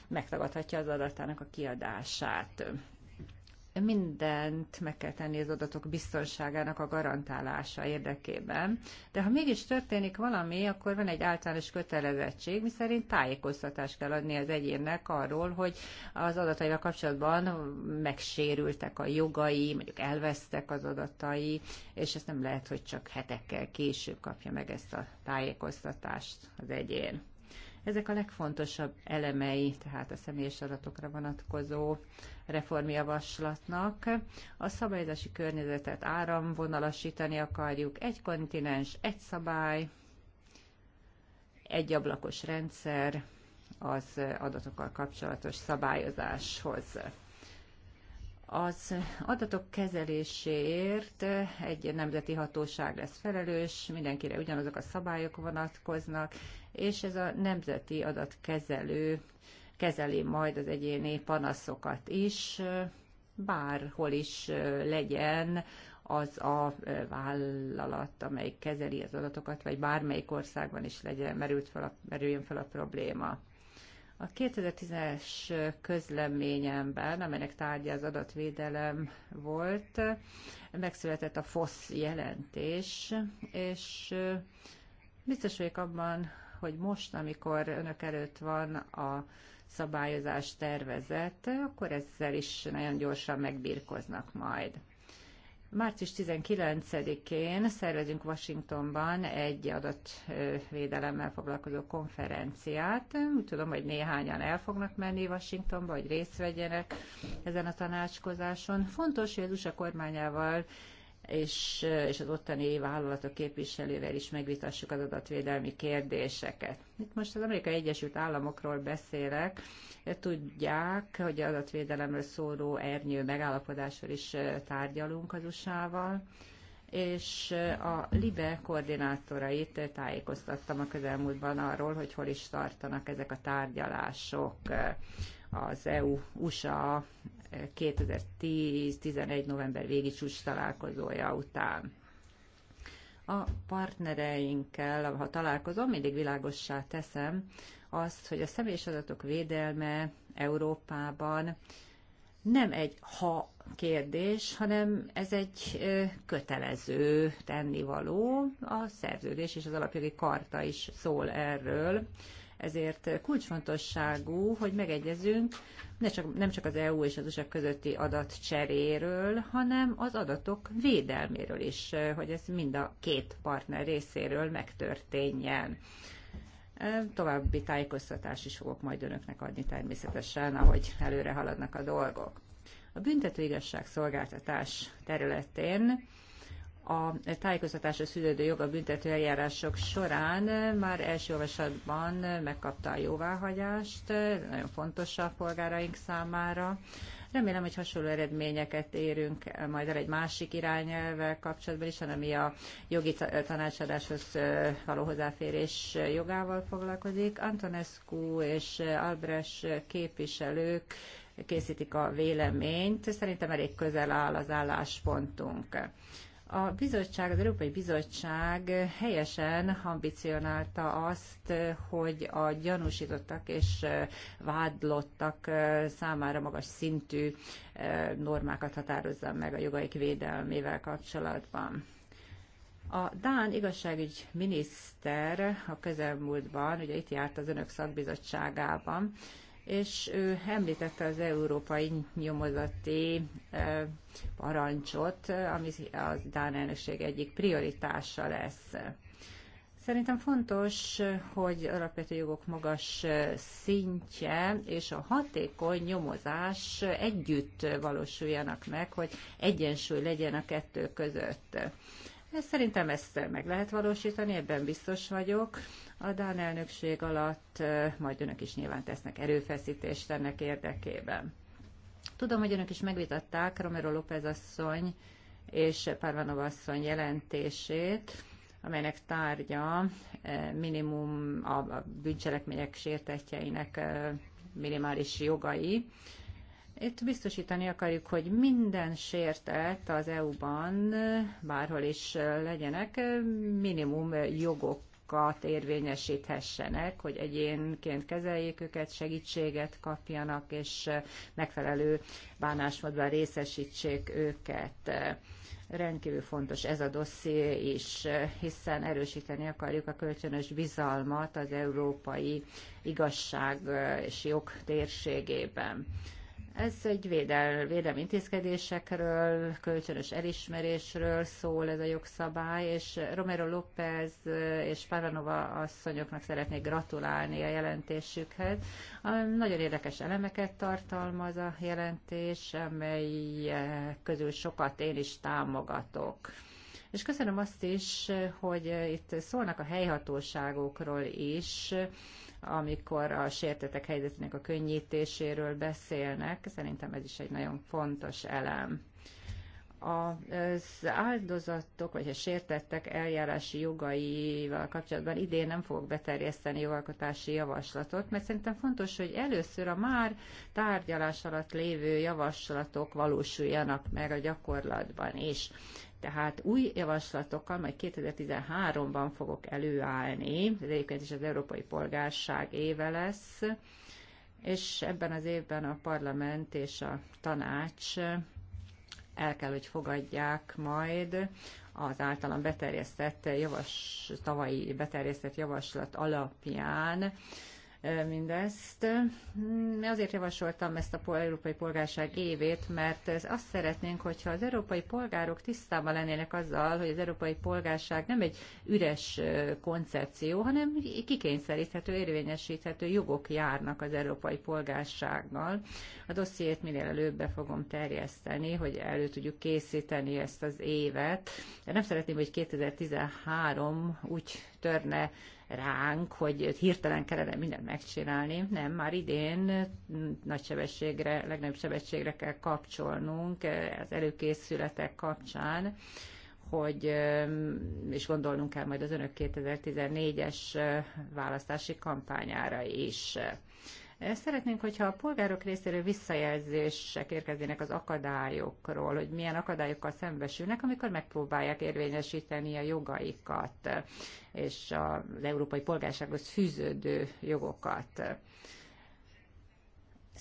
Speaker 3: megtagadhatja az adatának a kiadását mindent meg kell tenni az adatok biztonságának a garantálása érdekében, de ha mégis történik valami, akkor van egy általános kötelezettség, miszerint tájékoztatást kell adni az egyénnek arról, hogy az adataival kapcsolatban megsérültek a jogai, mondjuk elvesztek az adatai, és ezt nem lehet, hogy csak hetekkel később kapja meg ezt a tájékoztatást az egyén. Ezek a legfontosabb elemei, tehát a személyes adatokra vonatkozó reformjavaslatnak. A szabályozási környezetet áramvonalasítani akarjuk. Egy kontinens, egy szabály, egy ablakos rendszer az adatokkal kapcsolatos szabályozáshoz. Az adatok kezeléséért egy nemzeti hatóság lesz felelős, mindenkire ugyanazok a szabályok vonatkoznak, és ez a nemzeti adatkezelő kezeli majd az egyéni panaszokat is, bárhol is legyen az a vállalat, amely kezeli az adatokat, vagy bármelyik országban is legyen, merült fel a, merüljön fel a probléma. A 2010-es közleményemben, amelynek tárgya az adatvédelem volt, megszületett a FOSZ jelentés, és biztos vagyok abban, hogy most, amikor önök előtt van a szabályozás tervezet, akkor ezzel is nagyon gyorsan megbírkoznak majd. Március 19-én szervezünk Washingtonban egy adatvédelemmel foglalkozó konferenciát. Úgy tudom, hogy néhányan el fognak menni Washingtonba, hogy részt vegyenek ezen a tanácskozáson. Fontos, hogy az USA kormányával és, és az ottani vállalatok képviselővel is megvitassuk az adatvédelmi kérdéseket. Itt most az Amerikai Egyesült Államokról beszélek. Tudják, hogy adatvédelemről szóló ernyő megállapodásról is tárgyalunk az USA-val és a LIBE koordinátorait tájékoztattam a közelmúltban arról, hogy hol is tartanak ezek a tárgyalások az EU-USA 2010-11 november végi csúcs találkozója után. A partnereinkkel, ha találkozom, mindig világossá teszem azt, hogy a személyes adatok védelme Európában nem egy ha kérdés, hanem ez egy kötelező tennivaló. A szerződés és az alapjogi karta is szól erről. Ezért kulcsfontosságú, hogy megegyezünk ne csak, nem csak az EU és az USA közötti adatcseréről, hanem az adatok védelméről is, hogy ez mind a két partner részéről megtörténjen. További tájékoztatást is fogok majd önöknek adni természetesen, ahogy előre haladnak a dolgok. A büntetőigazság szolgáltatás területén a tájékoztatásra szűrődő jog a büntető eljárások során már első olvasatban megkapta a jóváhagyást, nagyon fontos a polgáraink számára. Remélem, hogy hasonló eredményeket érünk majd el egy másik irányelvvel kapcsolatban is, ami a jogi tanácsadáshoz való hozzáférés jogával foglalkozik. Antonescu és Albres képviselők készítik a véleményt. Szerintem elég közel áll az álláspontunk. A bizottság, az Európai Bizottság helyesen ambicionálta azt, hogy a gyanúsítottak és vádlottak számára magas szintű eh, normákat határozza meg a jogaik védelmével kapcsolatban. A Dán igazságügy miniszter a közelmúltban, ugye itt járt az önök szakbizottságában, és ő említette az európai nyomozati parancsot, ami az Dán elnökség egyik prioritása lesz. Szerintem fontos, hogy alapvető jogok magas szintje és a hatékony nyomozás együtt valósuljanak meg, hogy egyensúly legyen a kettő között. Ezt szerintem ezt meg lehet valósítani, ebben biztos vagyok. A Dán elnökség alatt majd önök is nyilván tesznek erőfeszítést ennek érdekében. Tudom, hogy önök is megvitatták Romero López asszony és Párvanov asszony jelentését, amelynek tárgya minimum a bűncselekmények sértetjeinek minimális jogai. Itt biztosítani akarjuk, hogy minden sértelt az EU-ban, bárhol is legyenek, minimum jogokat érvényesíthessenek, hogy egyénként kezeljék őket, segítséget kapjanak, és megfelelő bánásmódban részesítsék őket rendkívül fontos ez a dosszié is, hiszen erősíteni akarjuk a kölcsönös bizalmat az európai igazság és jog térségében. Ez egy védel, védelmi intézkedésekről, kölcsönös elismerésről szól ez a jogszabály, és Romero López és Paranova asszonyoknak szeretnék gratulálni a jelentésükhez. Nagyon érdekes elemeket tartalmaz a jelentés, amely közül sokat én is támogatok. És köszönöm azt is, hogy itt szólnak a helyhatóságokról is, amikor a sértetek helyzetének a könnyítéséről beszélnek. Szerintem ez is egy nagyon fontos elem az áldozatok vagy a sértettek eljárási jogaival kapcsolatban idén nem fogok beterjeszteni jogalkotási javaslatot, mert szerintem fontos, hogy először a már tárgyalás alatt lévő javaslatok valósuljanak meg a gyakorlatban is. Tehát új javaslatokkal majd 2013-ban fogok előállni, ez egyébként is az Európai Polgárság éve lesz, és ebben az évben a parlament és a tanács el kell, hogy fogadják majd az általam beterjesztett, javas, tavalyi beterjesztett javaslat alapján mindezt. Mm, azért javasoltam ezt a Európai Polgárság évét, mert azt szeretnénk, hogyha az európai polgárok tisztában lennének azzal, hogy az európai polgárság nem egy üres koncepció, hanem kikényszeríthető, érvényesíthető jogok járnak az európai polgársággal. A dossziét minél előbb be fogom terjeszteni, hogy elő tudjuk készíteni ezt az évet. De nem szeretném, hogy 2013 úgy törne ránk, hogy hirtelen kellene mindent megcsinálni. Nem, már idén nagy sebességre, legnagyobb sebességre kell kapcsolnunk az előkészületek kapcsán hogy, és gondolnunk kell majd az önök 2014-es választási kampányára is. Szeretnénk, hogyha a polgárok részéről visszajelzések érkeznének az akadályokról, hogy milyen akadályokkal szembesülnek, amikor megpróbálják érvényesíteni a jogaikat és az európai polgársághoz fűződő jogokat.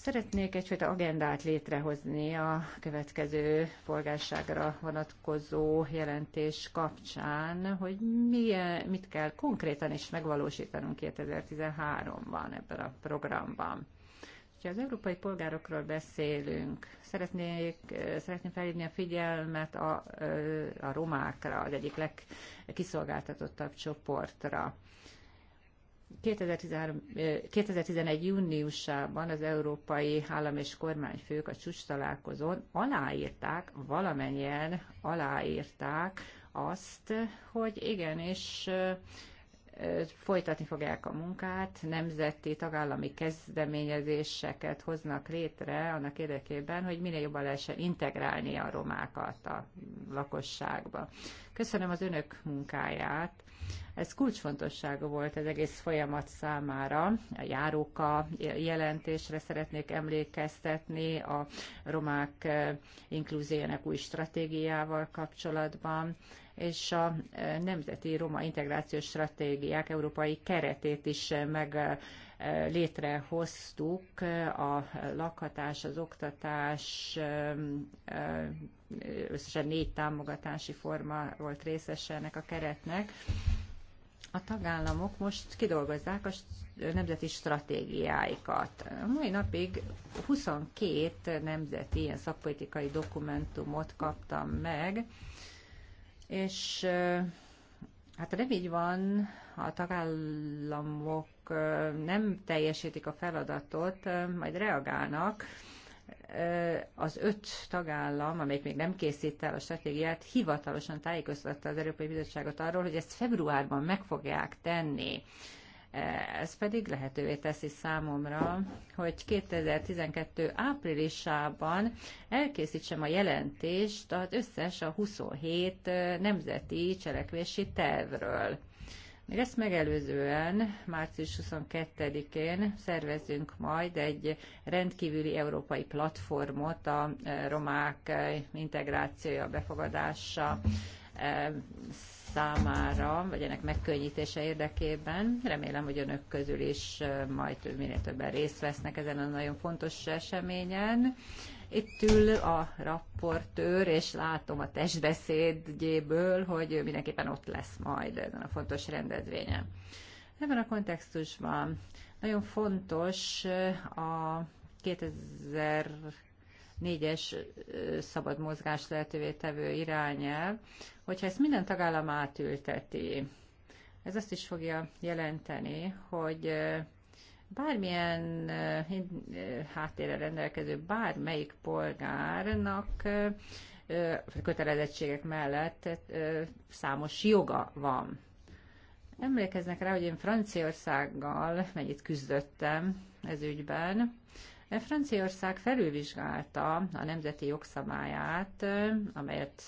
Speaker 3: Szeretnék egyfajta agendát létrehozni a következő polgárságra vonatkozó jelentés kapcsán, hogy milyen, mit kell konkrétan is megvalósítanunk 2013-ban ebben a programban. Ha az európai polgárokról beszélünk, szeretnék, szeretném felhívni a figyelmet a, a romákra, az egyik legkiszolgáltatottabb csoportra. 2011. júniusában az európai állam és kormányfők a csúcs találkozón aláírták, valamennyien aláírták azt, hogy igenis folytatni fogják a munkát, nemzeti, tagállami kezdeményezéseket hoznak létre annak érdekében, hogy minél jobban lehessen integrálni a romákat a lakosságba. Köszönöm az önök munkáját. Ez kulcsfontosságú volt az egész folyamat számára. A járóka jelentésre szeretnék emlékeztetni a romák eh, inkluziójának új stratégiával kapcsolatban és a e, Nemzeti Roma Integrációs Stratégiák Európai Keretét is e, meg e, létrehoztuk a lakhatás, az oktatás, összesen négy támogatási forma volt részese ennek a keretnek. A tagállamok most kidolgozzák a nemzeti stratégiáikat. A mai napig 22 nemzeti ilyen szakpolitikai dokumentumot kaptam meg, és hát nem így van, ha a tagállamok nem teljesítik a feladatot, majd reagálnak, az öt tagállam, amelyik még nem készít el a stratégiát, hivatalosan tájékoztatta az Európai Bizottságot arról, hogy ezt februárban meg fogják tenni. Ez pedig lehetővé teszi számomra, hogy 2012. áprilisában elkészítsem a jelentést az összes a 27 nemzeti cselekvési tervről. Még ezt megelőzően március 22-én szervezünk majd egy rendkívüli európai platformot a romák integrációja, befogadása számára, vagy ennek megkönnyítése érdekében. Remélem, hogy önök közül is majd minél többen részt vesznek ezen a nagyon fontos eseményen. Itt ül a rapportőr, és látom a testbeszédjéből, hogy mindenképpen ott lesz majd ezen a fontos rendezvényen. Ebben a kontextusban nagyon fontos a 2000 négyes szabad mozgás lehetővé tevő irányelv, hogyha ezt minden tagállam átülteti, ez azt is fogja jelenteni, hogy bármilyen háttérre rendelkező bármelyik polgárnak kötelezettségek mellett számos joga van. Emlékeznek rá, hogy én Franciaországgal mennyit küzdöttem ez ügyben. Franciaország felülvizsgálta a nemzeti jogszabályát, amelyet,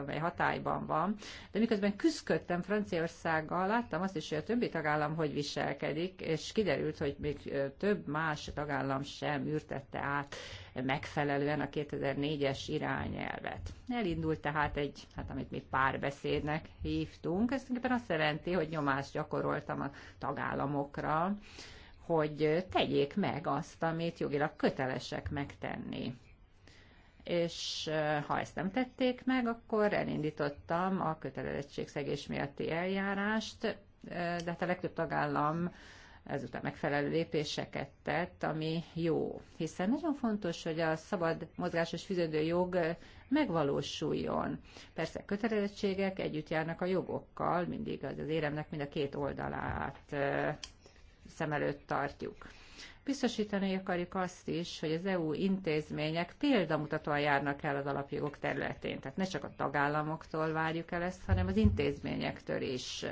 Speaker 3: amely hatályban van, de miközben küzdködtem Franciaországgal, láttam azt is, hogy a többi tagállam hogy viselkedik, és kiderült, hogy még több más tagállam sem ürtette át megfelelően a 2004-es irányelvet. Elindult tehát egy, hát amit mi párbeszédnek hívtunk, ez azt jelenti, hogy nyomást gyakoroltam a tagállamokra, hogy tegyék meg azt, amit jogilag kötelesek megtenni. És ha ezt nem tették meg, akkor elindítottam a kötelezettségszegés miatti eljárást, de hát a legtöbb tagállam ezután megfelelő lépéseket tett, ami jó. Hiszen nagyon fontos, hogy a szabad mozgásos fizető jog megvalósuljon. Persze kötelezettségek együtt járnak a jogokkal, mindig az, az éremnek mind a két oldalát szem előtt tartjuk. Biztosítani akarjuk azt is, hogy az EU intézmények példamutatóan járnak el az alapjogok területén. Tehát ne csak a tagállamoktól várjuk el ezt, hanem az intézményektől is.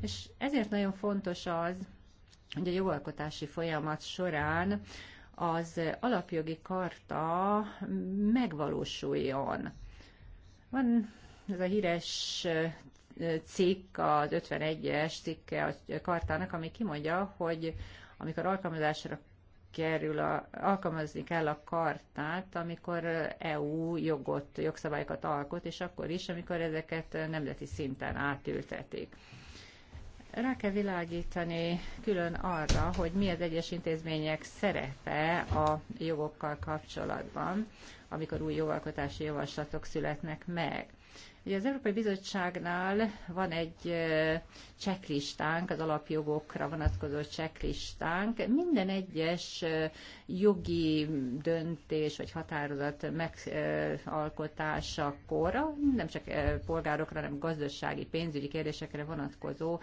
Speaker 3: És ezért nagyon fontos az, hogy a jogalkotási folyamat során az alapjogi karta megvalósuljon. Van ez a híres cikk, az 51-es cikke a kartának, ami kimondja, hogy amikor alkalmazásra kerül, a, alkalmazni kell a kartát, amikor EU jogot, jogszabályokat alkot, és akkor is, amikor ezeket nemzeti szinten átültetik. Rá kell világítani külön arra, hogy mi az egyes intézmények szerepe a jogokkal kapcsolatban, amikor új jogalkotási javaslatok születnek meg. Ugye az Európai Bizottságnál van egy cseklistánk, az alapjogokra vonatkozó cseklistánk. Minden egyes jogi döntés vagy határozat megalkotásakor nem csak polgárokra, hanem gazdasági, pénzügyi kérdésekre vonatkozó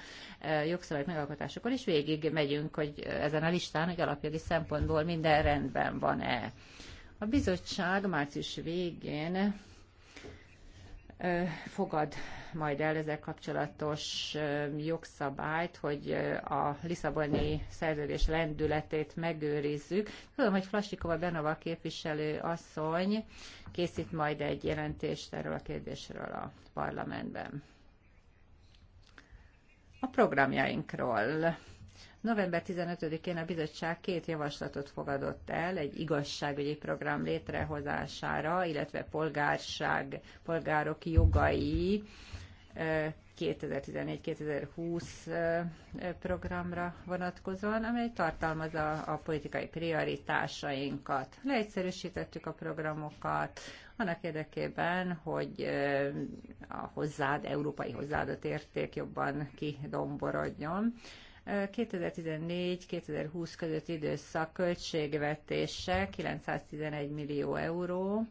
Speaker 3: jogszabály megalkotásakor is végig megyünk, hogy ezen a listán, hogy alapjogi szempontból minden rendben van-e. A bizottság március végén fogad majd el ezzel kapcsolatos jogszabályt, hogy a Lisszaboni szerződés lendületét megőrizzük. Tudom, hogy Flasikova Benova képviselő asszony készít majd egy jelentést erről a kérdésről a parlamentben. A programjainkról November 15-én a bizottság két javaslatot fogadott el egy igazságügyi program létrehozására, illetve polgárság, polgárok jogai 2014-2020 programra vonatkozóan, amely tartalmazza a politikai prioritásainkat. Leegyszerűsítettük a programokat, annak érdekében, hogy a hozzád, európai hozzáadott érték jobban kidomborodjon. 2014-2020 közötti időszak költségvetése 911 millió euró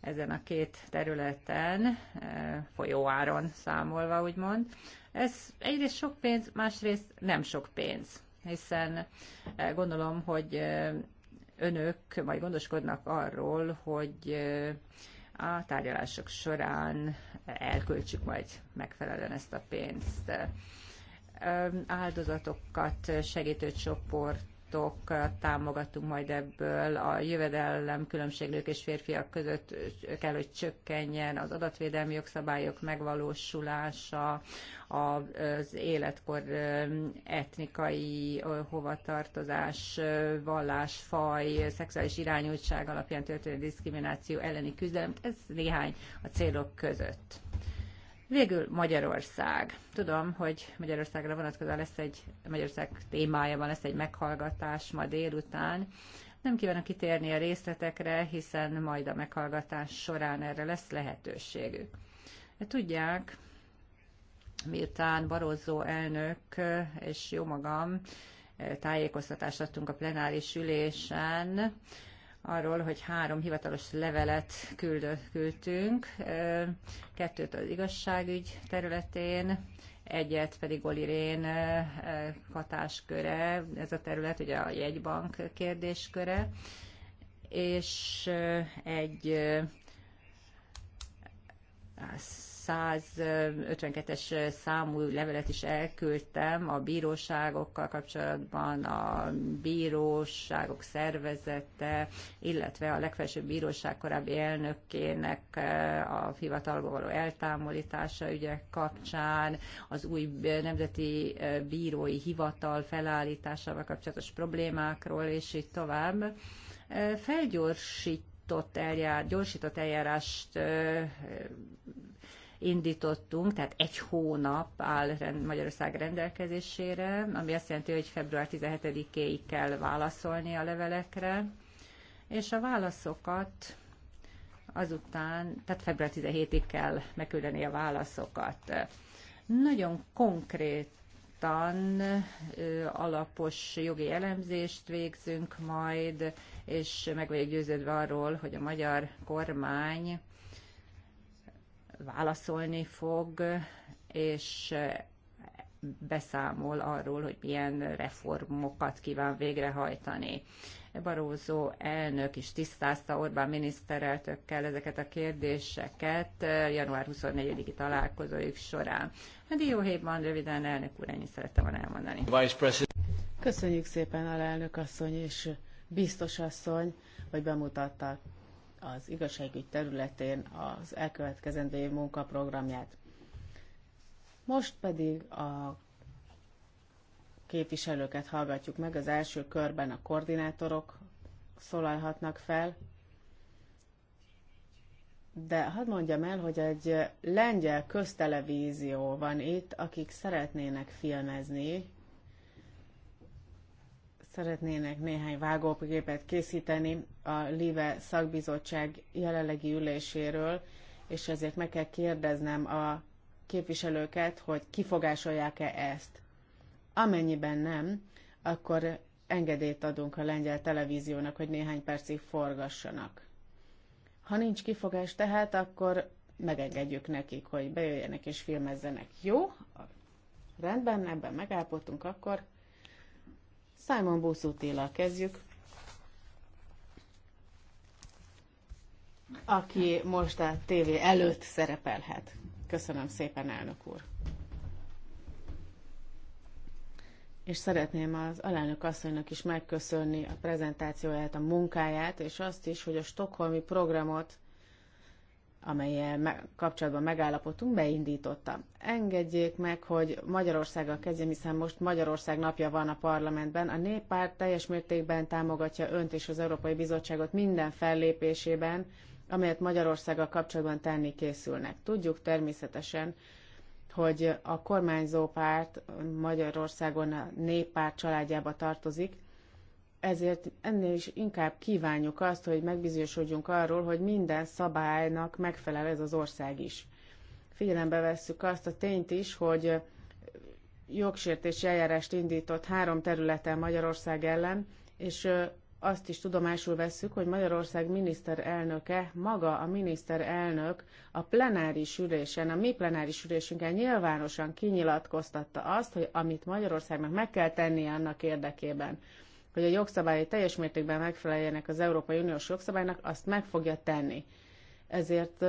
Speaker 3: ezen a két területen, eh, folyóáron számolva, úgymond. Ez egyrészt sok pénz, másrészt nem sok pénz, hiszen eh, gondolom, hogy eh, önök majd gondoskodnak arról, hogy a tárgyalások során elköltsük majd megfelelően ezt a pénzt áldozatokat segítő csoport támogatunk majd ebből, a jövedelem különbségnők és férfiak között kell, hogy csökkenjen, az adatvédelmi jogszabályok megvalósulása, az életkor etnikai hovatartozás, vallás, faj, szexuális irányultság alapján történő diszkrimináció elleni küzdelem, ez néhány a célok között. Végül Magyarország. Tudom, hogy Magyarországra vonatkozóan lesz egy, Magyarország van lesz egy meghallgatás ma délután. Nem kívánok kitérni a részletekre, hiszen majd a meghallgatás során erre lesz lehetőségük. E, tudják, miután Barozzó elnök és jó magam e, tájékoztatást adtunk a plenáris ülésen, arról, hogy három hivatalos levelet küldtünk, kettőt az igazságügy területén, egyet pedig Olirén hatásköre, ez a terület ugye a jegybank kérdésköre, és egy 152-es számú levelet is elküldtem a bíróságokkal kapcsolatban, a bíróságok szervezete, illetve a legfelsőbb bíróság korábbi elnökének eh, a hivatalba való eltámolítása ügyek kapcsán, az új nemzeti eh, bírói hivatal felállításával kapcsolatos problémákról, és így tovább. Eh, Felgyorsít eljár, gyorsított eljárást indítottunk, tehát egy hónap áll Magyarország rendelkezésére, ami azt jelenti, hogy február 17-éig kell válaszolni a levelekre, és a válaszokat azután, tehát február 17-ig kell megküldeni a válaszokat. Nagyon konkrét tan alapos jogi elemzést végzünk majd, és meg vagyok győződve arról, hogy a magyar kormány válaszolni fog, és beszámol arról, hogy milyen reformokat kíván végrehajtani. Barózó elnök is tisztázta Orbán minisztereltökkel ezeket a kérdéseket január 24-i találkozójuk során. A hát dióhéjban röviden elnök úr, ennyit szerettem volna elmondani.
Speaker 2: Köszönjük szépen a elnök asszony és biztos asszony, hogy bemutatták az igazságügy területén az elkövetkezendő év munkaprogramját. Most pedig a képviselőket hallgatjuk meg. Az első körben a koordinátorok szólalhatnak fel, de hadd mondjam el, hogy egy lengyel köztelevízió van itt, akik szeretnének filmezni szeretnének néhány vágógépet készíteni a LIVE szakbizottság jelenlegi üléséről, és ezért meg kell kérdeznem a képviselőket, hogy kifogásolják-e ezt. Amennyiben nem, akkor engedélyt adunk a lengyel televíziónak, hogy néhány percig forgassanak. Ha nincs kifogás tehát, akkor megengedjük nekik, hogy bejöjjenek és filmezzenek. Jó? Rendben, ebben megállapodtunk akkor. Simon Buszutillal kezdjük. aki most a tévé előtt szerepelhet. Köszönöm szépen, elnök úr. És szeretném az alelnök asszonynak is megköszönni a prezentációját, a munkáját, és azt is, hogy a stokholmi programot amelyel kapcsolatban megállapodtunk, beindította. Engedjék meg, hogy Magyarországgal kezdjem, hiszen most Magyarország napja van a parlamentben. A néppárt teljes mértékben támogatja önt és az Európai Bizottságot minden fellépésében, amelyet Magyarországgal kapcsolatban tenni készülnek. Tudjuk természetesen, hogy a kormányzó párt Magyarországon a néppárt családjába tartozik, ezért ennél is inkább kívánjuk azt, hogy megbizonyosodjunk arról, hogy minden szabálynak megfelel ez az ország is. Figyelembe vesszük azt a tényt is, hogy jogsértési eljárást indított három területen Magyarország ellen, és azt is tudomásul vesszük, hogy Magyarország miniszterelnöke, maga a miniszterelnök a plenáris ülésen, a mi plenáris ülésünkkel nyilvánosan kinyilatkoztatta azt, hogy amit Magyarországnak meg kell tennie annak érdekében, hogy a jogszabályai teljes mértékben megfeleljenek az Európai Uniós jogszabálynak, azt meg fogja tenni. Ezért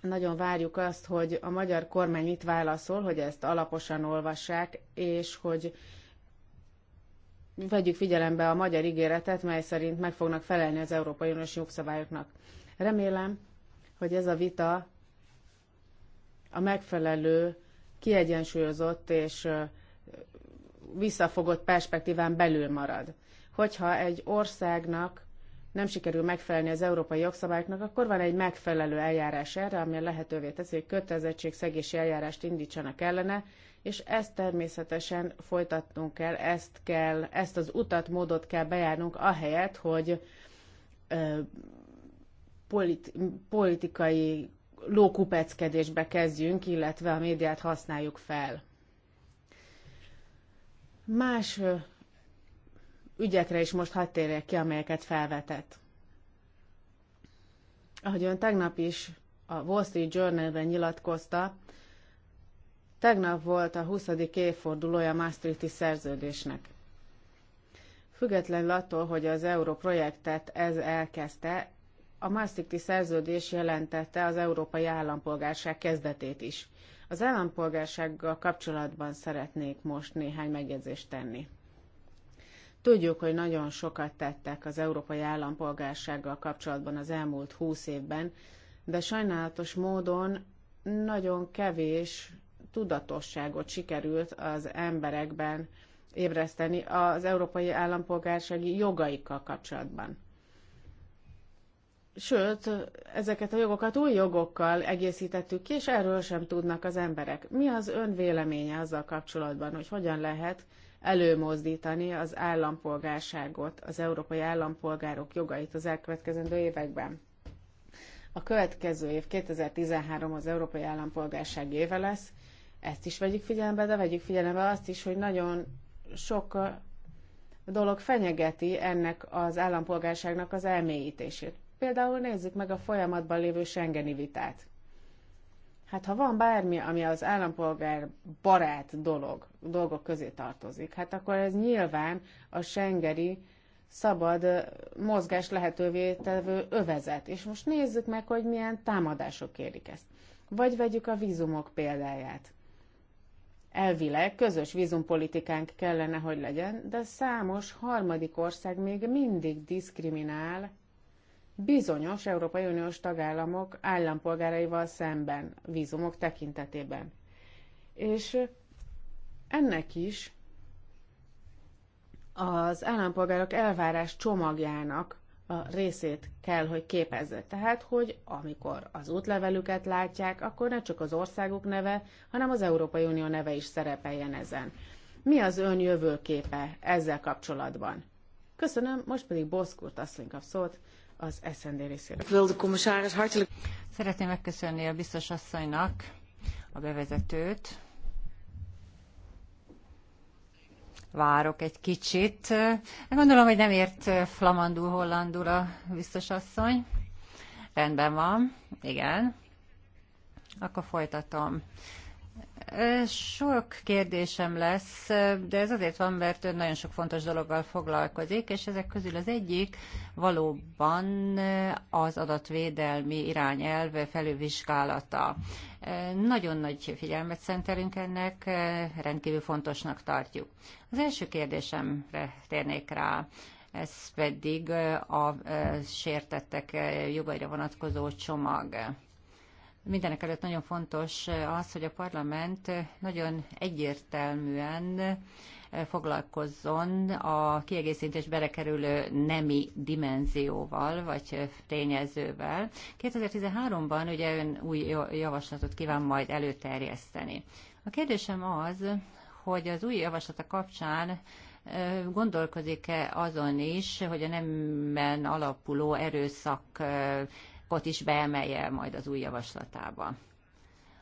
Speaker 2: nagyon várjuk azt, hogy a magyar kormány mit válaszol, hogy ezt alaposan olvassák, és hogy vegyük figyelembe a magyar ígéretet, mely szerint meg fognak felelni az Európai Uniós jogszabályoknak. Remélem, hogy ez a vita a megfelelő, kiegyensúlyozott és visszafogott perspektíván belül marad. Hogyha egy országnak nem sikerül megfelelni az európai jogszabályoknak, akkor van egy megfelelő eljárás erre, ami lehetővé teszi, hogy kötelezettségszegési eljárást indítsanak ellene, és ezt természetesen folytatnunk kell, ezt kell, ezt az utat, módot kell bejárnunk, ahelyett, hogy ö, politi- politikai lókupeckedésbe kezdjünk, illetve a médiát használjuk fel. Más ügyekre is most hadd térjek ki, amelyeket felvetett. Ahogy ön tegnap is a Wall Street Journal-ben nyilatkozta, tegnap volt a 20. évfordulója Maastrichti szerződésnek. Függetlenül attól, hogy az Euró projektet ez elkezdte, a Maastrichti szerződés jelentette az európai állampolgárság kezdetét is. Az állampolgársággal kapcsolatban szeretnék most néhány megjegyzést tenni. Tudjuk, hogy nagyon sokat tettek az európai állampolgársággal kapcsolatban az elmúlt húsz évben, de sajnálatos módon nagyon kevés tudatosságot sikerült az emberekben ébreszteni az európai állampolgársági jogaikkal kapcsolatban. Sőt, ezeket a jogokat új jogokkal egészítettük ki, és erről sem tudnak az emberek. Mi az ön véleménye azzal kapcsolatban, hogy hogyan lehet előmozdítani az állampolgárságot, az európai állampolgárok jogait az elkövetkezendő években? A következő év, 2013 az európai állampolgárság éve lesz, ezt is vegyük figyelembe, de vegyük figyelembe azt is, hogy nagyon sok uh, dolog fenyegeti ennek az állampolgárságnak az elmélyítését például nézzük meg a folyamatban lévő Schengeni vitát. Hát ha van bármi, ami az állampolgár barát dolog, dolgok közé tartozik, hát akkor ez nyilván a Schengeni szabad mozgás lehetővé tevő övezet. És most nézzük meg, hogy milyen támadások érik ezt. Vagy vegyük a vízumok példáját. Elvileg közös vízumpolitikánk kellene, hogy legyen, de számos harmadik ország még mindig diszkriminál bizonyos Európai Uniós tagállamok állampolgáraival szemben, vízumok tekintetében. És ennek is az állampolgárok elvárás csomagjának a részét kell, hogy képezze. Tehát, hogy amikor az útlevelüket látják, akkor ne csak az országuk neve, hanem az Európai Unió neve is szerepeljen ezen. Mi az ön jövőképe ezzel kapcsolatban? Köszönöm, most pedig Boszkurt asszony szót az SND részéről.
Speaker 3: Szeretném megköszönni a biztos asszonynak a bevezetőt. Várok egy kicsit. Gondolom, hogy nem ért flamandul, hollandul a biztos asszony. Rendben van, igen. Akkor folytatom. Sok kérdésem lesz, de ez azért van, mert ön nagyon sok fontos dologgal foglalkozik, és ezek közül az egyik valóban az adatvédelmi irányelv felülvizsgálata. Nagyon nagy figyelmet szentelünk ennek, rendkívül fontosnak tartjuk. Az első kérdésemre térnék rá ez pedig a sértettek jogaira vonatkozó csomag. Mindenek előtt nagyon fontos eh, az, hogy a parlament eh, nagyon egyértelműen eh, foglalkozzon a kiegészítés berekerülő nemi dimenzióval, vagy tényezővel. 2013-ban ugye ön új javaslatot kíván majd előterjeszteni. A kérdésem az, hogy az új javaslata kapcsán gondolkozik-e azon is, hogy a nemben alapuló erőszak alapot is beemelje majd az új javaslatába.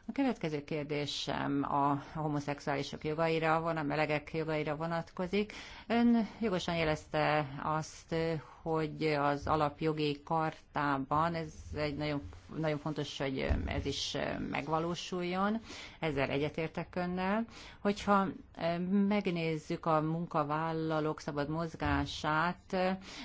Speaker 3: A következő kérdésem a homoszexuálisok jogaira, van a melegek jogaira vonatkozik. Ön jogosan jelezte azt, hogy az alapjogi kartában ez egy nagyon, nagyon fontos, hogy ez is megvalósuljon. Ezzel egyetértek önnel. Hogyha e, megnézzük a munkavállalók szabad mozgását,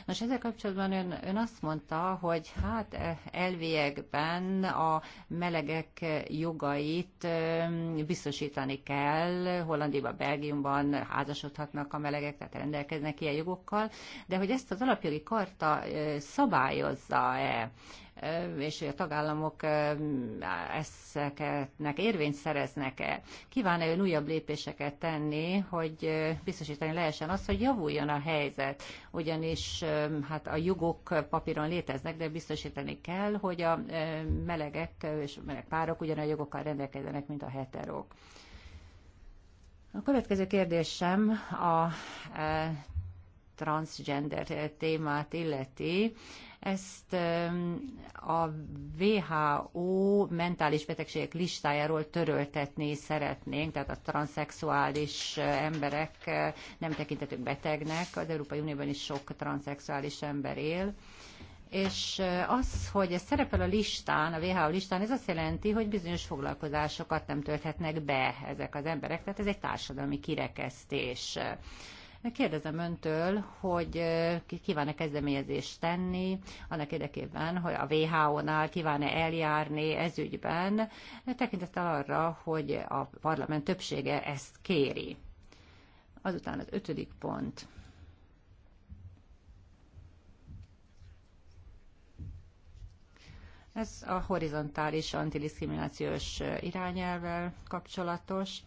Speaker 3: most ezzel kapcsolatban ön, ön azt mondta, hogy hát e, elviekben a melegek jogait e, biztosítani kell. Hollandiában, Belgiumban házasodhatnak a melegek, tehát rendelkeznek ilyen jogokkal, de hogy ezt az alapjogi karta szabályozza-e, és a tagállamok ezeknek érvényt szereznek-e. Kíván-e ön újabb lépéseket tenni, hogy biztosítani lehessen azt, hogy javuljon a helyzet, ugyanis hát a jogok papíron léteznek, de biztosítani kell, hogy a melegek és meleg párok ugyanolyan jogokkal rendelkezzenek, mint a heterók. A következő kérdésem a transgender témát illeti, ezt a WHO mentális betegségek listájáról töröltetni szeretnénk, tehát a transzexuális eh, emberek eh, nem tekintetők betegnek, az Európai Unióban is sok transzexuális ember él, és eh, az, hogy ez szerepel a listán, a WHO listán, ez azt jelenti, hogy bizonyos foglalkozásokat nem tölthetnek be ezek az emberek, tehát ez egy társadalmi kirekesztés. Kérdezem öntől, hogy kíván-e kezdeményezést tenni annak érdekében, hogy a WHO-nál kíván-e eljárni ez ügyben, tekintettel arra, hogy a parlament többsége ezt kéri. Azután az ötödik pont. Ez a horizontális antidiszkriminációs irányelvvel kapcsolatos.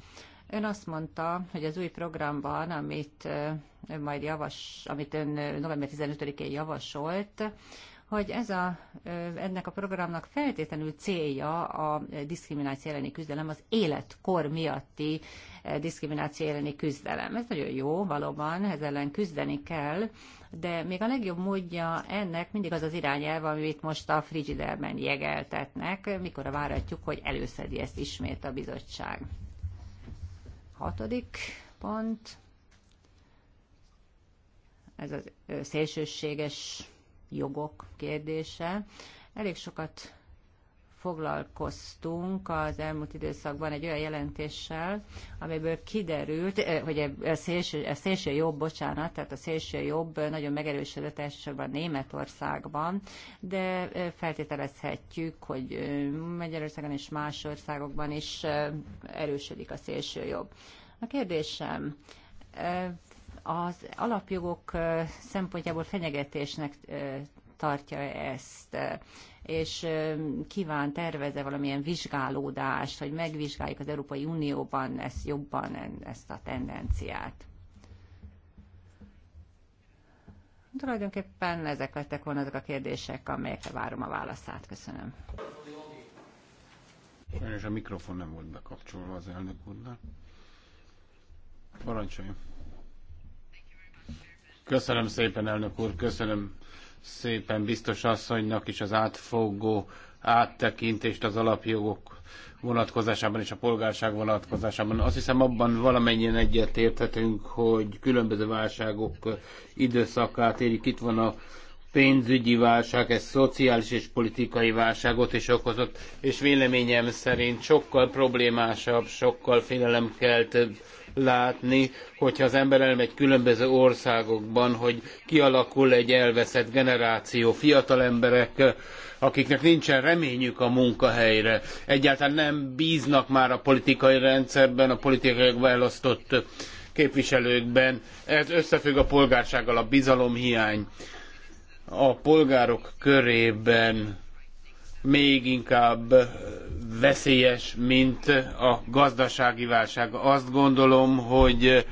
Speaker 3: Ön azt mondta, hogy az új programban, amit ön majd javas, amit ön november 15-én javasolt, hogy ez a, ennek a programnak feltétlenül célja a diszkrimináció elleni küzdelem, az életkor miatti diszkrimináció elleni küzdelem. Ez nagyon jó, valóban, ez ellen küzdeni kell, de még a legjobb módja ennek mindig az az irányelv, amit most a frigiderben jegeltetnek, mikor várhatjuk, hogy előszedi ezt ismét a bizottság. Hatodik pont, ez a szélsőséges jogok kérdése. Elég sokat foglalkoztunk az elmúlt időszakban egy olyan jelentéssel, amiből kiderült, eh, hogy a szélső, a szélső jobb, bocsánat, tehát a szélső jobb nagyon megerősödött elsősorban Németországban, de eh, feltételezhetjük, hogy eh, Magyarországon és más országokban is erősödik a szélső jobb. A kérdésem, az alapjogok szempontjából fenyegetésnek tartja ezt és kíván, terveze valamilyen vizsgálódást, hogy megvizsgáljuk az Európai Unióban ezt jobban, ezt a tendenciát. Tulajdonképpen ezek lettek volna azok a kérdések, amelyekre várom a válaszát. Köszönöm.
Speaker 1: Sajnos a mikrofon nem volt bekapcsolva az elnök úrnál. Parancsoljon. Köszönöm szépen, elnök úr, köszönöm szépen biztos asszonynak is az átfogó áttekintést az alapjogok vonatkozásában és a polgárság vonatkozásában. Azt hiszem abban valamennyien egyetérthetünk, hogy különböző válságok időszakát érik. Itt van a pénzügyi válság, ez szociális és politikai válságot is okozott, és véleményem szerint sokkal problémásabb, sokkal félelemkeltőbb látni, hogyha az ember elmegy különböző országokban, hogy kialakul egy elveszett generáció fiatal emberek, akiknek nincsen reményük a munkahelyre. Egyáltalán nem bíznak már a politikai rendszerben, a politikai választott képviselőkben. Ez összefügg a polgársággal a bizalomhiány a polgárok körében még inkább veszélyes, mint a gazdasági válság. Azt gondolom, hogy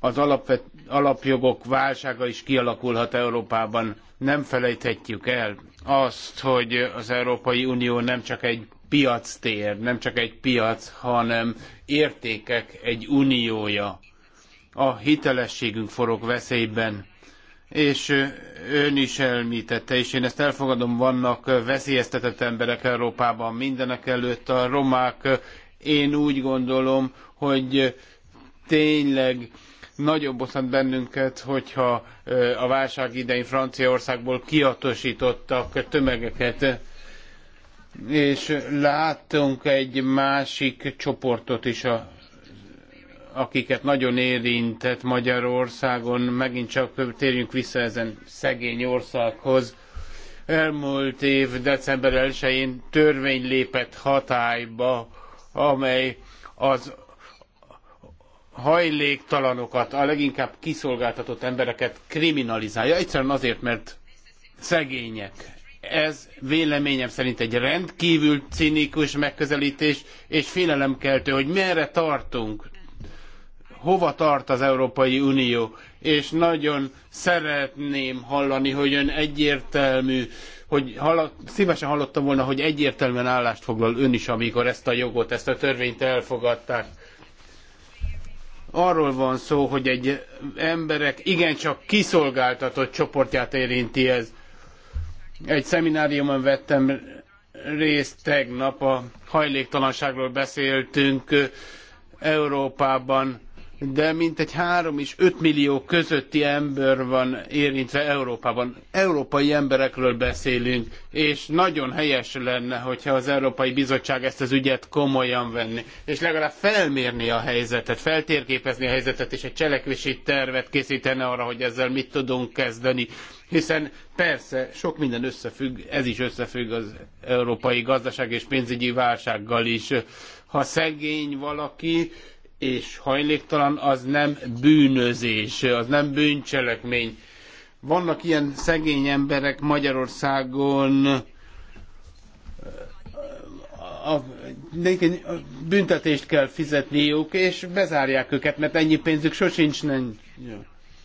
Speaker 1: az alapvet, alapjogok válsága is kialakulhat Európában. Nem felejthetjük el azt, hogy az Európai Unió nem csak egy piac tér, nem csak egy piac, hanem értékek egy uniója. A hitelességünk forog veszélyben és ön is elmítette, és én ezt elfogadom, vannak veszélyeztetett emberek Európában mindenek előtt a romák. Én úgy gondolom, hogy tényleg nagyobb bosszant bennünket, hogyha a válság idején Franciaországból kiatosítottak tömegeket. És látunk egy másik csoportot is a akiket nagyon érintett Magyarországon, megint csak térjünk vissza ezen szegény országhoz. Elmúlt év december 1-én törvény lépett hatályba, amely az hajléktalanokat, a leginkább kiszolgáltatott embereket kriminalizálja, egyszerűen azért, mert szegények. Ez véleményem szerint egy rendkívül cinikus megközelítés, és félelemkeltő, hogy merre tartunk hova tart az Európai Unió, és nagyon szeretném hallani, hogy ön egyértelmű, hogy hallott, szívesen hallottam volna, hogy egyértelműen állást foglal ön is, amikor ezt a jogot, ezt a törvényt elfogadták arról van szó, hogy egy emberek igencsak kiszolgáltatott csoportját érinti ez. Egy szemináriumon vettem részt tegnap, a hajléktalanságról beszéltünk Európában de mintegy 3 és 5 millió közötti ember van érintve Európában. Európai emberekről beszélünk, és nagyon helyes lenne, hogyha az Európai Bizottság ezt az ügyet komolyan venni, és legalább felmérni a helyzetet, feltérképezni a helyzetet, és egy cselekvési tervet készítene arra, hogy ezzel mit tudunk kezdeni. Hiszen persze sok minden összefügg, ez is összefügg az európai gazdaság és pénzügyi válsággal is. Ha szegény valaki, és hajléktalan, az nem bűnözés, az nem bűncselekmény. Vannak ilyen szegény emberek Magyarországon, a, a büntetést kell fizetniük, és bezárják őket, mert ennyi pénzük sosincs. Nem.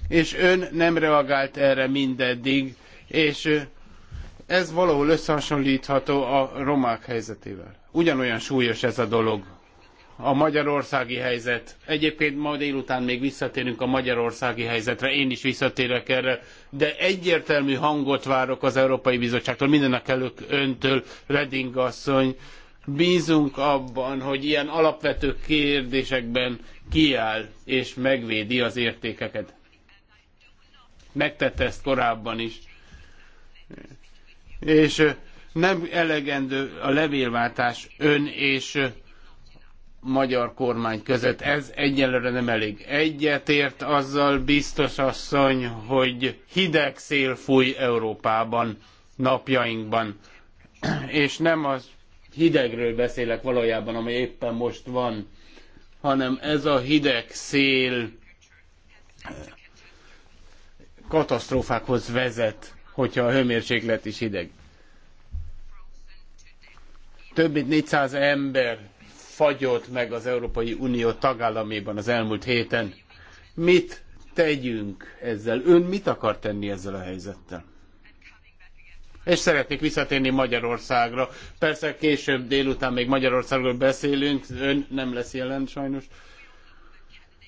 Speaker 1: És ön nem reagált erre mindeddig, és ez valahol összehasonlítható a romák helyzetével. Ugyanolyan súlyos ez a dolog a magyarországi helyzet. Egyébként ma délután még visszatérünk a magyarországi helyzetre, én is visszatérek erre, de egyértelmű hangot várok az Európai Bizottságtól, mindenek előtt öntől, Reding asszony. Bízunk abban, hogy ilyen alapvető kérdésekben kiáll és megvédi az értékeket. Megtette ezt korábban is. És nem elegendő a levélváltás ön és magyar kormány között. Ez egyelőre nem elég. Egyetért azzal biztos asszony, hogy hideg szél fúj Európában napjainkban. És nem az hidegről beszélek valójában, ami éppen most van, hanem ez a hideg szél katasztrófákhoz vezet, hogyha a hőmérséklet is hideg. Több mint 400 ember fagyott meg az Európai Unió tagállamében az elmúlt héten. Mit tegyünk ezzel? Ön mit akar tenni ezzel a helyzettel? És szeretnék visszatérni Magyarországra. Persze később délután még Magyarországról beszélünk, ön nem lesz jelen sajnos.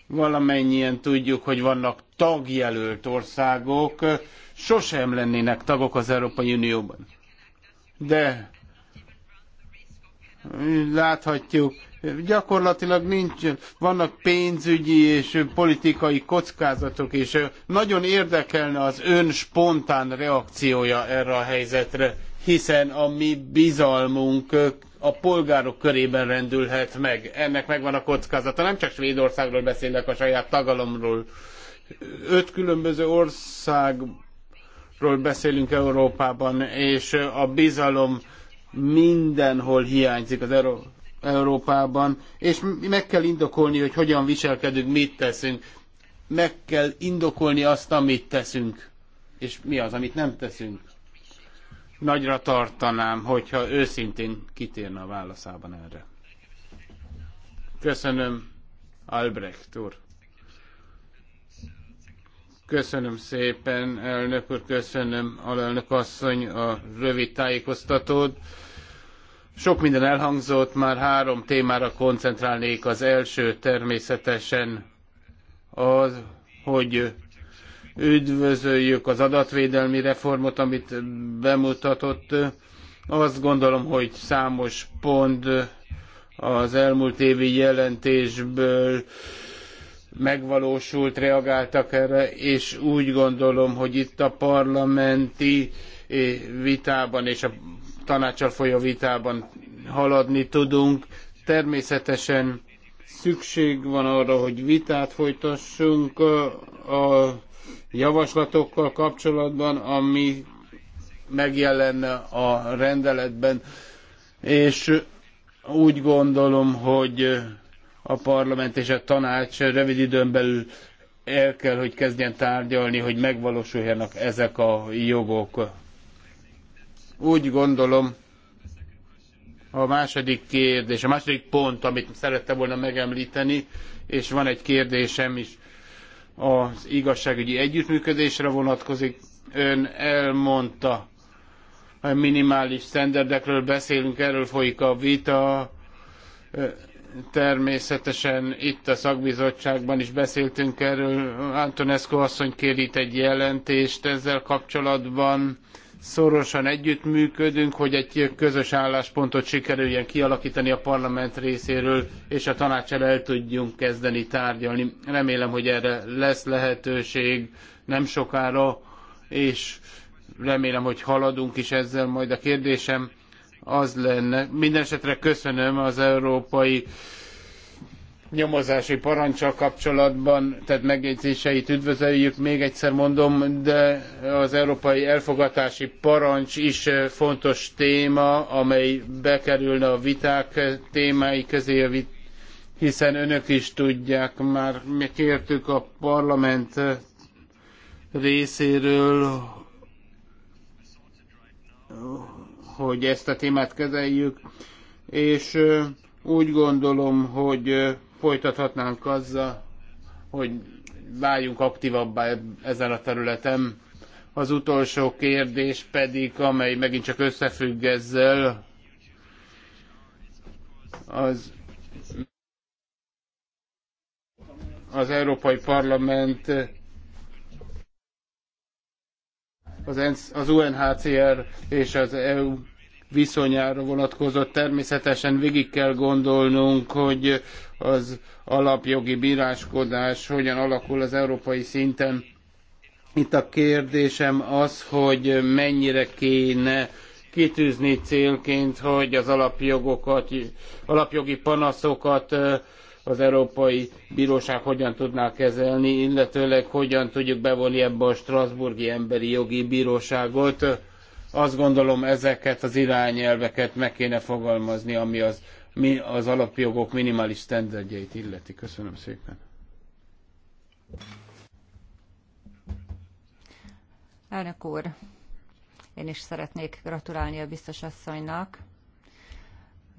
Speaker 1: Valamennyien tudjuk, hogy vannak tagjelölt országok, sosem lennének tagok az Európai Unióban. De láthatjuk, gyakorlatilag nincs, vannak pénzügyi és politikai kockázatok, és nagyon érdekelne az ön spontán reakciója erre a helyzetre, hiszen a mi bizalmunk a polgárok körében rendülhet meg. Ennek megvan a kockázata. Nem csak Svédországról beszélek, a saját tagalomról. Öt különböző országról beszélünk Európában, és a bizalom mindenhol hiányzik az Euró- Európában, és meg kell indokolni, hogy hogyan viselkedünk, mit teszünk. Meg kell indokolni azt, amit teszünk, és mi az, amit nem teszünk. Nagyra tartanám, hogyha őszintén kitérne a válaszában erre. Köszönöm, Albrecht úr. Köszönöm szépen, elnök úr, köszönöm, alelnök asszony, a rövid tájékoztatót. Sok minden elhangzott, már három témára koncentrálnék. Az első természetesen az, hogy üdvözöljük az adatvédelmi reformot, amit bemutatott. Azt gondolom, hogy számos pont az elmúlt évi jelentésből megvalósult, reagáltak erre, és úgy gondolom, hogy itt a parlamenti vitában és a tanácsal folyó vitában haladni tudunk. Természetesen szükség van arra, hogy vitát folytassunk a javaslatokkal kapcsolatban, ami megjelenne a rendeletben, és úgy gondolom, hogy a parlament és a tanács rövid időn belül el kell, hogy kezdjen tárgyalni, hogy megvalósuljanak ezek a jogok. Úgy gondolom, a második kérdés, a második pont, amit szerettem volna megemlíteni, és van egy kérdésem is, az igazságügyi együttműködésre vonatkozik. Ön elmondta, a minimális standardekről beszélünk, erről folyik a vita. Természetesen itt a szakbizottságban is beszéltünk erről. Antonescu asszony kér itt egy jelentést ezzel kapcsolatban szorosan együttműködünk, hogy egy közös álláspontot sikerüljen kialakítani a parlament részéről, és a tanácsel el tudjunk kezdeni tárgyalni. Remélem, hogy erre lesz lehetőség nem sokára, és remélem, hogy haladunk is ezzel majd a kérdésem az lenne. Mindenesetre köszönöm az Európai nyomozási parancsal kapcsolatban tett megjegyzéseit üdvözöljük, még egyszer mondom, de az európai elfogatási parancs is fontos téma, amely bekerülne a viták témái közé, hiszen önök is tudják, már mi kértük a parlament részéről, hogy ezt a témát kezeljük, és úgy gondolom, hogy folytathatnánk azzal, hogy váljunk aktívabbá ezen a területen. Az utolsó kérdés pedig, amely megint csak összefügg ezzel, az az Európai Parlament az, ENSZ, az UNHCR és az EU viszonyára vonatkozott. Természetesen végig kell gondolnunk, hogy az alapjogi bíráskodás hogyan alakul az európai szinten. Itt a kérdésem az, hogy mennyire kéne kitűzni célként, hogy az alapjogokat, alapjogi panaszokat az Európai Bíróság hogyan tudná kezelni, illetőleg hogyan tudjuk bevonni ebbe a Strasburgi Emberi Jogi Bíróságot azt gondolom ezeket az irányelveket meg kéne fogalmazni, ami az, az alapjogok minimális standardjait illeti. Köszönöm szépen.
Speaker 3: Elnök úr, én is szeretnék gratulálni a biztos asszonynak.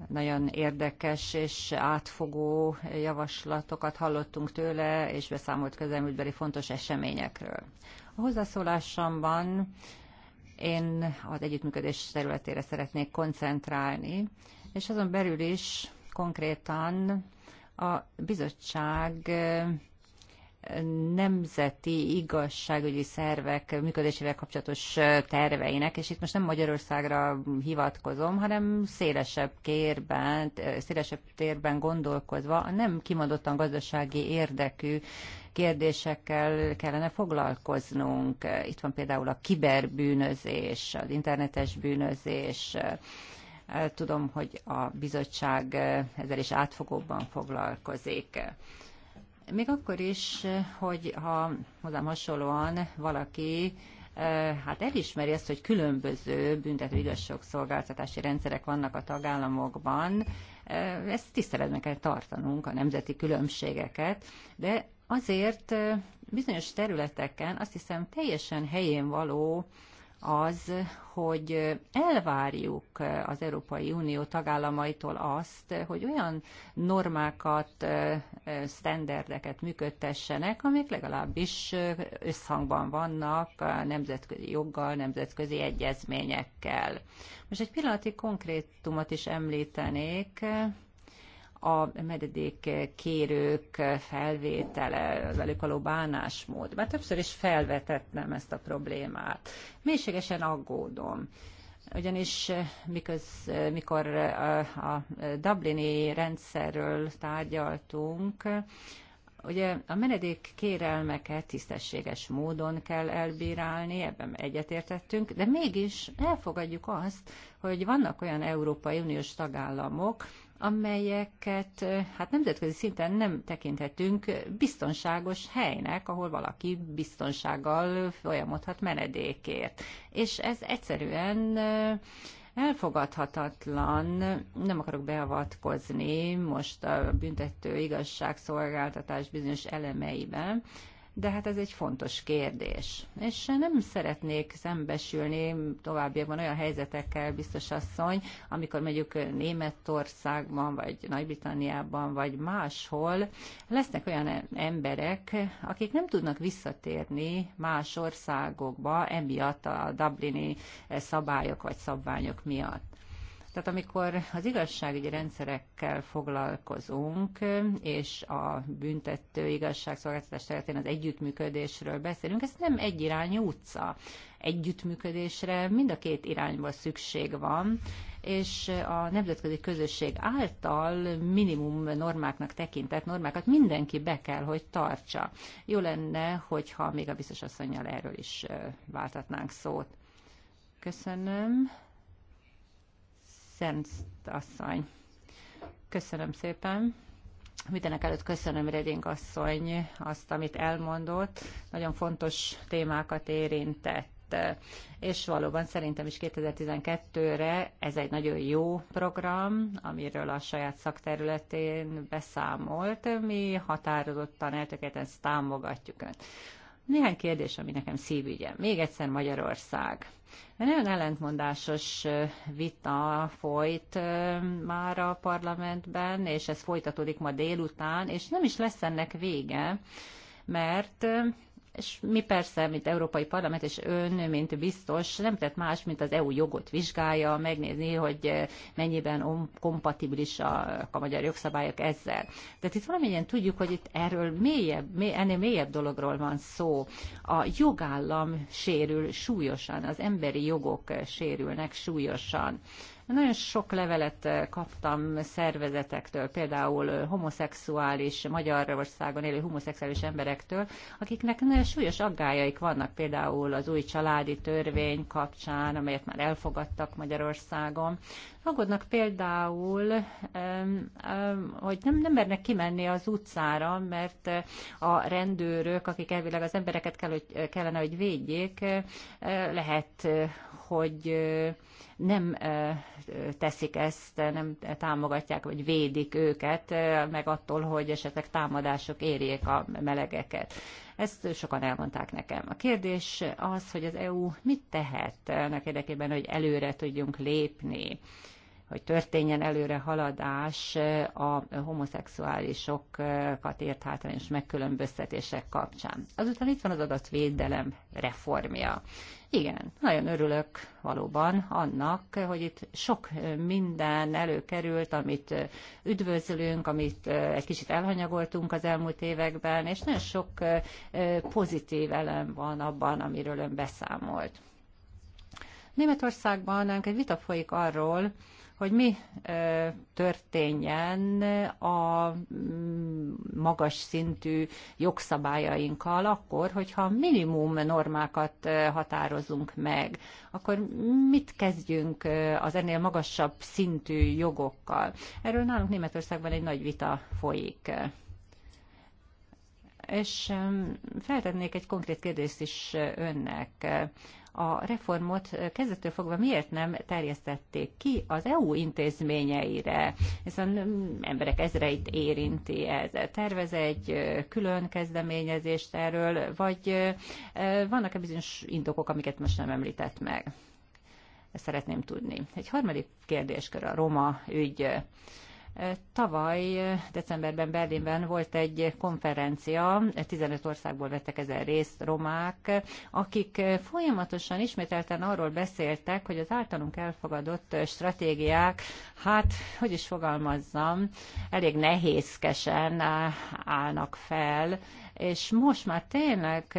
Speaker 3: Nagyon érdekes és átfogó javaslatokat hallottunk tőle, és beszámolt közelmúltbeli fontos eseményekről. A hozzászólásomban én az együttműködés területére szeretnék koncentrálni, és azon belül is konkrétan a bizottság nemzeti igazságügyi szervek működésével kapcsolatos terveinek, és itt most nem Magyarországra hivatkozom, hanem szélesebb kérben, szélesebb térben gondolkozva a nem kimondottan gazdasági érdekű kérdésekkel kellene foglalkoznunk. Itt van például a kiberbűnözés, az internetes bűnözés. Tudom, hogy a bizottság ezzel is átfogóbban foglalkozik. Még akkor is, hogy ha hozzám hasonlóan valaki hát elismeri azt, hogy különböző büntető igazságszolgáltatási rendszerek vannak a tagállamokban, ezt tiszteletben kell tartanunk, a nemzeti különbségeket, de azért bizonyos területeken azt hiszem teljesen helyén való az, hogy elvárjuk az Európai Unió tagállamaitól azt, hogy olyan normákat, sztenderdeket működtessenek, amik legalábbis összhangban vannak a nemzetközi joggal, nemzetközi egyezményekkel. Most egy pillanati konkrétumot is említenék, a mededék kérők felvétele, az velük való bánásmód. Már többször is felvetettem ezt a problémát. Mélységesen aggódom ugyanis miköz, mikor a Dublini rendszerről tárgyaltunk, Ugye a menedék kérelmeket tisztességes módon kell elbírálni, ebben egyetértettünk, de mégis elfogadjuk azt, hogy vannak olyan Európai Uniós tagállamok, amelyeket hát nemzetközi szinten nem tekinthetünk biztonságos helynek, ahol valaki biztonsággal folyamodhat menedékért. És ez egyszerűen elfogadhatatlan, nem akarok beavatkozni most a büntető igazságszolgáltatás bizonyos elemeiben, de hát ez egy fontos kérdés. És nem szeretnék szembesülni továbbiakban olyan helyzetekkel, biztos asszony, amikor mondjuk Németországban, vagy Nagy-Britanniában, vagy máshol lesznek olyan emberek, akik nem tudnak visszatérni más országokba emiatt a Dublini szabályok vagy szabványok miatt. Tehát amikor az igazságügyi rendszerekkel foglalkozunk, és a büntető igazságszolgáltatás területén az együttműködésről beszélünk, ez nem egy irányú utca. Együttműködésre mind a két irányba szükség van, és a nemzetközi közösség által minimum normáknak tekintett normákat mindenki be kell, hogy tartsa. Jó lenne, hogyha még a biztos asszonynal erről is váltatnánk szót. Köszönöm szent asszony. Köszönöm szépen. Mindenek előtt köszönöm Reding asszony azt, amit elmondott. Nagyon fontos témákat érintett és valóban szerintem is 2012-re ez egy nagyon jó program, amiről a saját szakterületén beszámolt. Mi határozottan, eltökéleten támogatjuk önt. Néhány kérdés, ami nekem szívügye. Még egyszer Magyarország. egy Nagyon ellentmondásos vita folyt már a parlamentben, és ez folytatódik ma délután, és nem is lesz ennek vége, mert és mi persze, mint Európai Parlament, és ön, mint biztos, nem tett más, mint az EU jogot vizsgálja, megnézni, hogy mennyiben kompatibilisak a magyar jogszabályok ezzel. De itt valamilyen tudjuk, hogy itt erről mélyebb, mély, ennél mélyebb dologról van szó. A jogállam sérül súlyosan, az emberi jogok sérülnek súlyosan. Nagyon sok levelet eh, kaptam szervezetektől, például eh, homoszexuális, Magyarországon élő homoszexuális emberektől, akiknek nagyon súlyos aggájaik vannak például az új családi törvény kapcsán, amelyet már elfogadtak Magyarországon. Aggódnak például, hogy nem, nem mernek kimenni az utcára, mert eh, a rendőrök, akik elvileg az embereket kell, hogy, kellene, hogy védjék, lehet, hogy nem teszik ezt, nem támogatják, vagy védik őket, meg attól, hogy esetleg támadások érjék a melegeket. Ezt sokan elmondták nekem. A kérdés az, hogy az EU mit tehet ennek érdekében, hogy előre tudjunk lépni hogy történjen előre haladás a homoszexuálisokat ért hátrányos megkülönböztetések kapcsán. Azután itt van az adatvédelem reformja. Igen, nagyon örülök valóban annak, hogy itt sok minden előkerült, amit üdvözlünk, amit egy kicsit elhanyagoltunk az elmúlt években, és nagyon sok pozitív elem van abban, amiről ön beszámolt. Németországban egy vita folyik arról, hogy mi történjen a mm, magas szintű jogszabályainkkal akkor, hogyha minimum normákat határozunk meg, akkor mit kezdjünk az ennél magasabb szintű jogokkal? Erről nálunk Németországban egy nagy vita folyik. És feltennék egy konkrét kérdést is önnek a reformot kezdettől fogva miért nem terjesztették ki az EU intézményeire, hiszen emberek ezreit érinti ez. Tervez egy külön kezdeményezést erről, vagy vannak-e bizonyos indokok, amiket most nem említett meg? Ezt szeretném tudni. Egy harmadik kérdéskör a roma ügy. Tavaly decemberben Berlinben volt egy konferencia, 15 országból vettek ezen részt romák, akik folyamatosan ismételten arról beszéltek, hogy az általunk elfogadott stratégiák, hát, hogy is fogalmazzam, elég nehézkesen állnak fel, és most már tényleg,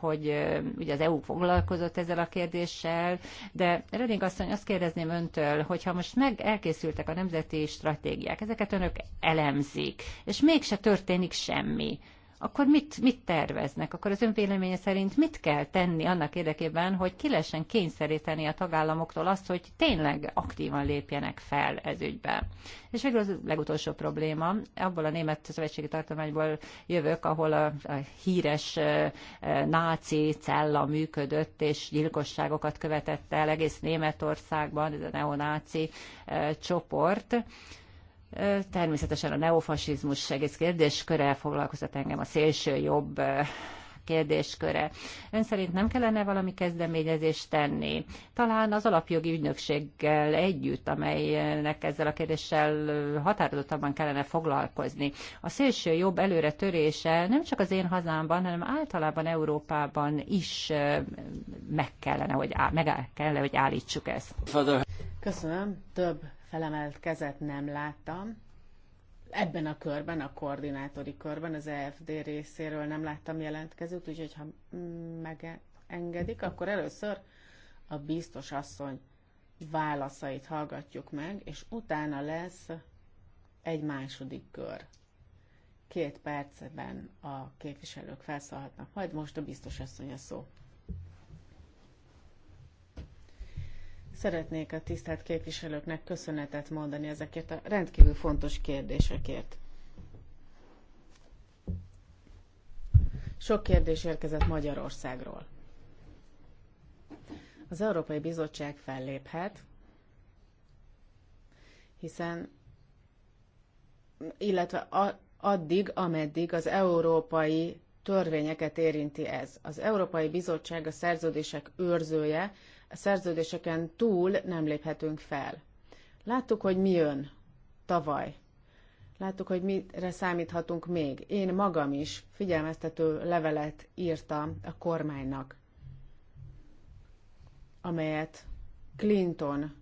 Speaker 3: hogy ugye az EU foglalkozott ezzel a kérdéssel, de Röding asszony, azt kérdezném öntől, hogyha most meg elkészültek a nemzeti stratégiák, ezeket önök elemzik, és mégse történik semmi akkor mit, mit terveznek? Akkor az önvéleménye szerint mit kell tenni annak érdekében, hogy ki lehessen kényszeríteni a tagállamoktól azt, hogy tényleg aktívan lépjenek fel ez ügyben? És végül az legutolsó probléma, abból a német szövetségi tartományból jövök, ahol a, a híres e, e, náci cella működött, és gyilkosságokat követett el egész Németországban, ez a neonáci e, csoport. Természetesen a neofasizmus egész kérdésköre foglalkozott engem a szélső jobb kérdésköre. Ön szerint nem kellene valami kezdeményezést tenni? Talán az alapjogi ügynökséggel együtt, amelynek ezzel a kérdéssel határozottabban kellene foglalkozni. A szélső jobb előre törése nem csak az én hazámban, hanem általában Európában is meg kellene, hogy, áll, meg kellene, hogy állítsuk ezt.
Speaker 2: Köszönöm. Több felemelt kezet nem láttam. Ebben a körben, a koordinátori körben, az EFD részéről nem láttam jelentkezőt, úgyhogy ha megengedik, akkor először a biztos asszony válaszait hallgatjuk meg, és utána lesz egy második kör. Két percben a képviselők felszólhatnak, majd most a biztos asszony a szó. Szeretnék a tisztelt képviselőknek köszönetet mondani ezekért a rendkívül fontos kérdésekért. Sok kérdés érkezett Magyarországról. Az Európai Bizottság felléphet, hiszen illetve a, addig, ameddig az európai törvényeket érinti ez. Az Európai Bizottság a szerződések őrzője, a szerződéseken túl nem léphetünk fel. Láttuk, hogy mi jön tavaly. Láttuk, hogy mire számíthatunk még. Én magam is figyelmeztető levelet írtam a kormánynak, amelyet Clinton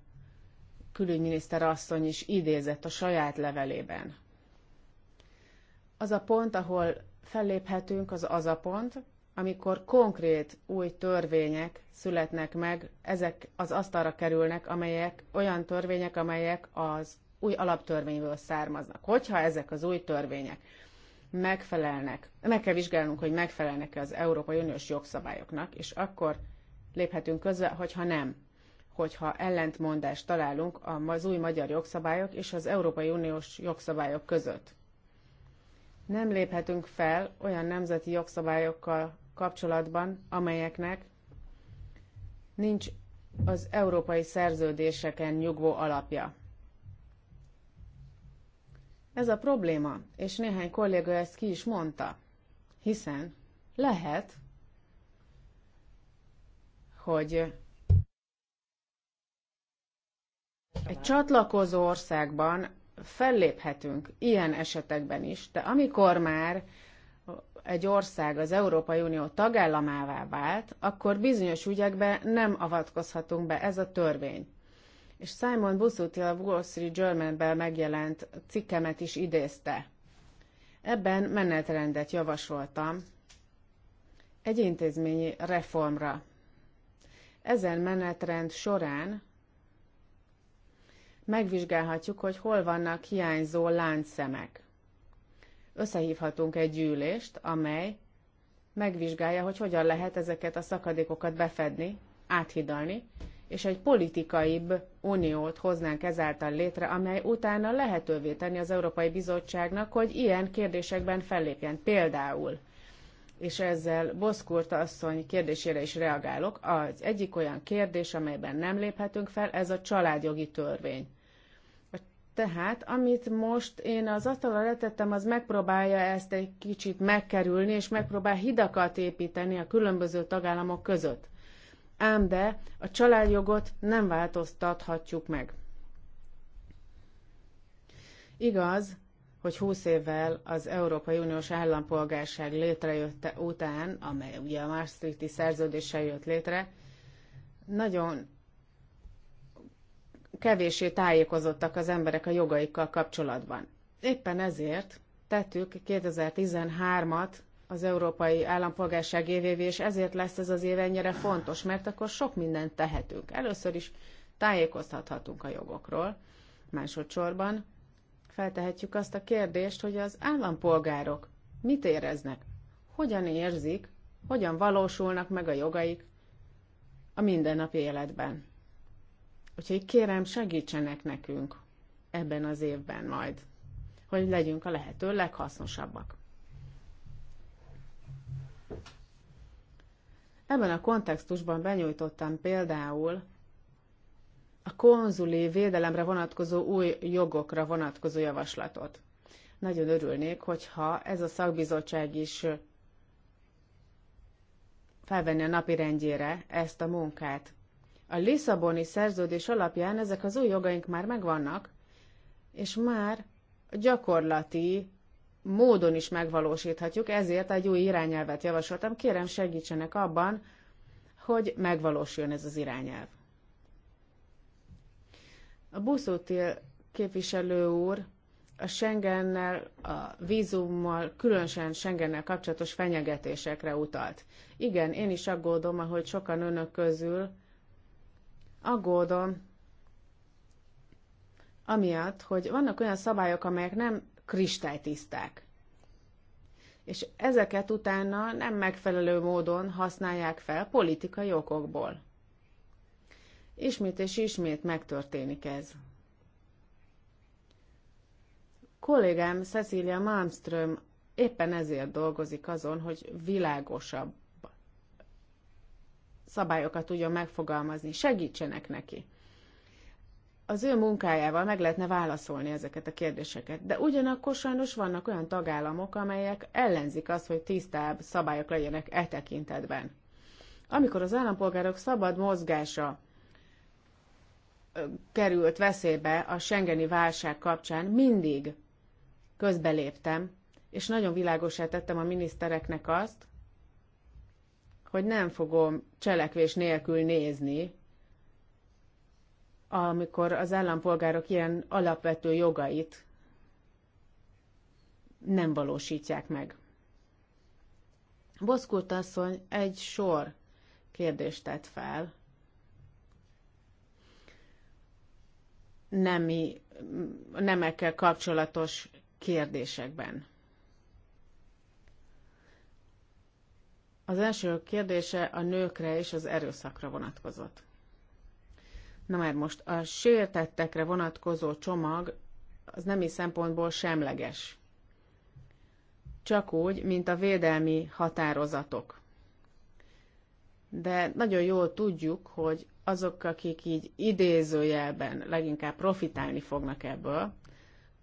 Speaker 2: külügyminiszter asszony is idézett a saját levelében. Az a pont, ahol felléphetünk, az az a pont, amikor konkrét új törvények születnek meg, ezek az asztalra kerülnek, amelyek olyan törvények, amelyek az új alaptörvényből származnak. Hogyha ezek az új törvények megfelelnek, meg kell vizsgálnunk, hogy megfelelnek-e az Európai Uniós jogszabályoknak, és akkor léphetünk közbe, hogyha nem, hogyha ellentmondást találunk az új magyar jogszabályok és az Európai Uniós jogszabályok között. Nem léphetünk fel olyan nemzeti jogszabályokkal kapcsolatban, amelyeknek nincs az európai szerződéseken nyugvó alapja. Ez a probléma, és néhány kolléga ezt ki is mondta, hiszen lehet, hogy egy csatlakozó országban felléphetünk ilyen esetekben is, de amikor már egy ország az Európai Unió tagállamává vált, akkor bizonyos ügyekbe nem avatkozhatunk be, ez a törvény. És Simon Busuti a Wall Street Journalben megjelent cikkemet is idézte. Ebben menetrendet javasoltam egy intézményi reformra. Ezen menetrend során megvizsgálhatjuk, hogy hol vannak hiányzó láncszemek összehívhatunk egy gyűlést, amely megvizsgálja, hogy hogyan lehet ezeket a szakadékokat befedni, áthidalni, és egy politikaibb uniót hoznánk ezáltal létre, amely utána lehetővé tenni az Európai Bizottságnak, hogy ilyen kérdésekben fellépjen. Például, és ezzel Boszkurt asszony kérdésére is reagálok, az egyik olyan kérdés, amelyben nem léphetünk fel, ez a családjogi törvény. Tehát, amit most én az asztalra letettem, az megpróbálja ezt egy kicsit megkerülni, és megpróbál hidakat építeni a különböző tagállamok között. Ám de a családjogot nem változtathatjuk meg. Igaz, hogy 20 évvel az Európai Uniós állampolgárság létrejötte után, amely ugye a Maastrichti szerződéssel jött létre, nagyon kevésé tájékozottak az emberek a jogaikkal kapcsolatban. Éppen ezért tettük 2013-at az Európai Állampolgárság évévé, és ezért lesz ez az év ennyire fontos, mert akkor sok mindent tehetünk. Először is tájékoztathatunk a jogokról, másodszorban feltehetjük azt a kérdést, hogy az állampolgárok mit éreznek, hogyan érzik, hogyan valósulnak meg a jogaik a mindennapi életben. Úgyhogy kérem, segítsenek nekünk ebben az évben majd, hogy legyünk a lehető leghasznosabbak. Ebben a kontextusban benyújtottam például a konzuli védelemre vonatkozó új jogokra vonatkozó javaslatot. Nagyon örülnék, hogyha ez a szakbizottság is felvenni a napi rendjére ezt a munkát. A Lisszaboni szerződés alapján ezek az új jogaink már megvannak, és már gyakorlati módon is megvalósíthatjuk, ezért egy új irányelvet javasoltam. Kérem, segítsenek abban, hogy megvalósuljon ez az irányelv. A buszúti képviselő úr a Schengennel, a vízummal, különösen Schengennel kapcsolatos fenyegetésekre utalt. Igen, én is aggódom, ahogy sokan önök közül aggódom amiatt, hogy vannak olyan szabályok, amelyek nem kristálytiszták. És ezeket utána nem megfelelő módon használják fel politikai okokból. Ismét és ismét megtörténik ez. Kollégám Cecilia Malmström éppen ezért dolgozik azon, hogy világosabb szabályokat tudjon megfogalmazni, segítsenek neki. Az ő munkájával meg lehetne válaszolni ezeket a kérdéseket, de ugyanakkor sajnos vannak olyan tagállamok, amelyek ellenzik azt, hogy tisztább szabályok legyenek e tekintetben. Amikor az állampolgárok szabad mozgása került veszélybe a Schengeni válság kapcsán, mindig közbeléptem, és nagyon világosá tettem a minisztereknek azt, hogy nem fogom cselekvés nélkül nézni, amikor az állampolgárok ilyen alapvető jogait nem valósítják meg. Boszkult asszony egy sor kérdést tett fel. Nemi, nemekkel kapcsolatos kérdésekben. Az első kérdése a nőkre és az erőszakra vonatkozott. Na már most a sértettekre vonatkozó csomag az nemi szempontból semleges. Csak úgy, mint a védelmi határozatok. De nagyon jól tudjuk, hogy azok, akik így idézőjelben leginkább profitálni fognak ebből,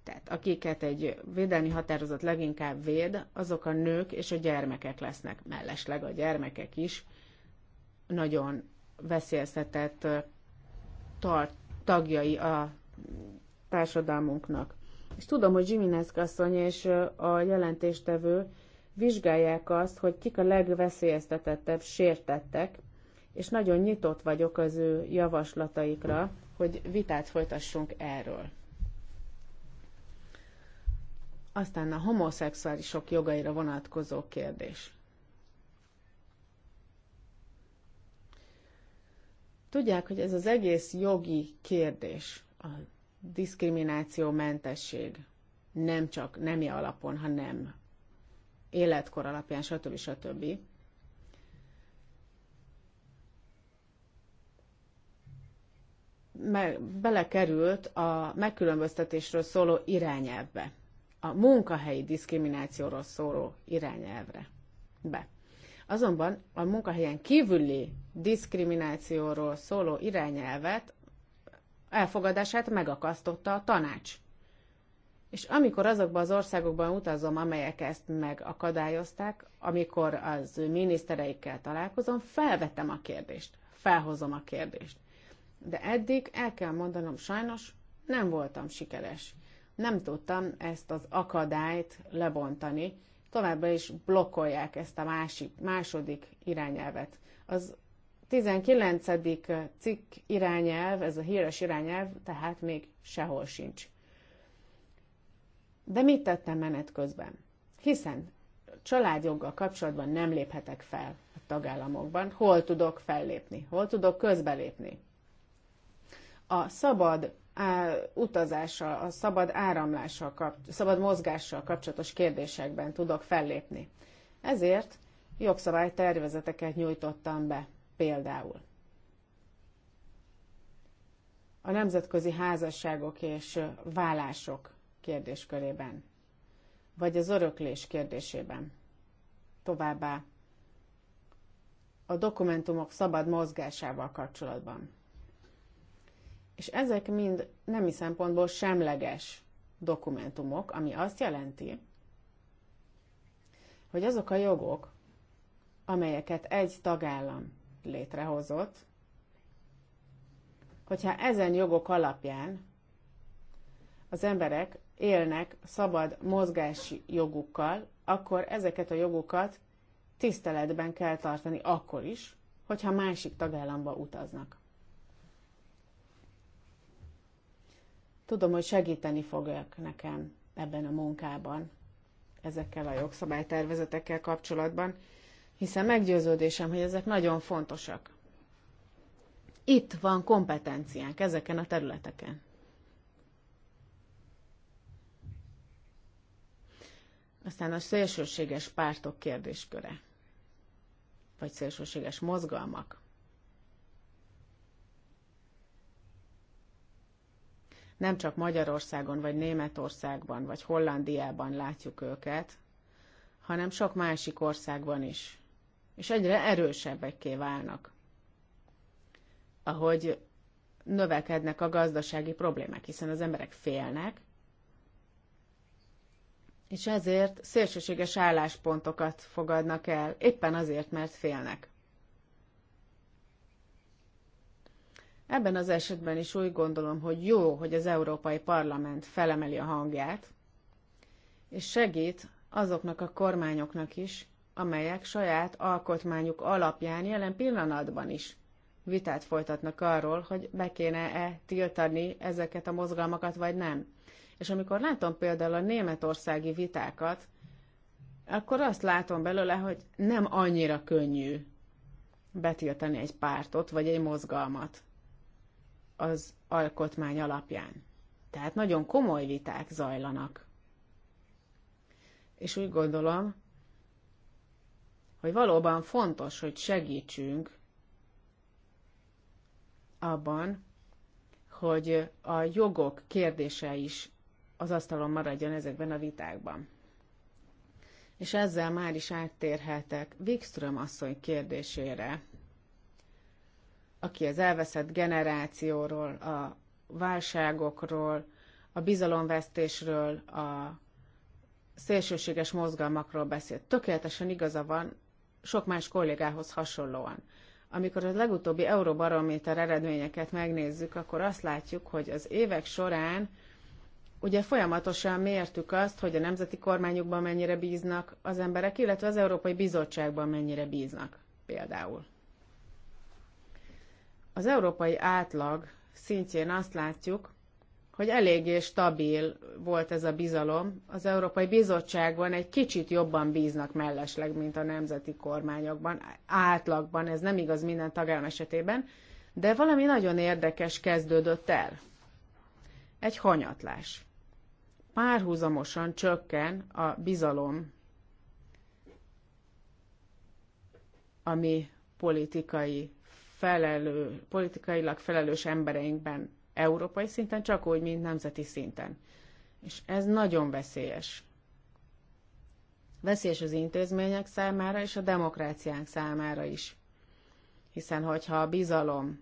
Speaker 2: tehát akiket egy védelmi határozat leginkább véd, azok a nők és a gyermekek lesznek. Mellesleg a gyermekek is nagyon veszélyeztetett tagjai a társadalmunknak. És tudom, hogy Jiménez asszony és a jelentéstevő vizsgálják azt, hogy kik a legveszélyeztetettebb sértettek, és nagyon nyitott vagyok az ő javaslataikra, hogy vitát folytassunk erről. Aztán a homoszexuálisok jogaira vonatkozó kérdés. Tudják, hogy ez az egész jogi kérdés, a mentesség nem csak nemi alapon, hanem életkor alapján, stb. stb. belekerült a megkülönböztetésről szóló irányelvbe a munkahelyi diszkriminációról szóló irányelvre be. Azonban a munkahelyen kívüli diszkriminációról szóló irányelvet elfogadását megakasztotta a tanács. És amikor azokban az országokban utazom, amelyek ezt megakadályozták, amikor az minisztereikkel találkozom, felvetem a kérdést, felhozom a kérdést. De eddig el kell mondanom, sajnos nem voltam sikeres nem tudtam ezt az akadályt lebontani. Továbbra is blokkolják ezt a másik, második irányelvet. Az 19. cikk irányelv, ez a híres irányelv, tehát még sehol sincs. De mit tettem menet közben? Hiszen családjoggal kapcsolatban nem léphetek fel a tagállamokban. Hol tudok fellépni? Hol tudok közbelépni? A szabad utazása, utazással, a szabad áramlással, kap, szabad mozgással kapcsolatos kérdésekben tudok fellépni. Ezért jogszabálytervezeteket nyújtottam be például. A nemzetközi házasságok és vállások kérdéskörében, vagy az öröklés kérdésében. Továbbá a dokumentumok szabad mozgásával kapcsolatban. És ezek mind nemi szempontból semleges dokumentumok, ami azt jelenti, hogy azok a jogok, amelyeket egy tagállam létrehozott, hogyha ezen jogok alapján az emberek élnek szabad mozgási jogukkal, akkor ezeket a jogokat tiszteletben kell tartani akkor is, hogyha másik tagállamba utaznak. Tudom, hogy segíteni fogok nekem ebben a munkában, ezekkel a jogszabálytervezetekkel kapcsolatban, hiszen meggyőződésem, hogy ezek nagyon fontosak. Itt van kompetenciánk ezeken a területeken. Aztán a szélsőséges pártok kérdésköre, vagy szélsőséges mozgalmak. nem csak Magyarországon, vagy Németországban, vagy Hollandiában látjuk őket, hanem sok másik országban is. És egyre erősebbekké válnak, ahogy növekednek a gazdasági problémák, hiszen az emberek félnek, és ezért szélsőséges álláspontokat fogadnak el, éppen azért, mert félnek. Ebben az esetben is úgy gondolom, hogy jó, hogy az Európai Parlament felemeli a hangját, és segít azoknak a kormányoknak is, amelyek saját alkotmányuk alapján jelen pillanatban is vitát folytatnak arról, hogy be kéne-e tiltani ezeket a mozgalmakat, vagy nem. És amikor látom például a németországi vitákat, akkor azt látom belőle, hogy nem annyira könnyű betiltani egy pártot, vagy egy mozgalmat az alkotmány alapján. Tehát nagyon komoly viták zajlanak. És úgy gondolom, hogy valóban fontos, hogy segítsünk abban, hogy a jogok kérdése is az asztalon maradjon ezekben a vitákban. És ezzel már is áttérhetek Wikström asszony kérdésére, aki az elveszett generációról, a válságokról, a bizalomvesztésről, a szélsőséges mozgalmakról beszélt. Tökéletesen igaza van sok más kollégához hasonlóan. Amikor az legutóbbi Euróbarométer eredményeket megnézzük, akkor azt látjuk, hogy az évek során ugye folyamatosan mértük azt, hogy a nemzeti kormányokban mennyire bíznak az emberek, illetve az Európai Bizottságban mennyire bíznak például. Az európai átlag szintjén azt látjuk, hogy eléggé stabil volt ez a bizalom. Az Európai Bizottságban egy kicsit jobban bíznak mellesleg, mint a nemzeti kormányokban. Átlagban ez nem igaz minden tagállam esetében, de valami nagyon érdekes kezdődött el. Egy hanyatlás. Párhuzamosan csökken a bizalom ami politikai felelő, politikailag felelős embereinkben európai szinten, csak úgy, mint nemzeti szinten. És ez nagyon veszélyes. Veszélyes az intézmények számára és a demokráciánk számára is. Hiszen, hogyha a bizalom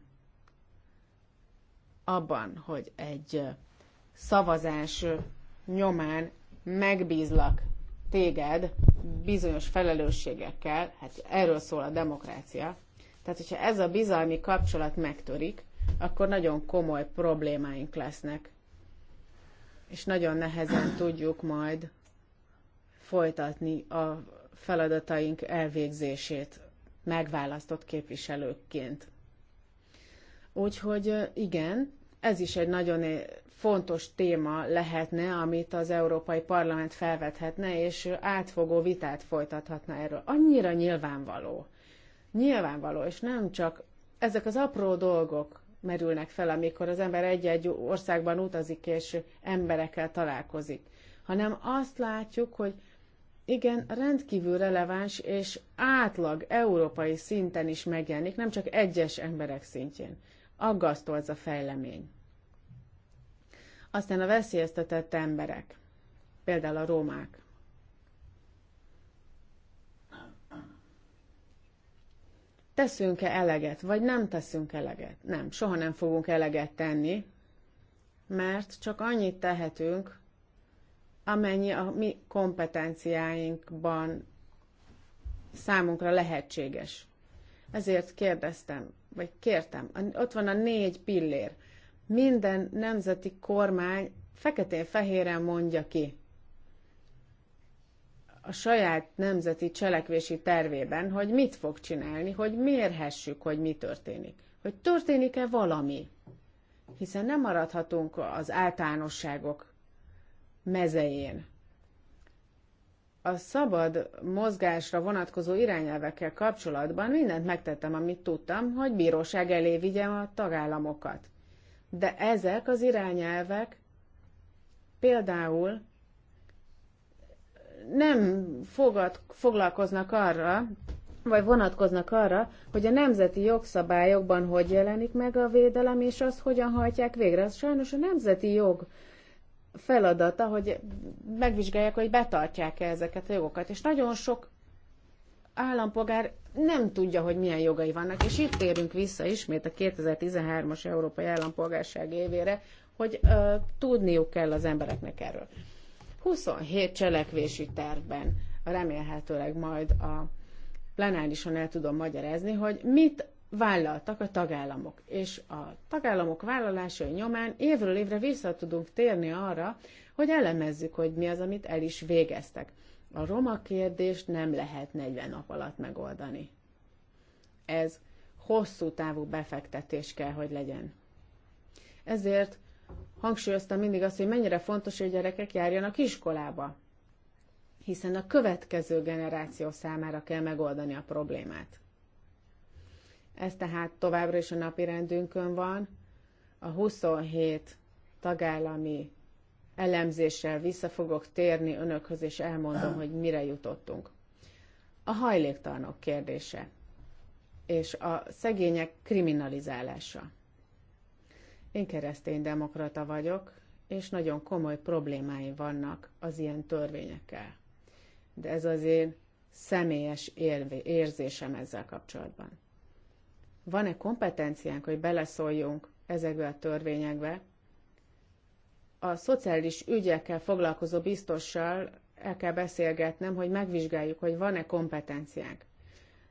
Speaker 2: abban, hogy egy szavazás nyomán megbízlak téged bizonyos felelősségekkel, hát erről szól a demokrácia, tehát, hogyha ez a bizalmi kapcsolat megtörik, akkor nagyon komoly problémáink lesznek. És nagyon nehezen tudjuk majd folytatni a feladataink elvégzését megválasztott képviselőkként. Úgyhogy igen, ez is egy nagyon fontos téma lehetne, amit az Európai Parlament felvethetne, és átfogó vitát folytathatna erről. Annyira nyilvánvaló, nyilvánvaló, és nem csak ezek az apró dolgok merülnek fel, amikor az ember egy-egy országban utazik és emberekkel találkozik, hanem azt látjuk, hogy igen, rendkívül releváns és átlag európai szinten is megjelenik, nem csak egyes emberek szintjén. Aggasztó ez a fejlemény. Aztán a veszélyeztetett emberek, például a romák. teszünk-e eleget, vagy nem teszünk eleget. Nem, soha nem fogunk eleget tenni, mert csak annyit tehetünk, amennyi a mi kompetenciáinkban számunkra lehetséges. Ezért kérdeztem, vagy kértem, ott van a négy pillér. Minden nemzeti kormány feketén-fehéren mondja ki, a saját nemzeti cselekvési tervében, hogy mit fog csinálni, hogy mérhessük, hogy mi történik. Hogy történik-e valami. Hiszen nem maradhatunk az általánosságok mezején. A szabad mozgásra vonatkozó irányelvekkel kapcsolatban mindent megtettem, amit tudtam, hogy bíróság elé vigyem a tagállamokat. De ezek az irányelvek például nem fogad, foglalkoznak arra, vagy vonatkoznak arra, hogy a nemzeti jogszabályokban hogy jelenik meg a védelem, és azt hogyan hajtják végre. Az sajnos a nemzeti jog feladata, hogy megvizsgálják, hogy betartják-e ezeket a jogokat. És nagyon sok állampolgár nem tudja, hogy milyen jogai vannak. És itt térünk vissza ismét a 2013-as Európai Állampolgárság évére, hogy uh, tudniuk kell az embereknek erről. 27 cselekvési tervben remélhetőleg majd a plenárison el tudom magyarázni, hogy mit vállaltak a tagállamok. És a tagállamok vállalásai nyomán évről évre vissza tudunk térni arra, hogy elemezzük, hogy mi az, amit el is végeztek. A roma kérdést nem lehet 40 nap alatt megoldani. Ez hosszú távú befektetés kell, hogy legyen. Ezért hangsúlyoztam mindig azt, hogy mennyire fontos, hogy a gyerekek járjanak iskolába, hiszen a következő generáció számára kell megoldani a problémát. Ez tehát továbbra is a napi rendünkön van. A 27 tagállami elemzéssel vissza fogok térni önökhöz, és elmondom, hogy mire jutottunk. A hajléktalanok kérdése és a szegények kriminalizálása. Én keresztény demokrata vagyok, és nagyon komoly problémáim vannak az ilyen törvényekkel. De ez az én személyes érvé, érzésem ezzel kapcsolatban. Van-e kompetenciánk, hogy beleszóljunk ezekbe a törvényekbe? A szociális ügyekkel foglalkozó biztossal el kell beszélgetnem, hogy megvizsgáljuk, hogy van-e kompetenciánk.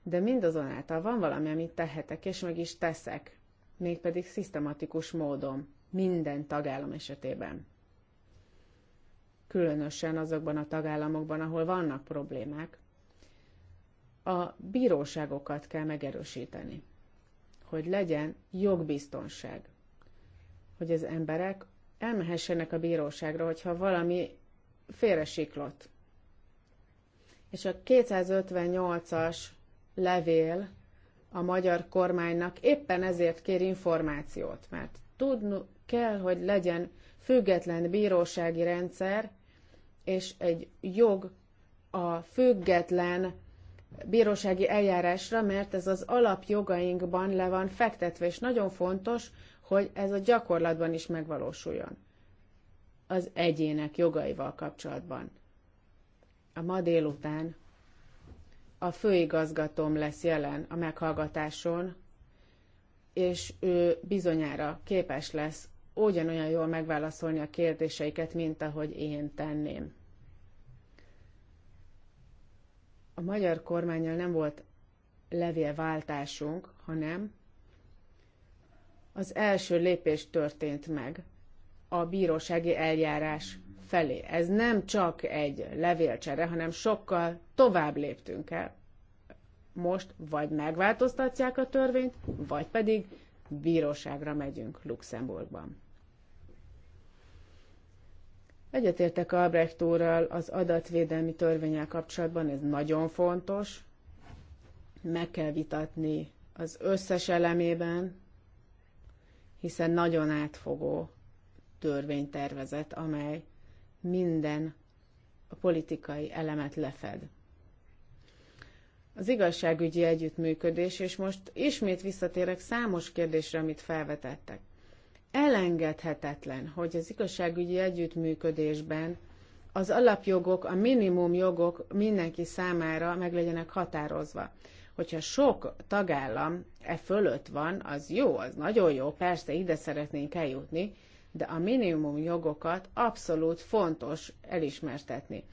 Speaker 2: De mindazonáltal van valami, amit tehetek, és meg is teszek mégpedig szisztematikus módon minden tagállam esetében. Különösen azokban a tagállamokban, ahol vannak problémák, a bíróságokat kell megerősíteni, hogy legyen jogbiztonság, hogy az emberek elmehessenek a bíróságra, hogyha valami félresiklott. És a 258-as levél a magyar kormánynak éppen ezért kér információt, mert tudnunk kell, hogy legyen független bírósági rendszer, és egy jog a független bírósági eljárásra, mert ez az alapjogainkban le van fektetve, és nagyon fontos, hogy ez a gyakorlatban is megvalósuljon. Az egyének jogaival kapcsolatban. A ma délután a főigazgatóm lesz jelen a meghallgatáson, és ő bizonyára képes lesz ugyanolyan jól megválaszolni a kérdéseiket, mint ahogy én tenném. A magyar kormányjal nem volt levélváltásunk, hanem az első lépés történt meg, a bírósági eljárás felé. Ez nem csak egy levélcsere, hanem sokkal tovább léptünk el. Most vagy megváltoztatják a törvényt, vagy pedig bíróságra megyünk Luxemburgban. Egyetértek Albrecht úrral az adatvédelmi törvényel kapcsolatban, ez nagyon fontos. Meg kell vitatni az összes elemében, hiszen nagyon átfogó törvénytervezet, amely minden a politikai elemet lefed. Az igazságügyi együttműködés, és most ismét visszatérek számos kérdésre, amit felvetettek. Elengedhetetlen, hogy az igazságügyi együttműködésben az alapjogok, a minimum jogok mindenki számára meg legyenek határozva. Hogyha sok tagállam e fölött van, az jó, az nagyon jó, persze ide szeretnénk eljutni, de a minimum jogokat abszolút fontos elismertetni.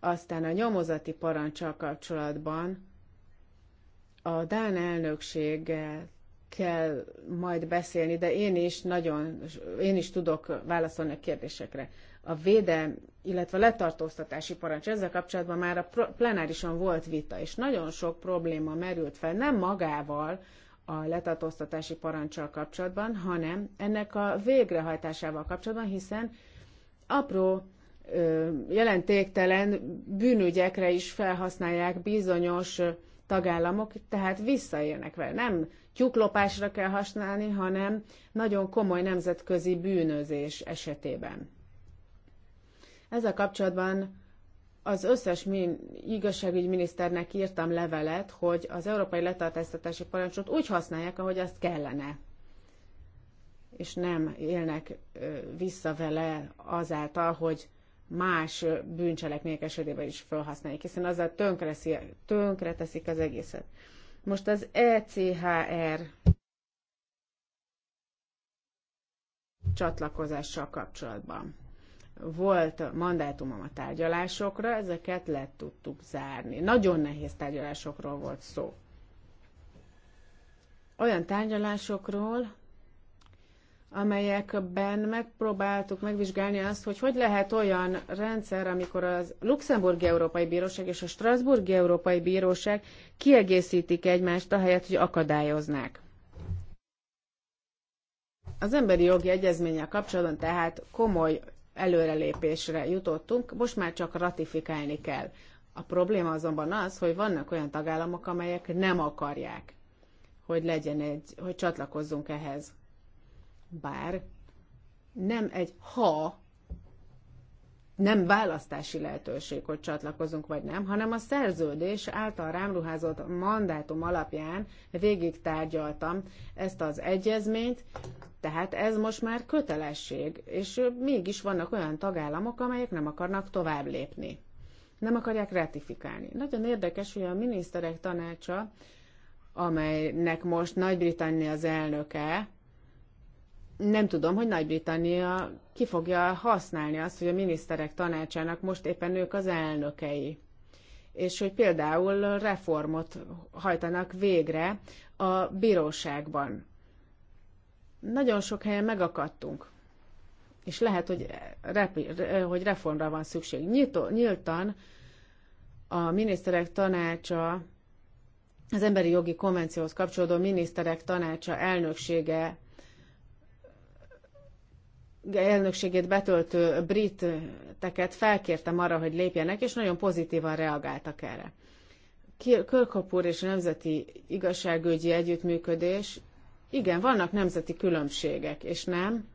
Speaker 2: Aztán a nyomozati parancsal kapcsolatban a Dán elnökséggel kell majd beszélni, de én is nagyon, én is tudok válaszolni a kérdésekre. A védelm, illetve letartóztatási parancs, ezzel kapcsolatban már a plenárison volt vita, és nagyon sok probléma merült fel, nem magával, a letartóztatási parancsal kapcsolatban, hanem ennek a végrehajtásával kapcsolatban, hiszen apró, jelentéktelen bűnügyekre is felhasználják bizonyos tagállamok, tehát visszaélnek vele. Nem tyúklopásra kell használni, hanem nagyon komoly nemzetközi bűnözés esetében. Ezzel kapcsolatban az összes min, igazságügyi miniszternek írtam levelet, hogy az európai letartóztatási parancsot úgy használják, ahogy azt kellene. És nem élnek vissza vele azáltal, hogy más bűncselekmények esetében is felhasználják, hiszen azzal tönkre, tönkre teszik az egészet. Most az ECHR csatlakozással kapcsolatban volt mandátumom a tárgyalásokra, ezeket le tudtuk zárni. Nagyon nehéz tárgyalásokról volt szó. Olyan tárgyalásokról, amelyekben megpróbáltuk megvizsgálni azt, hogy hogy lehet olyan rendszer, amikor az Luxemburgi Európai Bíróság és a Strasburgi Európai Bíróság kiegészítik egymást, ahelyett, hogy akadályoznák. Az emberi jogi egyezménnyel kapcsolatban tehát komoly előrelépésre jutottunk, most már csak ratifikálni kell. A probléma azonban az, hogy vannak olyan tagállamok, amelyek nem akarják, hogy legyen egy, hogy csatlakozzunk ehhez. Bár nem egy ha, nem választási lehetőség, hogy csatlakozunk vagy nem, hanem a szerződés által rám ruházott mandátum alapján végig tárgyaltam ezt az egyezményt, tehát ez most már kötelesség, és mégis vannak olyan tagállamok, amelyek nem akarnak tovább lépni. Nem akarják ratifikálni. Nagyon érdekes, hogy a miniszterek tanácsa, amelynek most Nagy-Britannia az elnöke, nem tudom, hogy Nagy-Britannia ki fogja használni azt, hogy a miniszterek tanácsának most éppen ők az elnökei. És hogy például reformot hajtanak végre a bíróságban nagyon sok helyen megakadtunk, és lehet, hogy, repi, hogy reformra van szükség. Nyitó, nyíltan a miniszterek tanácsa, az emberi jogi konvencióhoz kapcsolódó miniszterek tanácsa elnöksége elnökségét betöltő briteket felkértem arra, hogy lépjenek, és nagyon pozitívan reagáltak erre. Kirkhop és a Nemzeti Igazságügyi Együttműködés igen, vannak nemzeti különbségek, és nem,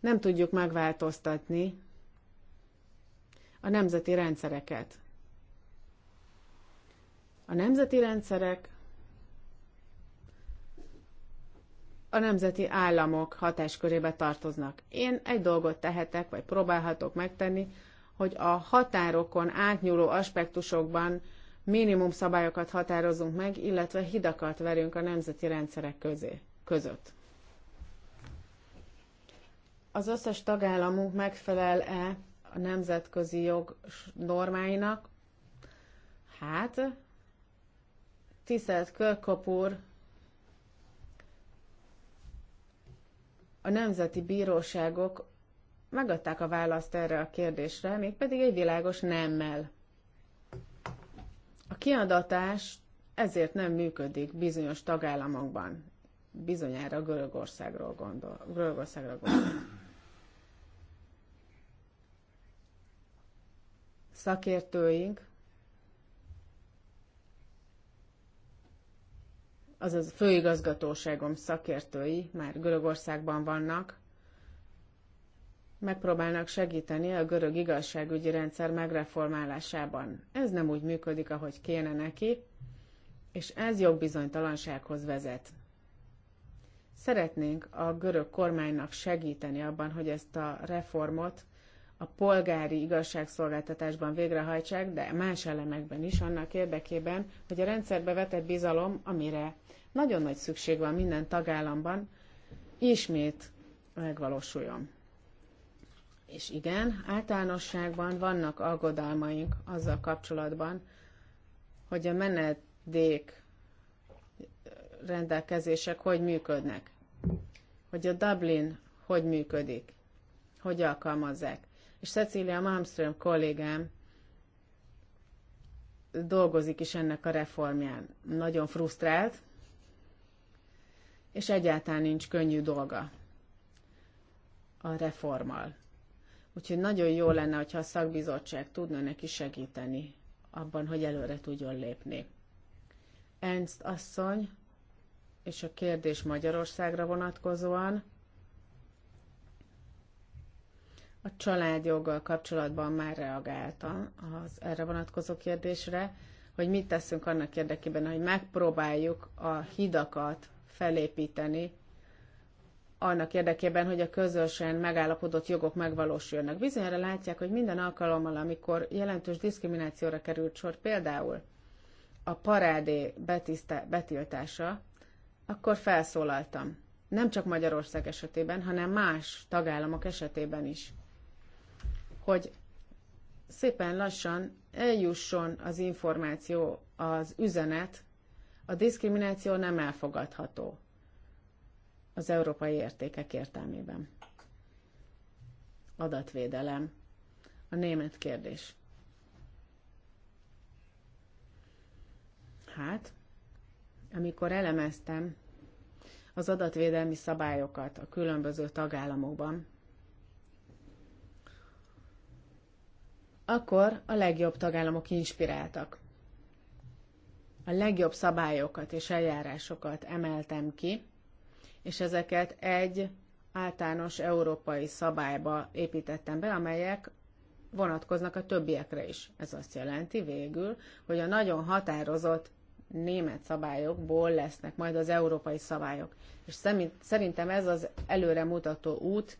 Speaker 2: nem tudjuk megváltoztatni a nemzeti rendszereket. A nemzeti rendszerek a nemzeti államok hatáskörébe tartoznak. Én egy dolgot tehetek, vagy próbálhatok megtenni, hogy a határokon átnyúló aspektusokban minimum szabályokat határozunk meg, illetve hidakat verünk a nemzeti rendszerek közé, között. Az összes tagállamunk megfelel-e a nemzetközi jog normáinak? Hát, tisztelt Körkopúr, a nemzeti bíróságok megadták a választ erre a kérdésre, mégpedig egy világos nemmel kiadatás ezért nem működik bizonyos tagállamokban. Bizonyára Görögországról gondol, Görögországra gondol. Szakértőink, azaz főigazgatóságom szakértői már Görögországban vannak, megpróbálnak segíteni a görög igazságügyi rendszer megreformálásában. Ez nem úgy működik, ahogy kéne neki, és ez jogbizonytalansághoz vezet. Szeretnénk a görög kormánynak segíteni abban, hogy ezt a reformot a polgári igazságszolgáltatásban végrehajtsák, de más elemekben is, annak érdekében, hogy a rendszerbe vetett bizalom, amire nagyon nagy szükség van minden tagállamban, ismét megvalósuljon. És igen, általánosságban vannak aggodalmaink azzal kapcsolatban, hogy a menedék rendelkezések hogy működnek, hogy a Dublin hogy működik, hogy alkalmazzák. És Cecilia Malmström kollégám dolgozik is ennek a reformján. Nagyon frusztrált, és egyáltalán nincs könnyű dolga a reformal. Úgyhogy nagyon jó lenne, hogyha a szakbizottság tudna neki segíteni abban, hogy előre tudjon lépni. Ernst asszony, és a kérdés Magyarországra vonatkozóan, a családjoggal kapcsolatban már reagáltam az erre vonatkozó kérdésre, hogy mit teszünk annak érdekében, hogy megpróbáljuk a hidakat felépíteni annak érdekében, hogy a közösen megállapodott jogok megvalósuljanak. Bizonyára látják, hogy minden alkalommal, amikor jelentős diszkriminációra került sor, például a parádé betiszte, betiltása, akkor felszólaltam. Nem csak Magyarország esetében, hanem más tagállamok esetében is. Hogy szépen lassan eljusson az információ, az üzenet, a diszkrimináció nem elfogadható az európai értékek értelmében. Adatvédelem. A német kérdés. Hát, amikor elemeztem az adatvédelmi szabályokat a különböző tagállamokban, akkor a legjobb tagállamok inspiráltak. A legjobb szabályokat és eljárásokat emeltem ki, és ezeket egy általános európai szabályba építettem be, amelyek vonatkoznak a többiekre is. Ez azt jelenti végül, hogy a nagyon határozott német szabályokból lesznek majd az európai szabályok. És szerintem ez az előremutató út,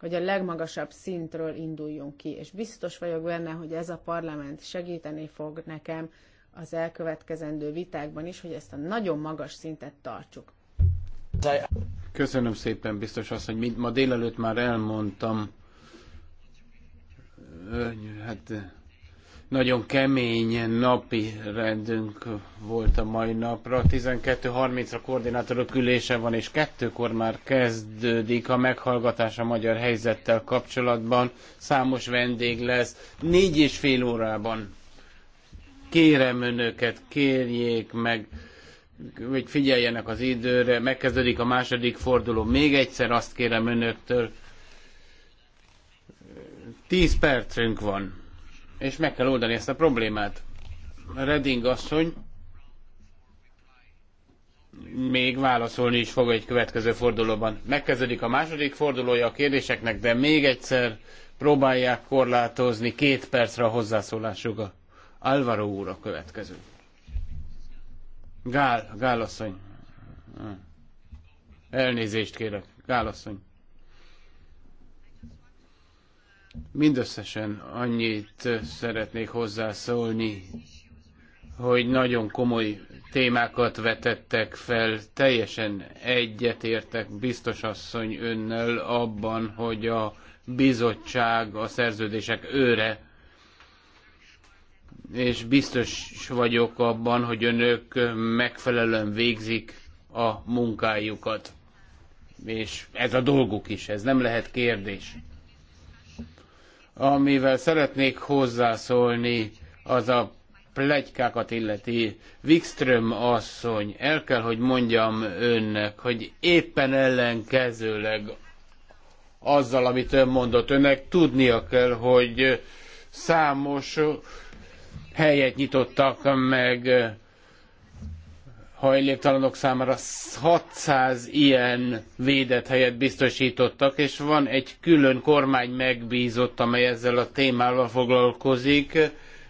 Speaker 2: hogy a legmagasabb szintről induljunk ki. És biztos vagyok benne, hogy ez a parlament segíteni fog nekem az elkövetkezendő vitákban is, hogy ezt a nagyon magas szintet tartsuk.
Speaker 1: Köszönöm szépen, biztos azt, hogy mind, ma délelőtt már elmondtam, hát nagyon kemény napi rendünk volt a mai napra. 12.30-ra koordinátorok ülése van, és kettőkor már kezdődik a meghallgatás a magyar helyzettel kapcsolatban. Számos vendég lesz. Négy és fél órában kérem önöket, kérjék meg hogy figyeljenek az időre, megkezdődik a második forduló. Még egyszer azt kérem önöktől, tíz percünk van, és meg kell oldani ezt a problémát. Reding asszony még válaszolni is fog egy következő fordulóban. Megkezdődik a második fordulója a kérdéseknek, de még egyszer próbálják korlátozni két percre a hozzászólásuk. Álvaro úr a következő. Gál, Gálasszony. Elnézést kérek, Gálasszony. Mindösszesen annyit szeretnék hozzászólni, hogy nagyon komoly témákat vetettek fel, teljesen egyetértek biztos asszony önnel abban, hogy a bizottság a szerződések őre és biztos vagyok abban, hogy önök megfelelően végzik a munkájukat. És ez a dolguk is, ez nem lehet kérdés. Amivel szeretnék hozzászólni, az a plegykákat illeti. Wikström asszony, el kell, hogy mondjam önnek, hogy éppen ellenkezőleg azzal, amit ön mondott önnek, tudnia kell, hogy számos helyet nyitottak meg hajléktalanok számára 600 ilyen védett helyet biztosítottak, és van egy külön kormány megbízott, amely ezzel a témával foglalkozik,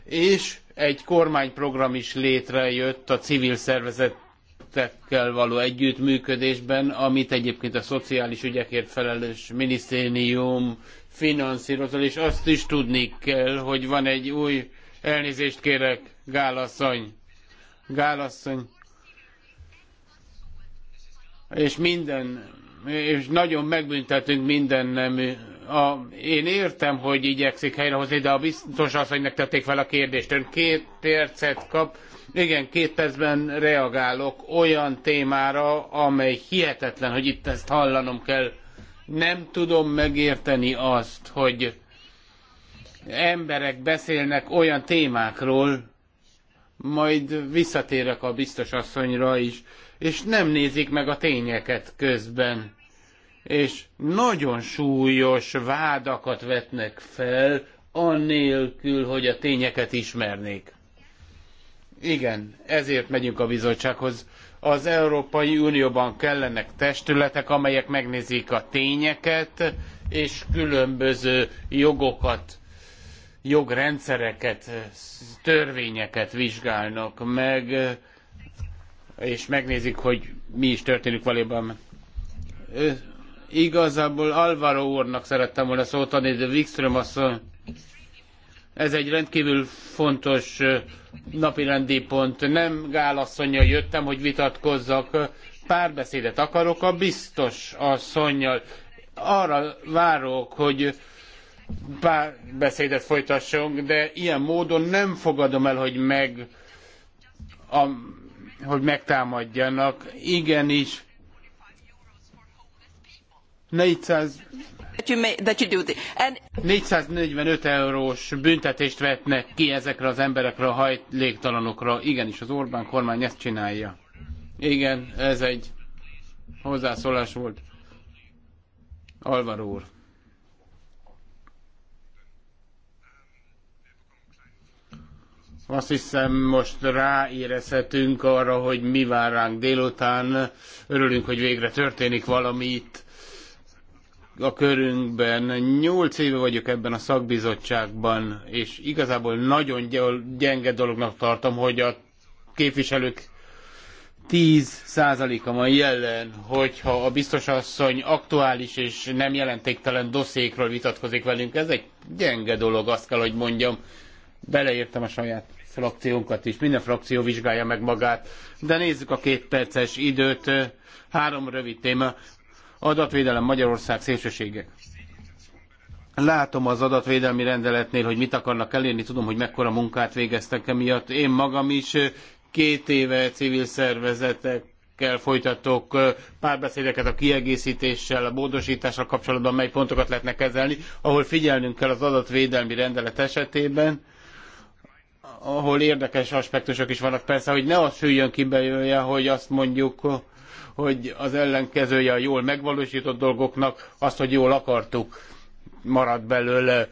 Speaker 1: és egy kormányprogram is létrejött a civil szervezetekkel való együttműködésben, amit egyébként a szociális ügyekért felelős minisztérium finanszírozol, és azt is tudni kell, hogy van egy új Elnézést kérek, Gál asszony. És minden, és nagyon megbüntetünk minden nemű. A, én értem, hogy igyekszik helyrehozni, de a biztos az, hogy megtették fel a kérdést. Ön két percet kap. Igen, két percben reagálok olyan témára, amely hihetetlen, hogy itt ezt hallanom kell. Nem tudom megérteni azt, hogy emberek beszélnek olyan témákról, majd visszatérek a biztos asszonyra is, és nem nézik meg a tényeket közben. És nagyon súlyos vádakat vetnek fel, annélkül, hogy a tényeket ismernék. Igen, ezért megyünk a bizottsághoz. Az Európai Unióban kellenek testületek, amelyek megnézik a tényeket, és különböző jogokat jogrendszereket, törvényeket vizsgálnak meg, és megnézik, hogy mi is történik valójában. Igazából Alvaro úrnak szerettem volna szót adni, de Wikström asszony, ez egy rendkívül fontos napirendi pont. Nem Gál jöttem, hogy vitatkozzak, párbeszédet akarok a biztos asszonynal. Arra várok, hogy bár folytassunk, de ilyen módon nem fogadom el, hogy meg a, hogy megtámadjanak. Igenis. 400 445 eurós büntetést vetnek ki ezekre az emberekre, a hajléktalanokra. Igenis, az Orbán kormány ezt csinálja. Igen, ez egy hozzászólás volt. Alvaro úr. Azt hiszem most ráérezhetünk arra, hogy mi vár ránk délután. Örülünk, hogy végre történik valami itt a körünkben. Nyolc éve vagyok ebben a szakbizottságban, és igazából nagyon gyenge dolognak tartom, hogy a képviselők 10%-a van jelen, hogyha a biztos asszony aktuális és nem jelentéktelen dosszékről vitatkozik velünk. Ez egy gyenge dolog, azt kell, hogy mondjam. Beleértem a saját frakciónkat is, minden frakció vizsgálja meg magát. De nézzük a két perces időt. Három rövid téma. Adatvédelem Magyarország szélsőségek. Látom az adatvédelmi rendeletnél, hogy mit akarnak elérni, tudom, hogy mekkora munkát végeztek emiatt. Én magam is két éve civil szervezetek kell folytatok párbeszédeket a kiegészítéssel, a módosítással kapcsolatban, mely pontokat lehetne kezelni, ahol figyelnünk kell az adatvédelmi rendelet esetében ahol érdekes aspektusok is vannak. Persze, hogy ne az süljön ki belőle, hogy azt mondjuk, hogy az ellenkezője a jól megvalósított dolgoknak, azt, hogy jól akartuk marad belőle.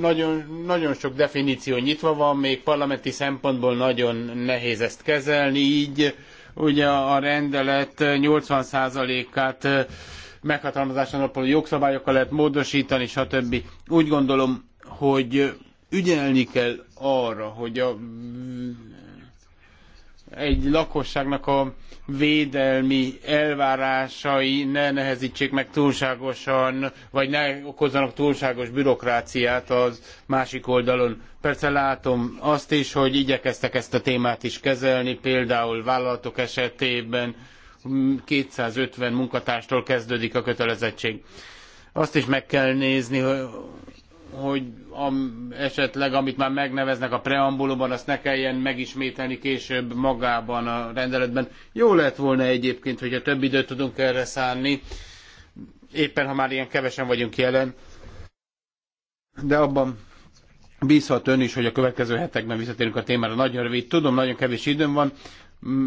Speaker 1: Nagyon, nagyon sok definíció nyitva van, még parlamenti szempontból nagyon nehéz ezt kezelni, így ugye a rendelet 80%-át meghatalmazáson alapuló jogszabályokkal lehet módosítani, stb. Úgy gondolom, hogy ügyelni kell arra, hogy a, egy lakosságnak a védelmi elvárásai ne nehezítsék meg túlságosan, vagy ne okozzanak túlságos bürokráciát az másik oldalon. Persze látom azt is, hogy igyekeztek ezt a témát is kezelni, például vállalatok esetében 250 munkatárstól kezdődik a kötelezettség. Azt is meg kell nézni, hogy hogy a, esetleg, amit már megneveznek a preambulumban, azt ne kelljen megismételni később magában a rendeletben. Jó lett volna egyébként, hogyha több időt tudunk erre szánni, éppen ha már ilyen kevesen vagyunk jelen. De abban bízhat ön is, hogy a következő hetekben visszatérünk a témára. Nagyon rövid, tudom, nagyon kevés időm van,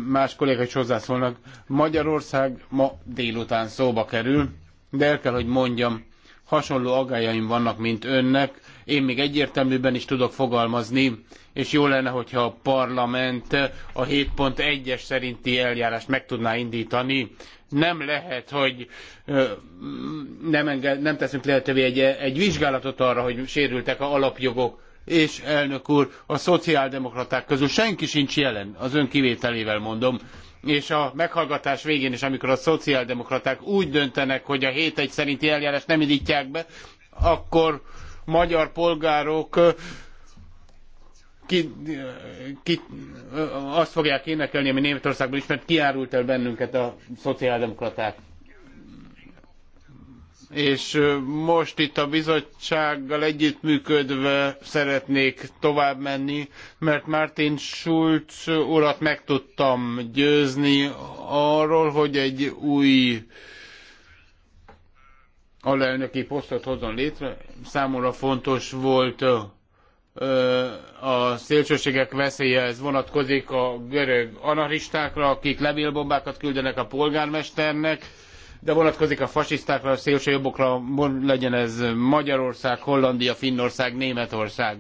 Speaker 1: más kollégák is hozzászólnak. Magyarország ma délután szóba kerül, de el kell, hogy mondjam, hasonló aggájaim vannak, mint önnek. Én még egyértelműben is tudok fogalmazni, és jó lenne, hogyha a parlament a 7.1-es szerinti eljárást meg tudná indítani. Nem lehet, hogy nem, enged, nem teszünk lehetővé egy, egy vizsgálatot arra, hogy sérültek a alapjogok. És elnök úr, a szociáldemokraták közül senki sincs jelen, az ön kivételével mondom és a meghallgatás végén is, amikor a szociáldemokraták úgy döntenek, hogy a seven one szerinti eljárás nem indtják be, akkor magyar polgárok ki, ki, azt fogják énekelni, ami Németországban ismert mert kiárult el bennünket a szociáldemokraták és most itt a bizottsággal együttműködve szeretnék tovább menni, mert Martin Schulz urat meg tudtam győzni arról, hogy egy új alelnöki posztot hozzon létre. Számomra fontos volt a szélsőségek veszélye, ez vonatkozik a görög anarchistákra, akik levélbombákat küldenek a polgármesternek, de vonatkozik a fasisztákra, a szélső jobbokra, legyen ez Magyarország, Hollandia, Finnország, Németország.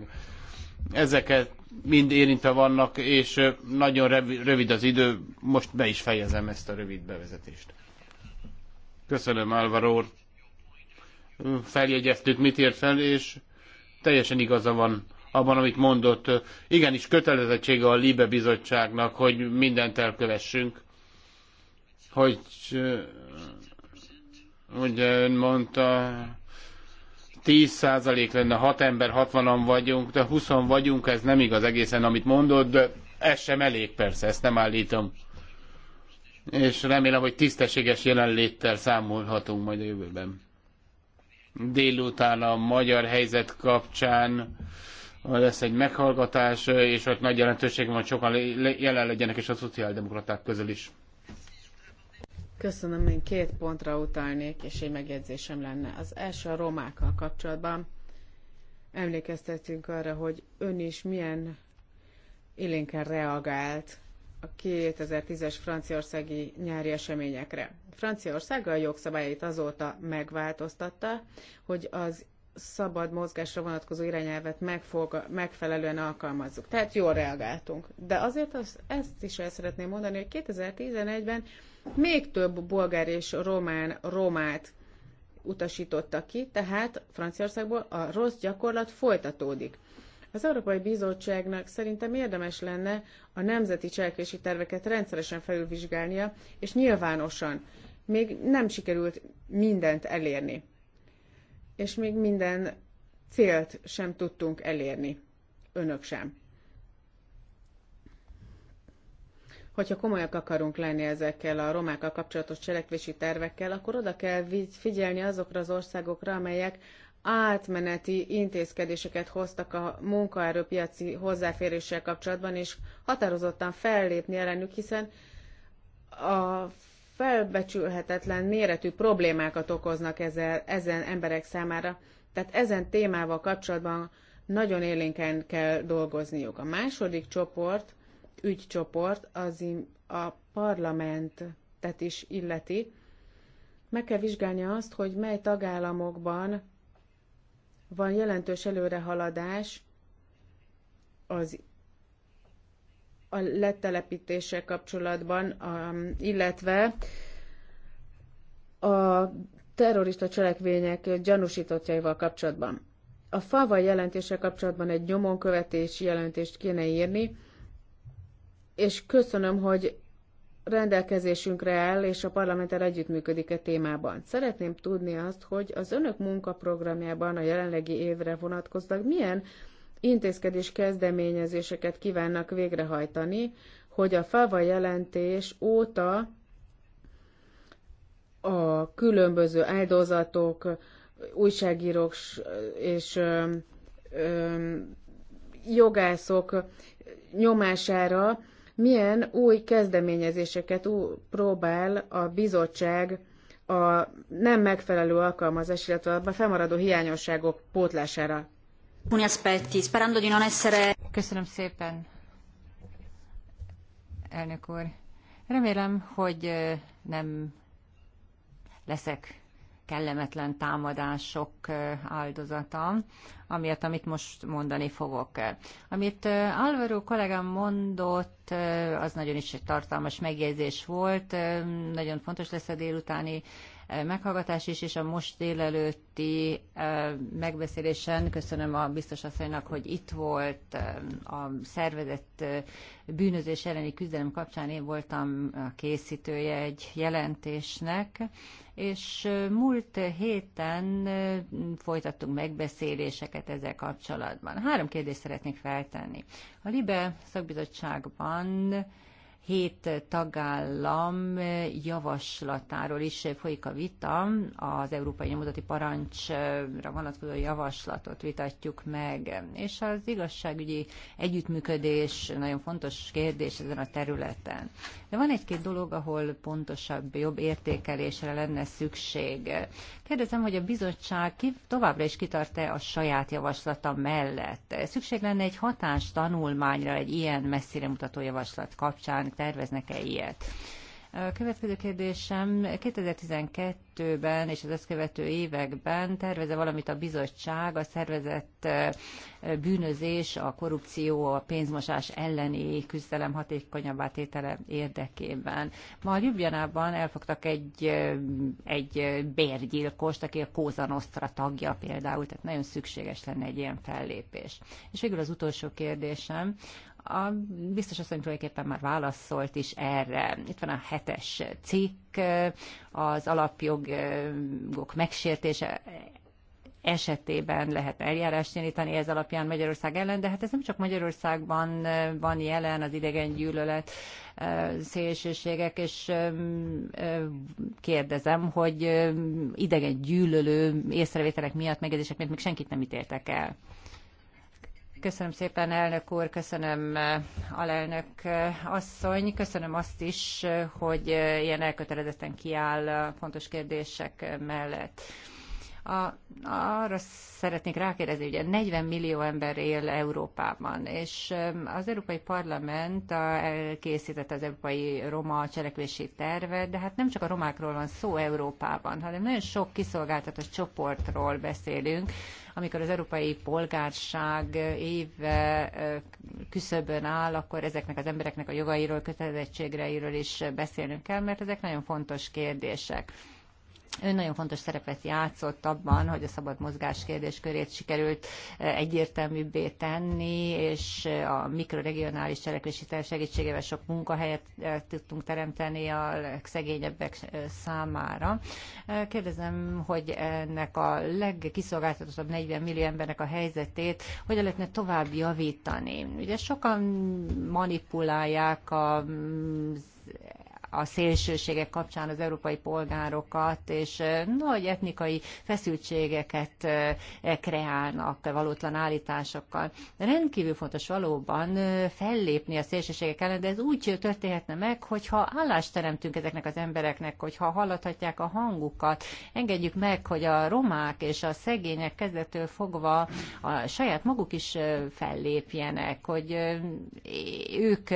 Speaker 1: Ezeket mind érintve vannak, és nagyon rövid az idő, most be is fejezem ezt a rövid bevezetést. Köszönöm, Álvaro. Feljegyeztük, mit ért fel, és teljesen igaza van abban, amit mondott. Igenis kötelezettsége a Libe bizottságnak, hogy mindent elkövessünk, hogy Ugye ön mondta, 10% lenne, 6 ember, 60-an vagyunk, de 20 vagyunk, ez nem igaz egészen, amit mondod, de ez sem elég persze, ezt nem állítom. És remélem, hogy tisztességes jelenléttel számolhatunk majd a jövőben. Délután a magyar helyzet kapcsán lesz egy meghallgatás, és ott nagy jelentőség van, hogy sokan jelen legyenek, és a szociáldemokraták közül is.
Speaker 2: Köszönöm, én két pontra utalnék, és egy megjegyzésem lenne. Az első a romákkal kapcsolatban. Emlékeztetünk arra, hogy ön is milyen élénken reagált a 2010-es franciaországi nyári eseményekre. Franciaország a jogszabályait azóta megváltoztatta, hogy az szabad mozgásra vonatkozó irányelvet megfog, megfelelően alkalmazzuk. Tehát jól reagáltunk. De azért azt, ezt is el szeretném mondani, hogy 2011-ben még több bolgár és román romát utasítottak ki, tehát Franciaországból a rossz gyakorlat folytatódik. Az Európai Bizottságnak szerintem érdemes lenne a nemzeti cselekvési terveket rendszeresen felülvizsgálnia, és nyilvánosan. Még nem sikerült mindent elérni és még minden célt sem tudtunk elérni. Önök sem. Hogyha komolyak akarunk lenni ezekkel a romákkal kapcsolatos cselekvési tervekkel, akkor oda kell figyelni azokra az országokra, amelyek átmeneti intézkedéseket hoztak a munkaerőpiaci hozzáféréssel kapcsolatban, és határozottan fellépni ellenük, hiszen a felbecsülhetetlen méretű problémákat okoznak ezzel, ezen emberek számára. Tehát ezen témával kapcsolatban nagyon élénken kell dolgozniuk. A második csoport, ügycsoport, az a parlamentet is illeti. Meg kell vizsgálni azt, hogy mely tagállamokban van jelentős előrehaladás az a letelepítéssel kapcsolatban, um, illetve a terrorista cselekvények gyanúsítottjaival kapcsolatban. A FAVA jelentéssel kapcsolatban egy nyomonkövetési jelentést kéne írni, és köszönöm, hogy rendelkezésünkre áll, és a parlamenttel együttműködik a e témában. Szeretném tudni azt, hogy az önök munkaprogramjában a jelenlegi évre vonatkoznak milyen intézkedés kezdeményezéseket kívánnak végrehajtani, hogy a FAVA jelentés óta a különböző áldozatok, újságírók és jogászok nyomására milyen új kezdeményezéseket próbál a bizottság a nem megfelelő alkalmazás, illetve a fennmaradó hiányosságok pótlására
Speaker 3: Köszönöm szépen, elnök úr. Remélem, hogy nem leszek kellemetlen támadások áldozata, amiatt, amit most mondani fogok. Amit Álvaro kollégám mondott, az nagyon is egy tartalmas megjegyzés volt, nagyon fontos lesz a délutáni meghallgatás is, és a most délelőtti megbeszélésen köszönöm a biztos asszonynak, hogy itt volt a szervezett bűnözés elleni küzdelem kapcsán. Én voltam a készítője egy jelentésnek, és múlt héten folytattunk megbeszéléseket ezzel kapcsolatban. Három kérdést szeretnék feltenni. A LIBE szakbizottságban hét tagállam javaslatáról is folyik a vita. Az Európai Nyomozati Parancsra vonatkozó javaslatot vitatjuk meg. És az igazságügyi együttműködés nagyon fontos kérdés ezen a területen. De van egy-két dolog, ahol pontosabb, jobb értékelésre lenne szükség. Kérdezem, hogy a bizottság továbbra is kitart-e a saját javaslata mellett? Szükség lenne egy hatástanulmányra egy ilyen messzire mutató javaslat kapcsán, egyáltalán terveznek-e ilyet. A következő kérdésem, 2012-ben és az ezt követő években terveze valamit a bizottság a szervezett eh, bűnözés, a korrupció, a pénzmosás elleni küzdelem hatékonyabbá tétele érdekében. Ma a Ljubljanában elfogtak egy, eh, egy bérgyilkost, aki a Kóza Nostra tagja például, tehát nagyon szükséges lenne egy ilyen fellépés. És végül az utolsó kérdésem, a biztos asszony tulajdonképpen már válaszolt is erre. Itt van a hetes cikk, az alapjogok megsértése esetében lehet eljárást nyitani ez alapján Magyarország ellen, de hát ez nem csak Magyarországban eh, van jelen az idegen gyűlölet, eh, szélsőségek, és eh, kérdezem, hogy idegen gyűlölő észrevételek miatt, megjegyzések miatt még senkit nem ítéltek el. Köszönöm szépen, elnök úr, köszönöm eh, alelnök eh, asszony, köszönöm azt is, eh, hogy ilyen elkötelezetten kiáll fontos kérdések mellett. A, arra szeretnék rákérdezni, ugye 40 millió ember él Európában, és az Európai Parlament elkészített az Európai Roma Cselekvési Tervet, de hát nem csak a romákról van szó Európában, hanem nagyon sok kiszolgáltatott csoportról beszélünk, amikor az európai polgárság éve küszöbön áll, akkor ezeknek az embereknek a jogairól, kötelezettségreiről is beszélnünk kell, mert ezek nagyon fontos kérdések ő nagyon fontos szerepet játszott abban, hogy a szabad mozgás kérdéskörét sikerült e, egyértelműbbé tenni, és e, a mikroregionális cselekvési terv segítségével sok munkahelyet e, tudtunk teremteni a legszegényebbek számára. Kérdezem, hogy ennek a legkiszolgáltatottabb 40 millió embernek a helyzetét hogyan lehetne tovább javítani? Ugye sokan manipulálják a a szélsőségek kapcsán az európai polgárokat, és nagy etnikai feszültségeket kreálnak valótlan állításokkal. Rendkívül fontos valóban fellépni a szélsőségek ellen, de ez úgy történhetne meg, hogyha állást teremtünk ezeknek az embereknek, hogyha hallathatják a hangukat, engedjük meg, hogy a romák és a szegények kezdetől fogva a saját maguk is fellépjenek, hogy ők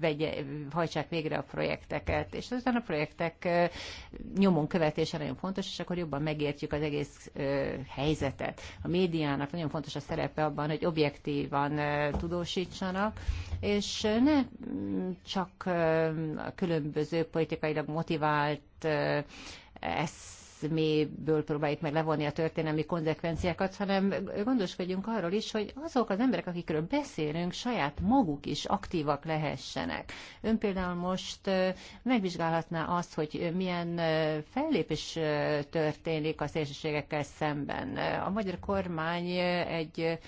Speaker 3: vegye, hajtsák végre a projekteket projekteket, és aztán a projektek nyomon követése nagyon fontos, és akkor jobban megértjük az egész helyzetet. A médiának nagyon fontos a szerepe abban, hogy objektívan tudósítsanak, és ne mm, csak a különböző politikailag motivált ezt eszméből próbáljuk meg levonni a történelmi konzekvenciákat, hanem gondoskodjunk arról is, hogy azok az emberek, akikről beszélünk, saját maguk is aktívak lehessenek. Ön például most megvizsgálhatná azt, hogy milyen fellépés történik a szélsőségekkel szemben. A magyar kormány egy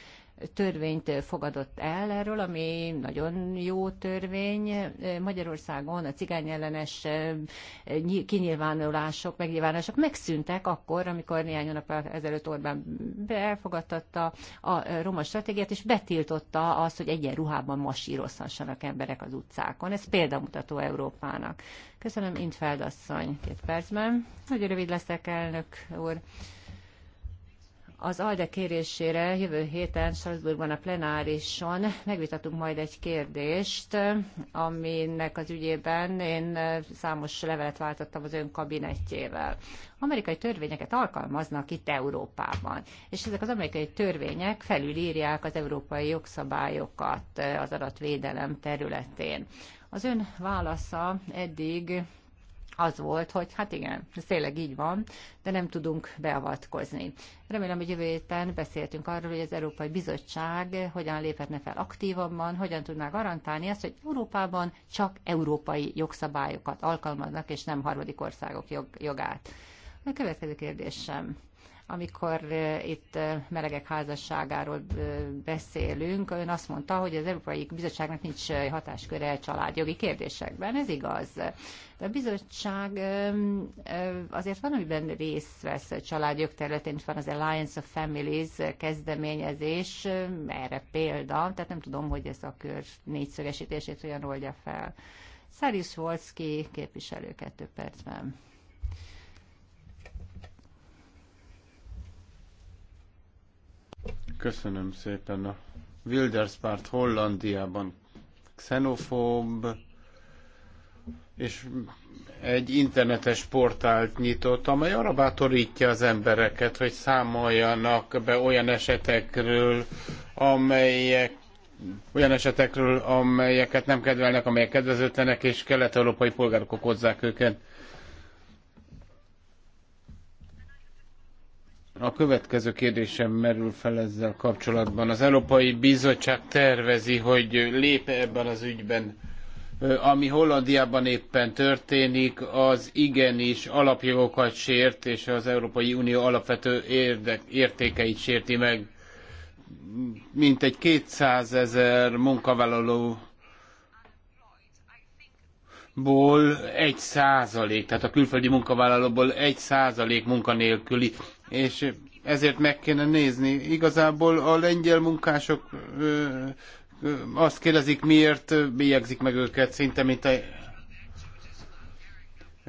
Speaker 3: törvényt fogadott el erről, ami nagyon jó törvény. Magyarországon a cigány ellenes eh, kinyilvánulások, megnyilvánulások megszűntek akkor, amikor néhány hónap ezelőtt Orbán elfogadtatta a eh, roma stratégiát, és betiltotta azt, hogy egyenruhában masírozhassanak emberek az utcákon. Ez példamutató Európának. Köszönöm, Intfeld asszony, két percben. Nagyon rövid leszek, elnök úr. Az ALDE kérésére jövő héten Salzburgban a plenárison megvitatunk majd egy kérdést, aminek az ügyében én számos levelet váltottam az ön kabinetjével. Amerikai törvényeket alkalmaznak itt Európában, és ezek az amerikai törvények felülírják az európai jogszabályokat az adatvédelem területén. Az ön válasza eddig az volt, hogy hát igen, ez tényleg így van, de nem tudunk beavatkozni. Remélem, hogy jövő héten beszéltünk arról, hogy az Európai Bizottság hogyan léphetne fel aktívabban, hogyan tudná garantálni azt, hogy Európában csak európai jogszabályokat alkalmaznak, és nem harmadik országok jog, jogát. A következő kérdésem amikor itt melegek házasságáról beszélünk, ön azt mondta, hogy az Európai Bizottságnak nincs hatásköre családjogi kérdésekben. Ez igaz. De a bizottság azért van, amiben részt vesz a családjog területén, van az Alliance of Families kezdeményezés, erre példa, tehát nem tudom, hogy ez a kör négyszögesítését olyan oldja fel. Szárius Volszki képviselő kettő percben.
Speaker 1: Köszönöm szépen. A Wilderspárt Hollandiában xenofób, és egy internetes portált nyitott, amely arra bátorítja az embereket, hogy számoljanak be olyan esetekről, amelyek olyan esetekről, amelyeket nem kedvelnek, amelyek kedvezőtlenek, és kelet-európai polgárok okozzák őket. A következő kérdésem merül fel ezzel kapcsolatban. Az Európai Bizottság tervezi, hogy lép -e ebben az ügyben. Ami Hollandiában éppen történik, az igenis alapjogokat sért, és az Európai Unió alapvető érdek, értékeit sérti meg. Mintegy 200 ezer munkavállaló ból egy százalék, tehát a külföldi munkavállalóból egy százalék munkanélküli és ezért meg kéne nézni. Igazából a lengyel munkások ö, ö, azt kérdezik, miért bélyegzik meg őket, szinte mint a...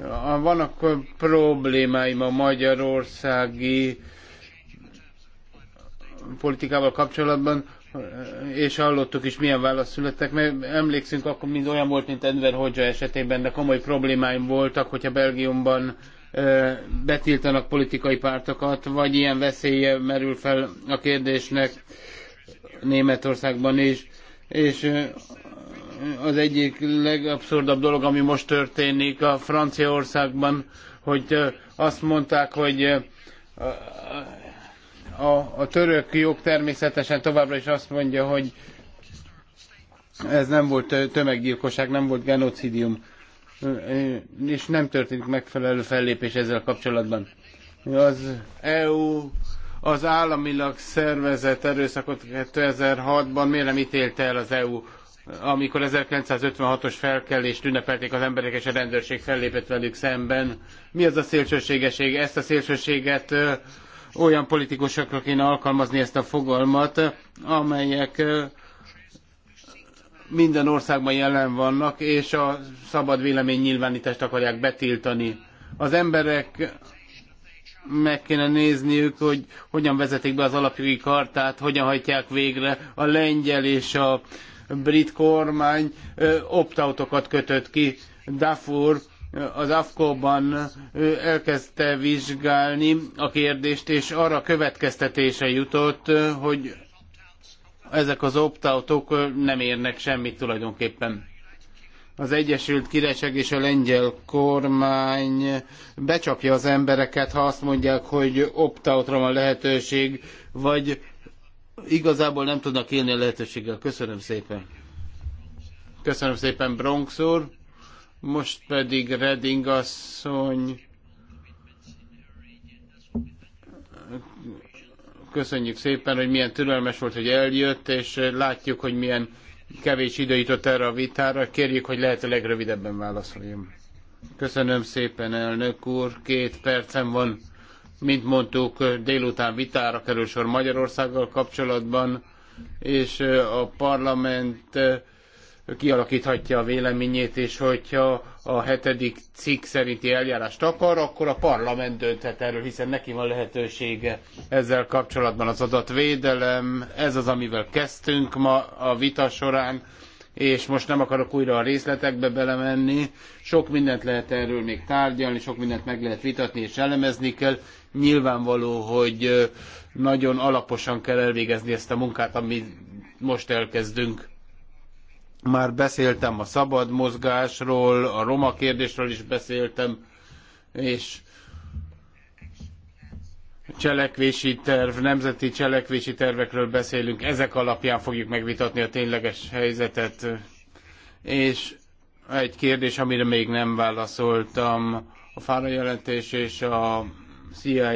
Speaker 1: a vannak problémáim a magyarországi politikával kapcsolatban, és hallottuk is, milyen válasz születtek, mert emlékszünk, akkor mind olyan volt, mint Enver Hodzsa esetében, de komoly problémáim voltak, hogyha Belgiumban betiltanak politikai pártokat, vagy ilyen veszélye merül fel a kérdésnek Németországban is. És az egyik legabszurdabb dolog, ami most történik a Franciaországban, hogy azt mondták, hogy a, a, török jog természetesen továbbra is azt mondja, hogy ez nem volt tömeggyilkosság, nem volt genocidium és nem történik megfelelő fellépés ezzel kapcsolatban. Az EU az államilag szervezett erőszakot 2006-ban miért nem ítélte el az EU, amikor 1956-os felkelést ünnepelték az emberek, és a rendőrség fellépett velük szemben. Mi az a szélsőségeség? Ezt a szélsőséget olyan politikusokra kéne alkalmazni ezt a fogalmat, amelyek minden országban jelen vannak, és a szabad vélemény nyilvánítást akarják betiltani. Az emberek meg kéne nézniük, hogy hogyan vezetik be az alapjogi kartát, hogyan hajtják végre a lengyel és a brit kormány opt-outokat kötött ki. Dafur az AFKO-ban elkezdte vizsgálni a kérdést, és arra következtetése jutott, hogy ezek az opt -ok nem érnek semmit tulajdonképpen. Az Egyesült Királyság és a lengyel kormány becsapja az embereket, ha azt mondják, hogy opt van lehetőség, vagy igazából nem tudnak élni a lehetőséggel. Köszönöm szépen. Köszönöm szépen, Bronx úr. Most pedig Reding asszony köszönjük szépen, hogy milyen türelmes volt, hogy eljött, és látjuk, hogy milyen kevés idő jutott erre a vitára. Kérjük, hogy lehető legrövidebben válaszoljon. Köszönöm szépen, elnök úr. Két percem van. Mint mondtuk, délután vitára kerül sor Magyarországgal kapcsolatban, és a parlament kialakíthatja a véleményét, és hogyha a hetedik cikk szerinti eljárást akar, akkor a parlament dönthet erről, hiszen neki van lehetősége ezzel kapcsolatban az adatvédelem. Ez az, amivel kezdtünk ma a vita során, és most nem akarok újra a részletekbe belemenni. Sok mindent lehet erről még tárgyalni, sok mindent meg lehet vitatni és elemezni kell. Nyilvánvaló, hogy nagyon alaposan kell elvégezni ezt a munkát, amit most elkezdünk már beszéltem a szabad mozgásról, a roma kérdésről is beszéltem, és cselekvési terv, nemzeti cselekvési tervekről beszélünk, ezek alapján fogjuk megvitatni a tényleges helyzetet. És egy kérdés, amire még nem válaszoltam, a fára jelentés és a CIA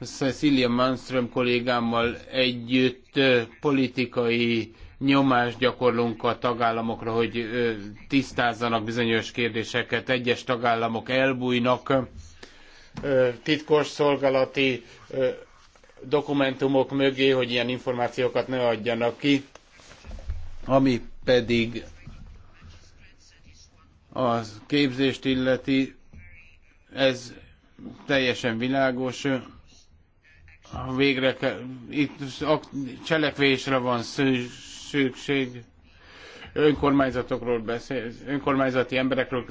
Speaker 1: Cecilia Manström kollégámmal együtt politikai nyomást gyakorlunk a tagállamokra, hogy tisztázzanak bizonyos kérdéseket. Egyes tagállamok elbújnak titkos szolgálati dokumentumok mögé, hogy ilyen információkat ne adjanak ki, ami pedig a képzést illeti, ez teljesen világos. Végre kell, itt cselekvésre van szükség szükség. Önkormányzatokról beszél, önkormányzati emberekről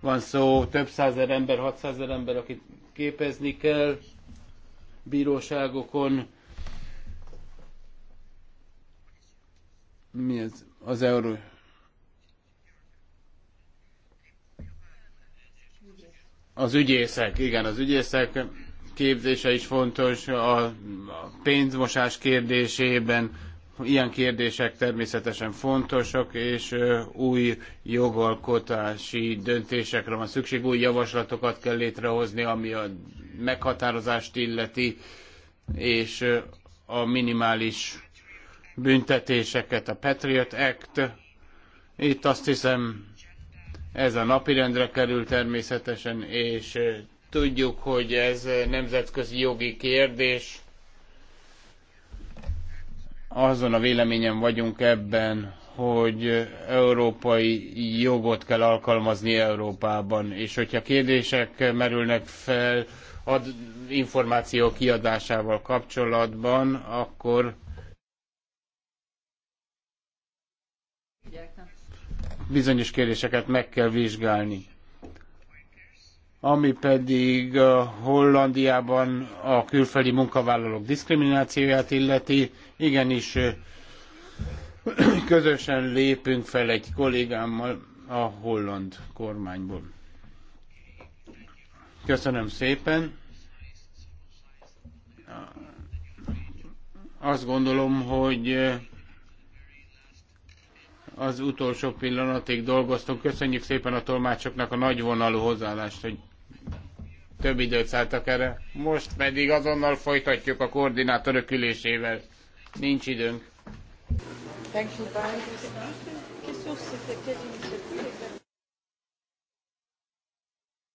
Speaker 1: van szó, több százer ember, 600 ember, akit képezni kell bíróságokon. Mi ez? Az euró. Az ügyészek, igen, az ügyészek képzése is fontos a pénzmosás kérdésében, Ilyen kérdések természetesen fontosak, és új jogalkotási döntésekre van szükség, új javaslatokat kell létrehozni, ami a meghatározást illeti, és a minimális büntetéseket, a Patriot Act. Itt azt hiszem ez a napirendre kerül természetesen, és tudjuk, hogy ez nemzetközi jogi kérdés, azon a véleményen vagyunk ebben, hogy európai jogot kell alkalmazni Európában, és hogyha kérdések merülnek fel ad információ kiadásával kapcsolatban, akkor bizonyos kérdéseket meg kell vizsgálni ami pedig Hollandiában a külföldi munkavállalók diszkriminációját illeti. Igenis közösen lépünk fel egy kollégámmal a holland kormányból. Köszönöm szépen. Azt gondolom, hogy az utolsó pillanatig dolgoztunk. Köszönjük szépen a tolmácsoknak a nagyvonalú hozzáállást, hogy több időt szálltak erre. Most pedig azonnal folytatjuk a koordinátorok ülésével. Nincs időnk. Thank you,